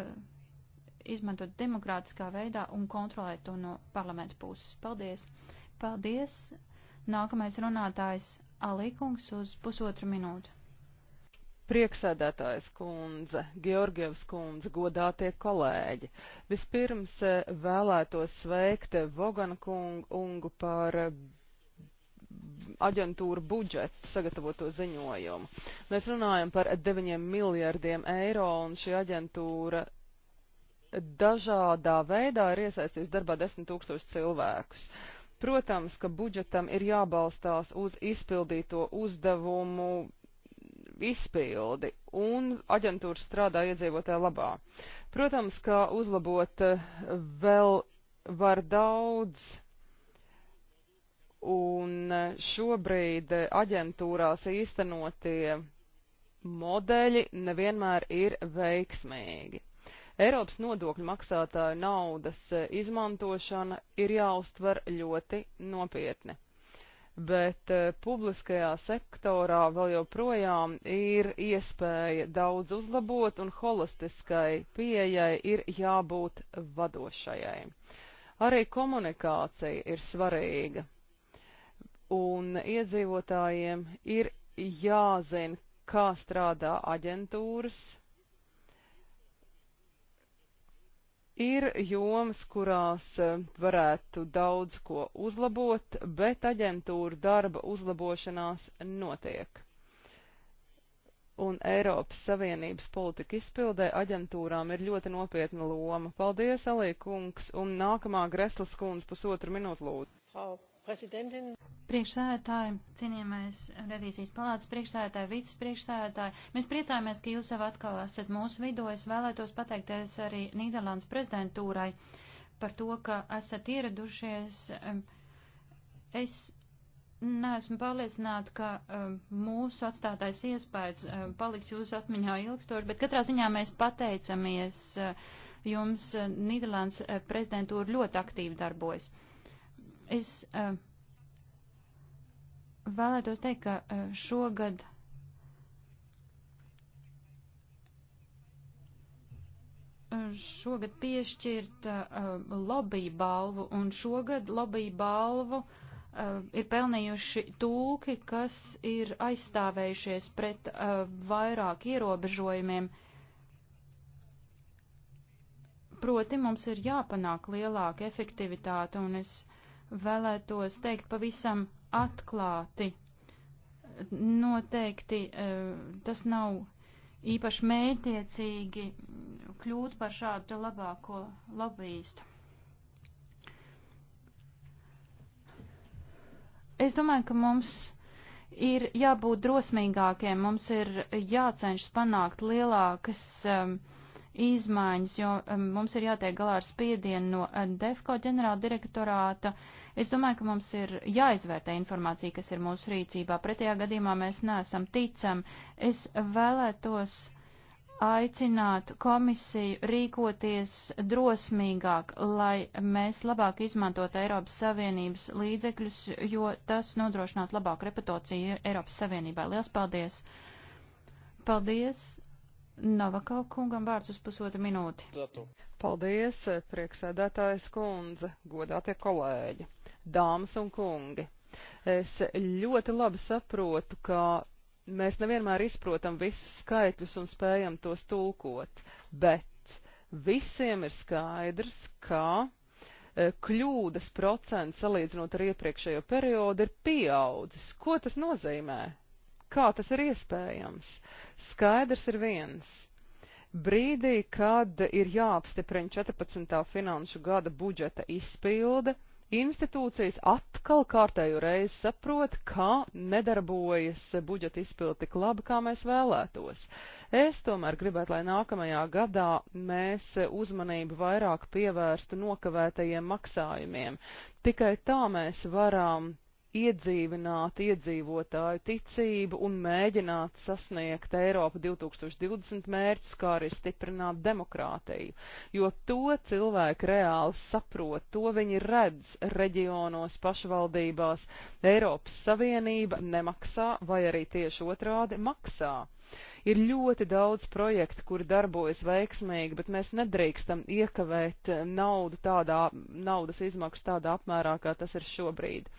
izmantot demokrātiskā veidā un kontrolēt to no parlamenta puses. Paldies! Paldies! Nākamais runātājs Alīkungs uz pusotru minūtu. Prieksēdētājs kundze, Georgievs kundze, godātie kolēģi, vispirms eh, vēlētos sveikt eh, Vogana kungu ungu par eh, aģentūru budžetu sagatavoto ziņojumu. Mēs runājam par 9 miljardiem eiro un šī aģentūra dažādā veidā ir iesaistījusi darbā 10 tūkstoši cilvēkus. Protams, ka budžetam ir jābalstās uz izpildīto uzdevumu izpildi, un aģentūra strādā iedzīvotāju labā. Protams, kā uzlabot eh, vēl var daudz, un eh, šobrīd aģentūrās īstenotie modeļi nevienmēr ir veiksmīgi. Eiropas nodokļu maksātāju naudas eh, izmantošana ir jāuztver ļoti nopietni bet uh, publiskajā sektorā vēl joprojām ir iespēja daudz uzlabot un holistiskai pieejai ir jābūt vadošajai. Arī komunikācija ir svarīga, un iedzīvotājiem ir jāzina, kā strādā aģentūras, Ir jomas, kurās eh, varētu daudz ko uzlabot, bet aģentūra darba uzlabošanās notiek. Un Eiropas Savienības politika izpildē aģentūrām ir ļoti nopietna loma. Paldies, Alī kungs, un nākamā Greslas kundze pusotru minūtu lūdzu. Präsidentin! Priekšsēdētāji, cienījamais revīzijas palātas priekšsēdētāji, vicis priekšsēdētāji, mēs priecājamies, ka jūs jau atkal esat mūsu vidū. Es vēlētos pateikties arī Nīderlandes prezidentūrai par to, ka esat ieradušies. Es neesmu pārliecināta, ka um, mūsu atstātais iespējas um, paliks jūsu atmiņā ilgstoši, bet katrā ziņā mēs pateicamies uh, jums. Uh, Nīderlandes uh, prezidentūra ļoti aktīvi darbojas. Uh, Es uh, vēlētos teikt, ka uh, šogad. šogad piešķirta uh, eh, lobby balvu, un šogad lobby balvu uh, ir pelnījuši tūki, kas ir aizstāvējušies pret uh, vairāk ierobežojumiem. Proti mums ir jāpanāk lielāka efektivitāte, un es vēlētos teikt pavisam atklāti. Noteikti e, tas nav īpaši mētiecīgi kļūt par šādu labāko lobbyistu. Es domāju, ka mums ir jābūt drosmīgākiem, mums ir jācenšas panākt lielākas um, uh, izmaiņas, jo mums ir jātiek galā ar spiedienu no eh, DEFCO ģenerāla direktorāta. Es domāju, ka mums ir jāizvērtē informācija, kas ir mūsu rīcībā. Pretējā gadījumā mēs neesam ticam. Es vēlētos aicināt komisiju rīkoties drosmīgāk, lai mēs labāk izmantotu Eiropas Savienības līdzekļus, jo tas nodrošinātu labāku reputaciju Eiropas Savienībā. Lielas paldies! Paldies! Novakau kungam vārds uz pusotru minūti. Zato. Paldies, prieksēdētājs kundze, godātie kolēģi, dāmas un kungi. Es ļoti labi saprotu, ka mēs nevienmēr izprotam visus skaitļus un spējam tos tulkot, bet visiem ir skaidrs, ka e, kļūdas procents salīdzinot ar iepriekšējo periodu ir pieaudzis. Ko tas nozīmē? Kā tas ir iespējams? Skaidrs ir viens. Brīdī, kad ir jāapstiprina 14. finanšu gada budžeta izpilde, institūcijas atkal kārtējo reizi saprot, ka nedarbojas budžeta izpildi tik labi, kā mēs vēlētos. Es tomēr gribētu, lai nākamajā gadā mēs uzmanību vairāk pievērstu nokavētajiem maksājumiem. Tikai tā mēs varam iedzīvināt iedzīvotāju ticību un mēģināt sasniegt Eiropa 2020 mērķus, kā arī stiprināt demokrātiju. Jo to cilvēki reāli saprot, to viņi redz reģionos, pašvaldībās. Eiropas Savienība nemaksā vai arī tieši otrādi maksā. Ir ļoti daudz projektu, kuri darbojas veiksmīgi, bet mēs nedrīkstam iekavēt eh, naudu tādā, naudas izmaksas tādā apmērā, kā tas ir šobrīd.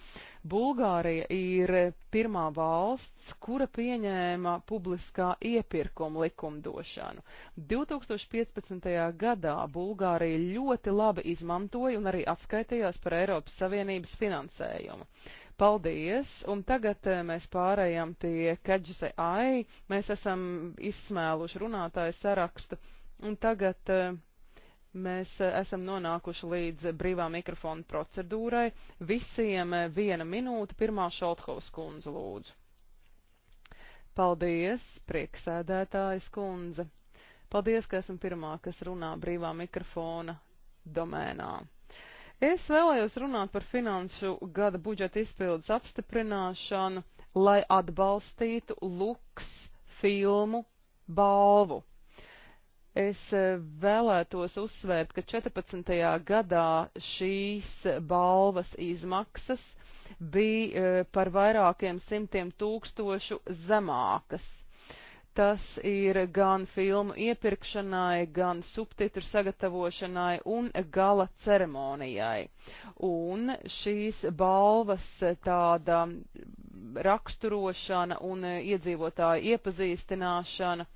Bulgārija ir pirmā valsts, kura pieņēma publiskā iepirkuma likumdošanu. 2015. gadā Bulgārija ļoti labi izmantoja un arī atskaitījās par Eiropas Savienības finansējumu. Paldies! Un tagad eh, mēs pārējām pie Kedžisai Ai. Mēs esam izsmēluši runātāju sarakstu. Un tagad eh, mēs eh, esam nonākuši līdz brīvā mikrofona procedūrai. Visiem viena minūte. Pirmā Šalthaus kundze lūdzu. Paldies, prieksēdētājas kundze. Paldies, ka esam pirmā, kas runā brīvā mikrofona domēnā. Es vēlējos runāt par finanšu gada budžeta izpildes apstiprināšanu, lai atbalstītu Luks filmu balvu. Es e, vēlētos uzsvērt, ka 14. gadā šīs balvas izmaksas bija e, par vairākiem simtiem tūkstošu zemākas Tas ir gan filmu iepirkšanai, gan subtitru sagatavošanai un gala ceremonijai. Un šīs balvas tāda raksturošana un iedzīvotāju iepazīstināšana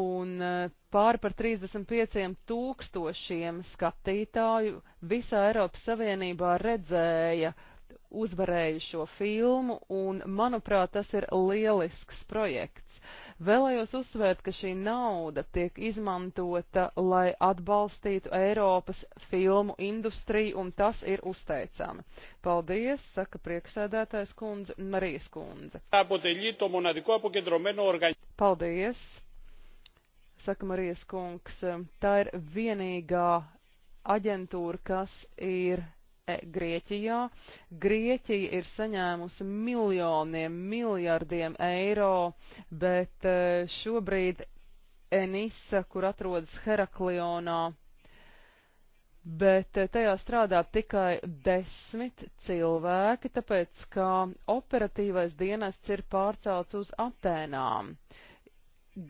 un eh, pāri par 35 tūkstošiem skatītāju visā Eiropas Savienībā redzēja uzvarējušo filmu, un, manuprāt, tas ir lielisks projekts. Uh, Vēlējos uzsvērt, ka šī nauda tiek izmantota, lai atbalstītu Eiropas filmu industriju, un tas ir uzteicami. Paldies, saka prieksēdētājs kundze Marijas kundze. Paldies, saka Marijas kungs. Tā ir vienīgā aģentūra, kas ir E, Grieķijā. Grieķija ir saņēmusi miljoniem, miljardiem eiro, bet e, šobrīd Enisa, kur atrodas Heraklionā, bet e, tajā strādā tikai desmit cilvēki, tāpēc ka operatīvais dienests ir pārcelts uz Atēnām.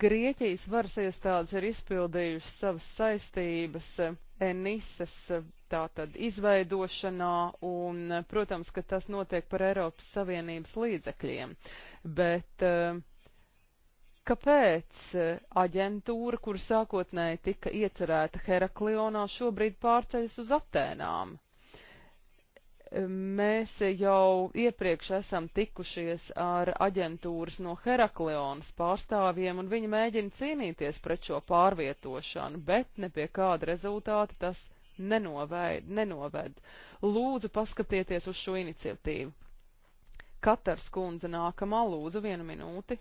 Grieķijas varas iestādes ir izpildījušas savas saistības Enises tātad izveidošanā, un, protams, ka tas notiek par Eiropas Savienības līdzekļiem. Bet eh, kāpēc eh, aģentūra, kur sākotnēji tika iecerēta Heraklionā, šobrīd pārceļas uz Atēnām? Mēs jau iepriekš esam tikušies ar aģentūras no Heraklionas pārstāvjiem, un viņi mēģina cīnīties pret šo pārvietošanu, bet ne pie kāda rezultāta tas nenoved. nenoved. Lūdzu, paskatieties uz šo iniciatīvu. Katars kundze nākamā lūdzu vienu minūti.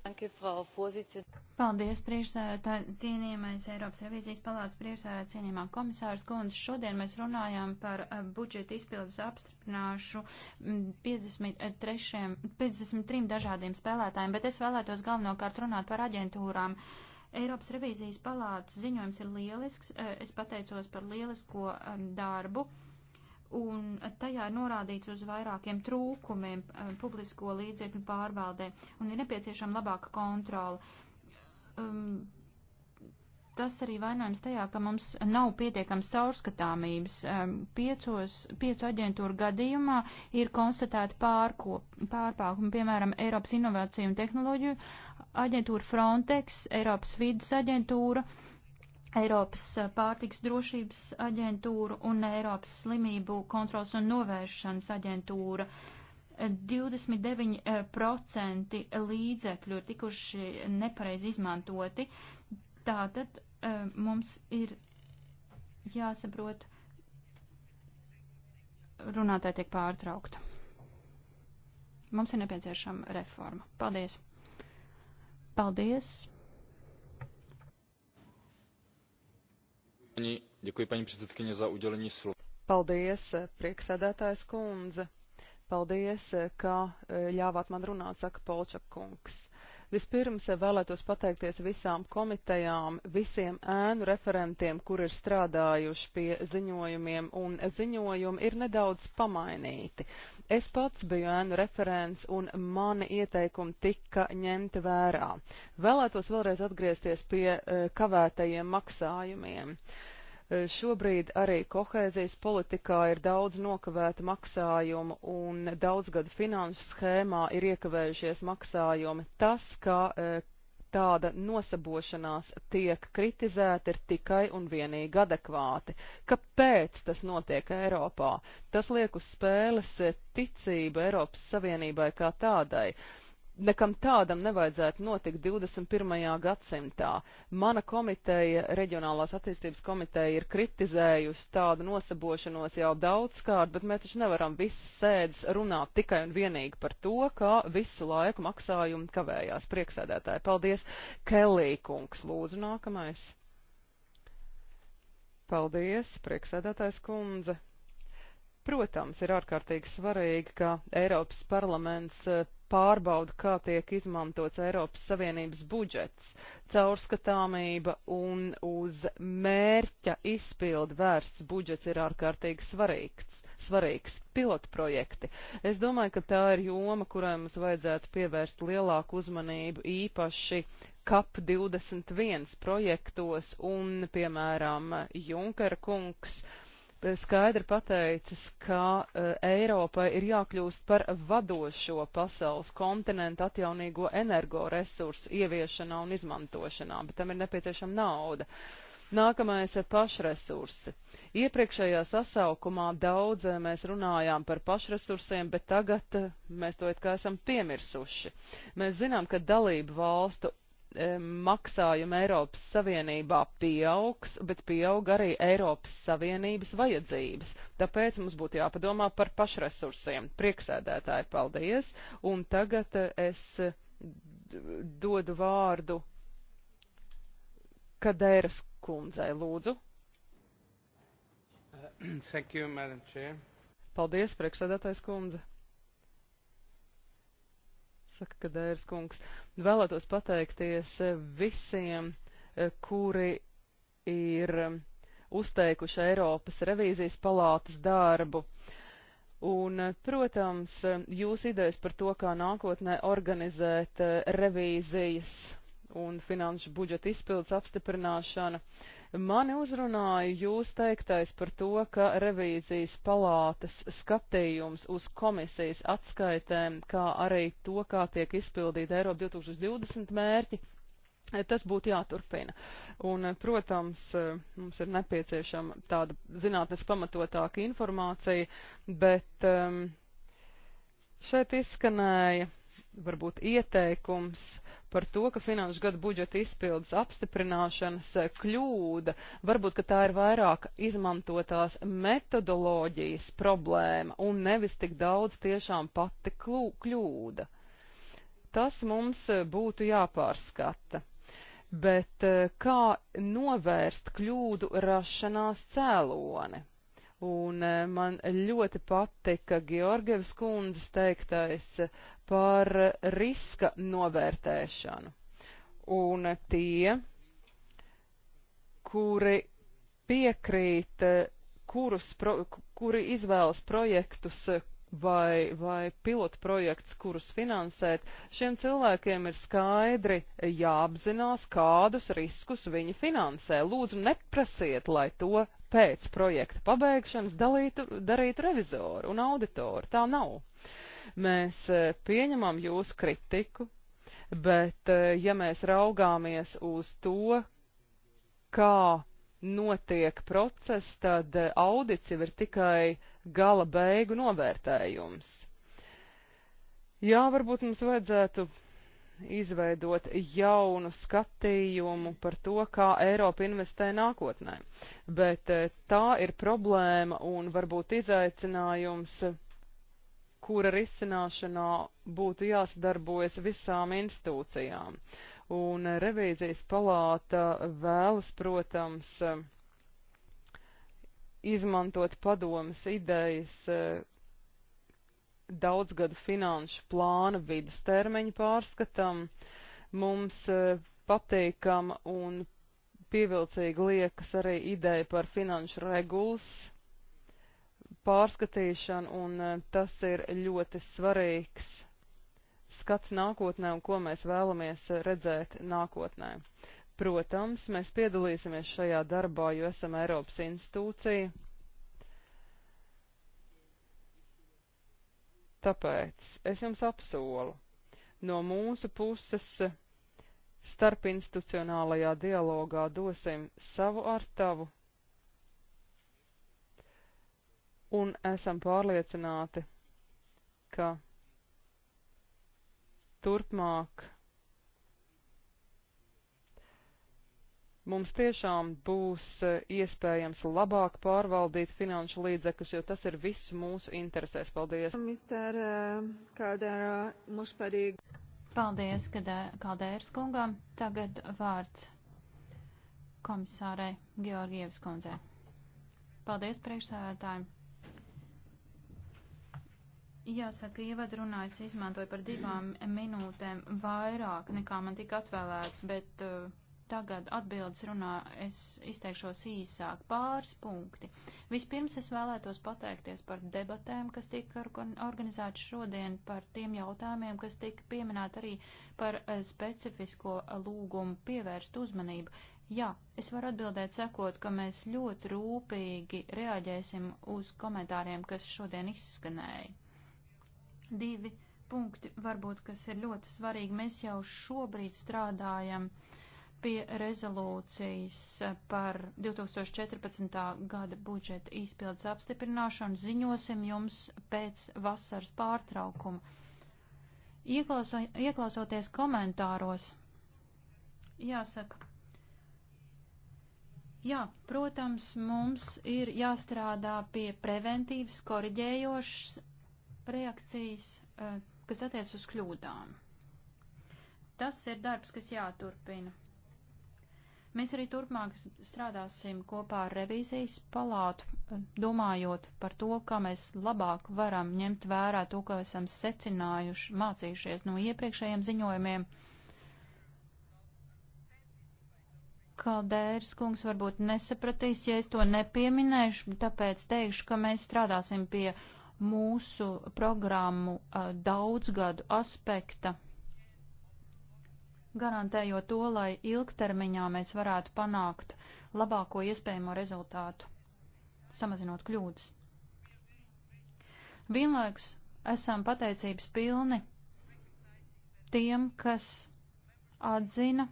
Paldies, priekšsēdētāji, cienījamais Eiropas revīzijas palātas priekšsēdētāji, cienījamā komisārs kundze. Šodien mēs runājām par uh, budžeta izpildes apstiprināšu 53, 53 eh, dažādiem spēlētājiem, bet es vēlētos galvenokārt runāt par aģentūrām. Uh, Eiropas revīzijas palātas ziņojums ir lielisks. Eh, es pateicos par lielisko eh, darbu. Un tajā ir norādīts uz vairākiem trūkumiem eh, publisko līdzekļu pārvaldē un ir nepieciešama labāka kontrola. Um, tas arī vainojums tajā, ka mums nav pietiekams caurskatāmības. Um, piecos, piecu aģentūru gadījumā ir konstatēta pārkāpumi, piemēram, Eiropas Inovāciju un Tehnoloģiju aģentūra Frontex, Eiropas vidas aģentūra, Eiropas eh, pārtiks drošības aģentūra un Eiropas slimību kontrols un novēršanas aģentūra. 29% eh, eh, līdzekļu ir tikuši nepareizi izmantoti. Tātad mums ir jāsaprot, runātāji tiek pārtraukta. Mums ir nepieciešama reforma. Paldies! Paldies! Paldies, prieksēdētājs kundze! Paldies, ka eh, ļāvāt man runāt, saka Polčakungs. kungs. Vispirms vēlētos pateikties visām komitejām, visiem ēnu referentiem, kur ir strādājuši pie ziņojumiem, un ziņojumi ir nedaudz pamainīti. Es pats biju ēnu referents, un mani ieteikumi tika ņemti vērā. Vēlētos vēlreiz atgriezties pie eh, kavētajiem maksājumiem. Uh, Eh, šobrīd arī kohēzijas politikā ir daudz nokavēta maksājumu un daudzgadu finanšu schēmā ir iekavējušies maksājumi. Tas, ka eh, tāda nosabošanās tiek kritizēta ir tikai un vienīgi adekvāti. Kāpēc tas notiek Eiropā? Tas liek uz spēles ticību Eiropas Savienībai kā tādai. Uh, Nekam tādam nevajadzētu notikt 21. gadsimtā. Mana komiteja, reģionālās attīstības komiteja, ir kritizējusi tādu nosabošanos jau daudzkārt, bet mēs taču nevaram visas sēdes runāt tikai un vienīgi par to, kā visu laiku maksājumi kavējās prieksēdētāji. Paldies, Kelī kungs, lūdzu nākamais. Paldies, prieksēdētājs kundze. Protams, ir ārkārtīgi svarīgi, ka Eiropas parlaments eh, pārbauda, kā tiek izmantots Eiropas Savienības budžets, caurskatāmība un uz mērķa izpildu vērsts budžets ir ārkārtīgi svarīgs. Svarīgs pilotprojekti. Es domāju, ka tā ir joma, kurai mums vajadzētu pievērst lielāku uzmanību īpaši CAP21 projektos un, piemēram, Junkera kungs uh, skaidri pateicis, ka eh, Eiropai ir jākļūst par vadošo pasaules kontinentu atjaunīgo energoresursu ieviešanā un izmantošanā, bet tam ir nepieciešama nauda. Nākamais ir eh, pašresursi. Iepriekšējā sasaukumā daudz eh, mēs runājām par pašresursiem, bet tagad mēs to it kā esam piemirsuši. Mēs zinām, ka dalību valstu maksājumi Eiropas Savienībā pieaugs, bet pieaug arī Eiropas Savienības vajadzības. Tāpēc mums būtu jāpadomā par pašresursiem. Prieksēdētāji, paldies! Un tagad eh, es dodu vārdu Kadēras kundzei, lūdzu. Thank you, Madam Chair. Paldies, priekšsēdētājs kundze saka Kadērs kungs. Vēlētos pateikties e, visiem, e, kuri ir e, uzteikuši Eiropas revīzijas palātas darbu. Un, protams, jūs idejas par to, kā nākotnē organizēt revīzijas un finanšu budžeta izpildes apstiprināšana, uh, Mani uzrunāja jūs teiktais par to, ka revīzijas palātas skatījums uz komisijas atskaitēm, kā arī to, kā tiek izpildīta Eiropa 2020 mērķi, Tas būtu jāturpina. Un, protams, mums ir nepieciešama tāda zinātnes pamatotāka informācija, bet um, šeit izskanēja varbūt ieteikums par to, ka finanšu gadu budžeta izpildes apstiprināšanas kļūda, varbūt, ka tā ir vairāk izmantotās metodoloģijas problēma un nevis tik daudz tiešām pati kļūda. Tas mums būtu jāpārskata. Bet eh, kā novērst kļūdu rašanās cēloni? Un eh, man ļoti patika Georgievs kundzes teiktais eh, par riska novērtēšanu. Un eh, tie, kuri piekrīt, kurus, pro, kuri izvēlas projektus, vai, vai pilotu projekts, kurus finansēt, šiem cilvēkiem ir skaidri jāapzinās, kādus riskus viņi finansē. Lūdzu, neprasiet, lai to pēc projekta pabeigšanas dalītu, darītu revizoru un auditoru. Tā nav. Mēs e, pieņemam jūsu kritiku, bet e, ja mēs raugāmies uz to, kā notiek process, tad e, audits jau ir tikai gala beigu novērtējums. Jā, varbūt mums vajadzētu izveidot jaunu skatījumu par to, kā Eiropa investē nākotnē. Bet eh, tā ir problēma un varbūt izaicinājums, kura risināšanā būtu jāsadarbojas visām institūcijām. Un eh, revīzijas palāta vēlas, protams, eh, izmantot padomas idejas daudzgadu finanšu plāna vidustermiņu pārskatam. Mums e, patīkama un pievilcīga liekas arī ideja par finanšu regulas pārskatīšanu, un e, tas ir ļoti svarīgs skats nākotnē un ko mēs vēlamies redzēt nākotnē. Protams, mēs piedalīsimies šajā darbā, jo esam Eiropas institūcija, Tāpēc es jums apsolu, no mūsu puses starpinstitucionālajā dialogā dosim savu artavu un esam pārliecināti, ka turpmāk mums tiešām būs e, iespējams labāk pārvaldīt finanšu līdzekļus, jo tas ir viss mūsu interesēs. Paldies! Mister, e, kādēr, pedig... Paldies, e, Kaldērs kungam. Tagad vārds komisārai Georgievas kundzē. Paldies priekšsēdētājiem. Jāsaka, ievadrunā es izmantoju par divām minūtēm vairāk nekā man tika atvēlēts, bet uh, tagad atbildes runā, es izteikšos īsāk pāris punkti. Vispirms es vēlētos pateikties par debatēm, kas tika organizētas šodien, par tiem jautājumiem, kas tika pieminēti arī par eh, specifisko lūgumu pievērst uzmanību. Jā, es varu atbildēt sekot, ka mēs ļoti rūpīgi reaģēsim uz komentāriem, kas šodien izskanēja. Divi punkti, varbūt, kas ir ļoti svarīgi. Mēs jau šobrīd strādājam uh, pie rezolūcijas par 2014. gada budžeta izpildes apstiprināšanu ziņosim jums pēc vasaras pārtraukuma. Ieklauso, ieklausoties komentāros, jāsaka, jā, protams, mums ir jāstrādā pie preventīvas, koriģējošas reakcijas, eh, kas attiec uz kļūdām. Tas ir darbs, kas jāturpina. Mēs arī turpmāk strādāsim kopā ar revīzijas palātu, domājot par to, kā mēs labāk varam ņemt vērā to, ko esam secinājuši, mācījušies no iepriekšējiem ziņojumiem. Kaldērs kungs varbūt nesapratīs, ja es to nepieminēšu, tāpēc teikšu, ka mēs strādāsim pie mūsu programmu uh, daudzgadu aspekta garantējot to, lai ilgtermiņā mēs varētu panākt labāko iespējamo rezultātu, samazinot kļūdas. Vienlaiks esam pateicības pilni tiem, kas atzina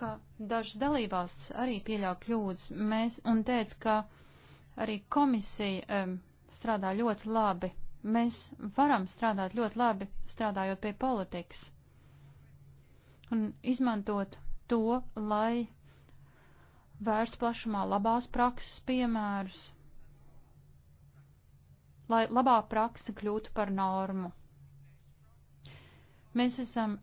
ka dažas dalībvalstis arī pieļauj kļūdas. Mēs un teica, ka arī komisija um, strādā ļoti labi. Mēs varam strādāt ļoti labi, strādājot pie politikas un izmantot to, lai vērstu plašumā labās prakses piemērus, lai labā praksa kļūtu par normu. Mēs esam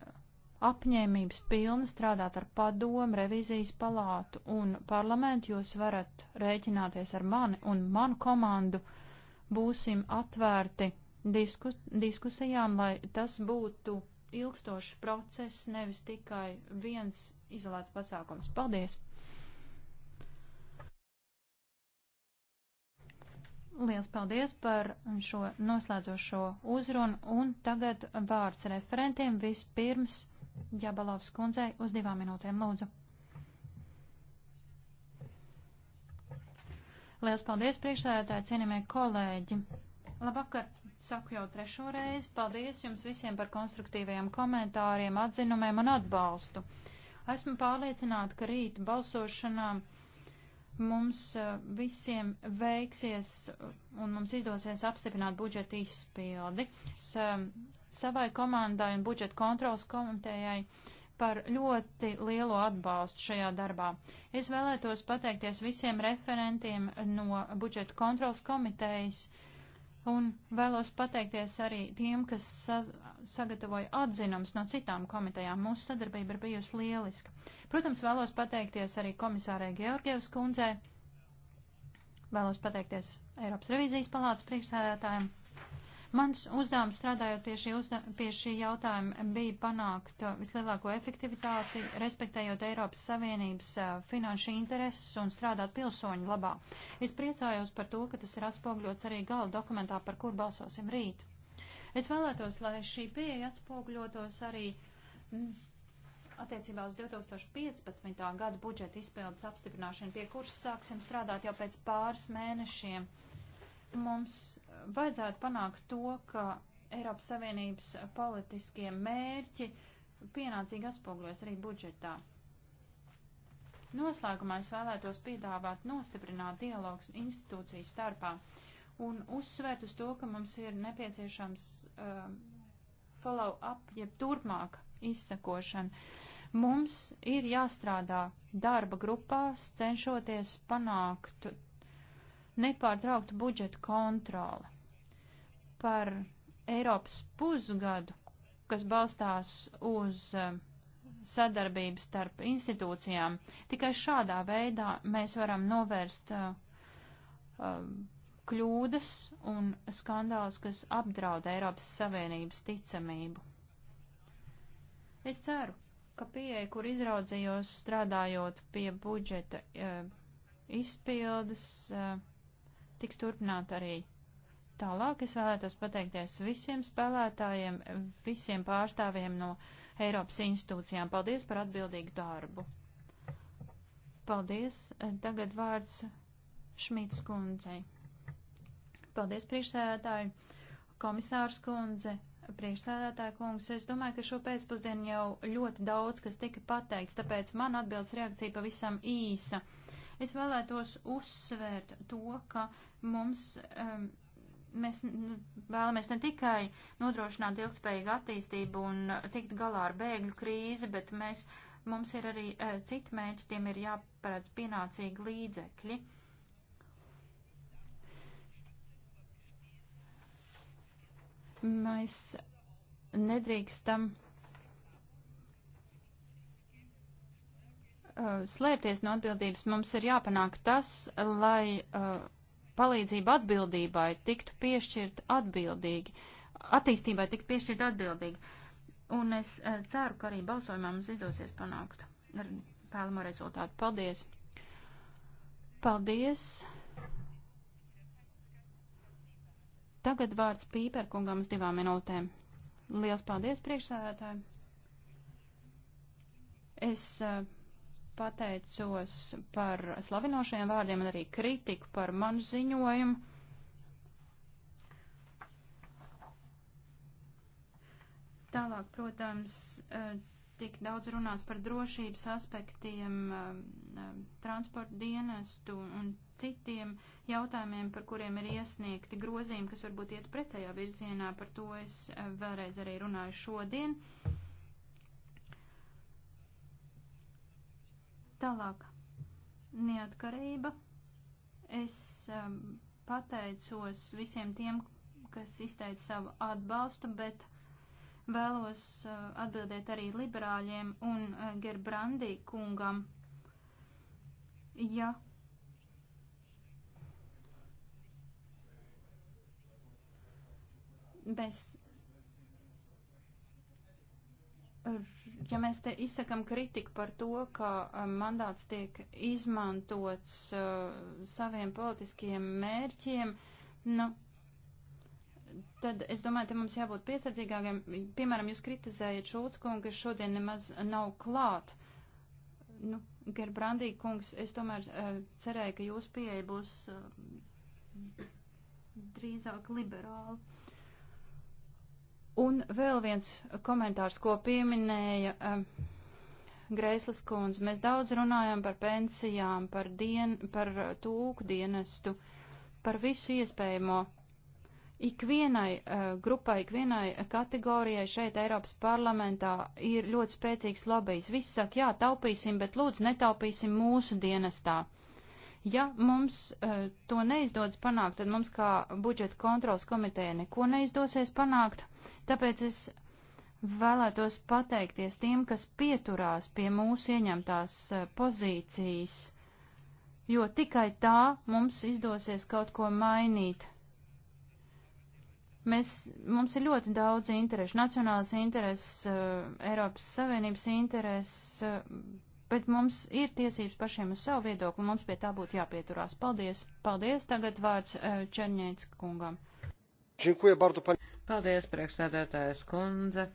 apņēmības pilni strādāt ar padomu, revizijas palātu un parlamentu. Jūs varat rēķināties ar mani un manu komandu būsim atvērti disku, diskusijām, lai tas būtu ilgstošs process, nevis tikai viens izolēts pasākums. Paldies! Liels paldies par šo noslēdzošo uzrunu, un tagad vārds referentiem vispirms Jabalovs kundzei uz divām minūtēm lūdzu. Liels paldies, priekšsēdētāji, cienījamie kolēģi. Labvakar, saku jau trešo reizi. Paldies jums visiem par konstruktīvajiem komentāriem, atzinumiem un atbalstu. Esmu pārliecināta, ka rīt balsošanā mums eh, visiem veiksies un mums izdosies apstiprināt budžeta izpildi. Es, eh, savai komandai un budžeta kontrolas komitejai uh, par ļoti lielo atbalstu šajā darbā. Es vēlētos pateikties visiem referentiem no budžeta kontrols komitejas un vēlos pateikties arī tiem, kas sa sagatavoja atzinums no citām komitejām. Mūsu sadarbība ir bijusi lieliska. Protams, vēlos pateikties arī komisārai Georgievs kundzei, vēlos pateikties Eiropas revīzijas palātas priekšsēdētājiem Mans uzdevums strādājot pie šī, uzda pie šī jautājuma bija panākt uh, vislielāko efektivitāti, respektējot Eiropas Savienības uh, finanšu intereses un strādāt pilsoņu labā. Es priecājos par to, ka tas ir atspogļots arī gala dokumentā, par kur balsosim rīt. Es vēlētos, lai šī pieeja atspogļotos arī. Mm, Attiecībā uz 2015. gada budžeta izpildes apstiprināšanu, pie kuras sāksim strādāt jau pēc pāris mēnešiem, uh, Mums vajadzētu panākt to, ka Eiropas Savienības politiskie mērķi pienācīgi atspoguļos arī budžetā. Noslēgumā es vēlētos piedāvāt nostiprināt dialogu institūciju starpā un uzsvērt uz to, ka mums ir nepieciešams uh, follow-up, jeb turpmāk izsakošana. Mums ir jāstrādā darba grupās, cenšoties panākt nepārtraukta budžeta kontrole, par Eiropas pusgadu, kas balstās uz eh, sadarbību starp institūcijām. Tikai šādā veidā mēs varam novērst uh, kļūdas un skandāls, kas apdraud Eiropas Savienības ticamību. Es ceru, ka pieeja, kur izraudzījos strādājot pie budžeta uh, izpildes, uh, tiks turpināt arī tālāk. Es vēlētos pateikties visiem spēlētājiem, visiem pārstāvjiem no Eiropas institūcijām. Paldies par atbildīgu darbu. Paldies. Tagad vārds Šmītas kundzei. Paldies, priekšsēdētāji, komisārs kundze, Priekšsēdētāja kungs, es domāju, ka šo pēcpusdienu jau ļoti daudz, kas tika pateikts, tāpēc man atbildes reakcija pavisam īsa. Uh, Es vēlētos uzsvērt to, ka mums. Um, Mēs nu, vēlamies ne tikai nodrošināt ilgspējīgu attīstību un tikt galā ar bēgļu krīzi, bet mēs, mums ir arī e, uh, citi mērķi, tiem ir jāparedz pienācīgi līdzekļi. Mēs nedrīkstam Uh, slēpties no atbildības, mums ir jāpanāk tas, lai uh, palīdzība atbildībai tiktu piešķirt atbildīgi, attīstībai tiktu piešķirt atbildīgi. Un es uh, ceru, ka arī balsojumā mums izdosies panākt ar vēlamo rezultātu. Paldies! Paldies! Tagad vārds Pīperkungam uz divām minūtēm. Liels paldies priekšsēdētājiem! Es uh, pateicos par slavinošajiem vārdiem un arī kritiku par manu ziņojumu. Tālāk, protams, eh, tik daudz runāts par drošības aspektiem, eh, eh, transporta dienestu un citiem jautājumiem, par kuriem ir iesniegti grozījumi, kas varbūt iet pretējā virzienā. Par to es vēlreiz arī runāju šodien. Uh, Tālāk, neatkarība. Es um, pateicos visiem tiem, kas izteica savu atbalstu, bet vēlos uh, atbildēt arī liberāļiem un uh, Gerbrandī kungam. Ja mēs ja mēs te izsakam kritiku par to, ka um, mandāts tiek izmantots uh, saviem politiskiem mērķiem, nu, tad es domāju, te mums jābūt piesardzīgākiem. Piemēram, jūs kritizējat Šulc kungu, kas šodien nemaz nav klāt. Nu, Gerbrandī kungs, es tomēr uh, cerēju, ka jūs pieeja būs uh, drīzāk liberāli. Un vēl viens komentārs, ko pieminēja um, Grēslas kundze. Mēs daudz runājam par pensijām, par, dien, par tūku dienestu, par visu iespējamo. Ikvienai uh, grupai, ikvienai kategorijai šeit Eiropas parlamentā ir ļoti spēcīgs lobijs. Viss saka, jā, taupīsim, bet lūdzu netaupīsim mūsu dienestā. Ja mums uh, to neizdodas panākt, tad mums kā budžeta kontrols komiteja neko neizdosies panākt, tāpēc es vēlētos pateikties tiem, kas pieturās pie mūsu ieņemtās uh, pozīcijas, jo tikai tā mums izdosies kaut ko mainīt mēs, mums ir ļoti daudz interešu, nacionālas intereses, uh, Eiropas Savienības intereses, uh, bet mums ir tiesības pašiem uz savu viedokli, mums pie tā būtu jāpieturās. Paldies! Paldies! Tagad vārds eh, Čerņēts kungam. Paldies, priekšsēdētājas kundze!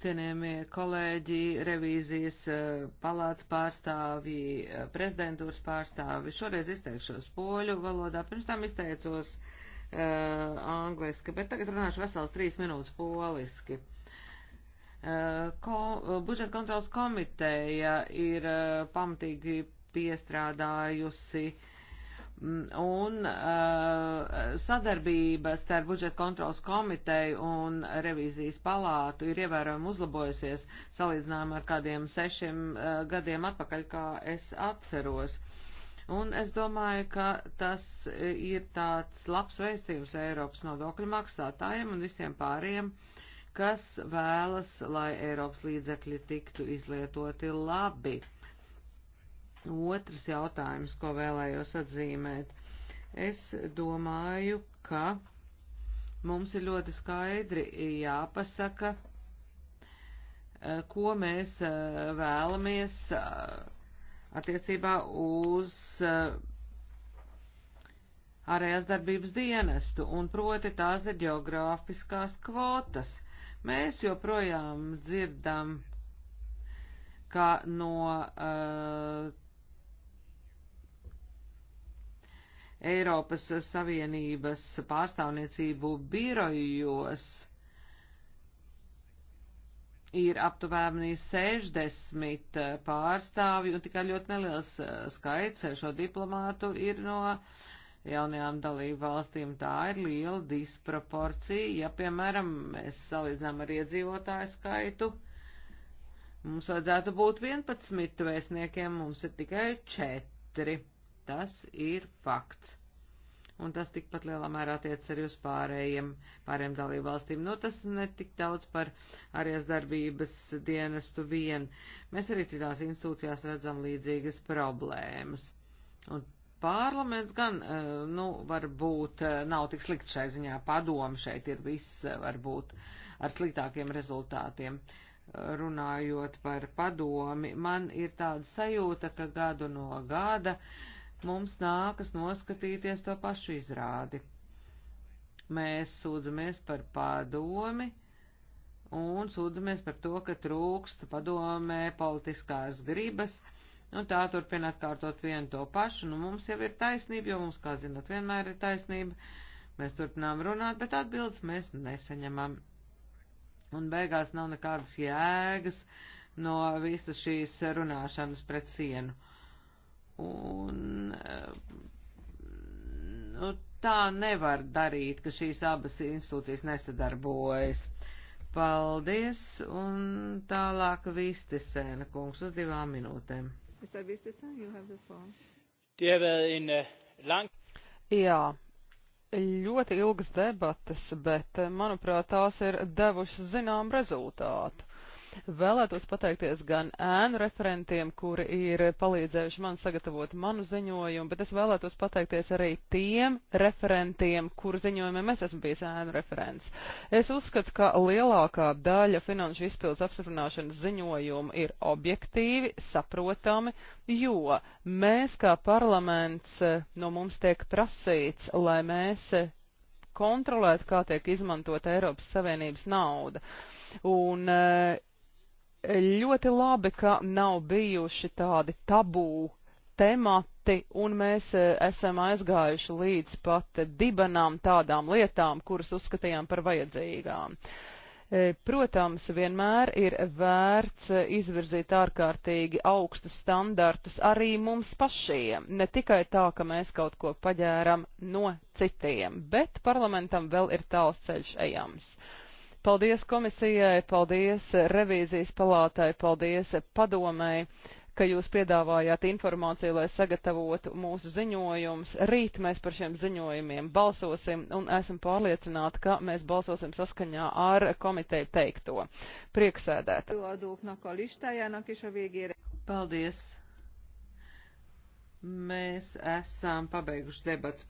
Cienījamie kolēģi, revīzijas eh, palāts pārstāvji, eh, prezidentūras pārstāvji, šoreiz izteikšos poļu valodā, pirms tam izteicos uh, Uh, angliski, bet tagad runāšu vesels trīs minūtes poliski. Uh, ko, uh, budžeta kontrolas komiteja ir pamatīgi piestrādājusi mm, un sadarbība starp budžeta kontrolas komiteju un revīzijas palātu ir ievērojami uzlabojusies salīdzinājumā ar kādiem sešiem gadiem atpakaļ, kā es atceros. Uh, Un es domāju, ka tas ir tāds labs vēstījums Eiropas nodokļu maksātājiem un visiem pāriem, kas vēlas, lai Eiropas līdzekļi tiktu izlietoti labi. Otrs jautājums, ko vēlējos atzīmēt. Es domāju, ka mums ir ļoti skaidri jāpasaka, ko mēs eh, vēlamies eh, attiecībā uz uh, ārējās darbības dienestu, un proti tās ir geogrāfiskās kvotas. Mēs joprojām dzirdam, ka no uh, Eiropas Savienības pārstāvniecību birojos ir aptuveni 60 eh, pārstāvji, un tikai ļoti neliels eh, skaits šo diplomātu ir no jaunajām dalību valstīm. Tā ir liela disproporcija, ja, piemēram, mēs salīdzinām ar iedzīvotāju skaitu. Mums vajadzētu būt 11 vēstniekiem, mums ir tikai 4. Tas ir fakts un tas tikpat lielā mērā attiec arī uz pārējiem, pārējiem dalību valstīm. Nu, tas netik daudz par ārējās darbības dienestu vien. Mēs arī citās institūcijās redzam līdzīgas problēmas. Un parlaments gan, eh, nu, varbūt eh, nav tik slikts šai ziņā, padomi šeit ir viss, eh, varbūt ar sliktākiem rezultātiem. Runājot par padomi, man ir tāda sajūta, ka gadu no gada uh, mums nākas noskatīties to pašu izrādi. Mēs sūdzamies par padomi un sūdzamies par to, ka trūkst padomē politiskās gribas, un tā turpina atkārtot vienu to pašu, nu mums jau ir taisnība, jo mums, kā zinat, vienmēr ir taisnība, mēs turpinām runāt, bet atbildes mēs nesaņemam. Un beigās nav nekādas jēgas no visas šīs runāšanas pret sienu. Un eh, nu, tā nevar darīt, ka šīs abas institūcijas nesadarbojas. Paldies, un tālāk Vistesēna kungs uz divām minūtēm. Eh, Jā, ļoti ilgas debatas, bet, eh, manuprāt, tās ir devušas zinām rezultātu. Vēlētos pateikties gan ēnu referentiem, kuri ir palīdzējuši man sagatavot manu ziņojumu, bet es vēlētos pateikties arī tiem referentiem, kuru ziņojumiem es esmu bijis ēnu referents. Es uzskatu, ka lielākā daļa finanšu izpildes apstiprināšanas ziņojumu ir objektīvi, saprotami, jo mēs kā parlaments eh, no mums tiek prasīts, lai mēs eh, kontrolētu, kā tiek izmantot Eiropas Savienības nauda. Un eh, Ļoti labi, ka nav bijuši tādi tabū temati, un mēs e, esam aizgājuši līdz pat dibenām tādām lietām, kuras uzskatījām par vajadzīgām. E, protams, vienmēr ir vērts e, izvirzīt ārkārtīgi augstus standartus arī mums pašiem, ne tikai tā, ka mēs kaut ko paģēram no citiem, bet parlamentam vēl ir tāls ceļš ejams. Uh, Paldies komisijai, paldies revīzijas palātai, paldies padomēji, ka jūs piedāvājāt informāciju, lai sagatavotu mūsu ziņojumus. Rīt mēs par šiem ziņojumiem balsosim un esam pārliecināti, ka mēs balsosim saskaņā ar komiteju teikto. Prieksēdēt. Paldies! Mēs esam pabeiguši debats.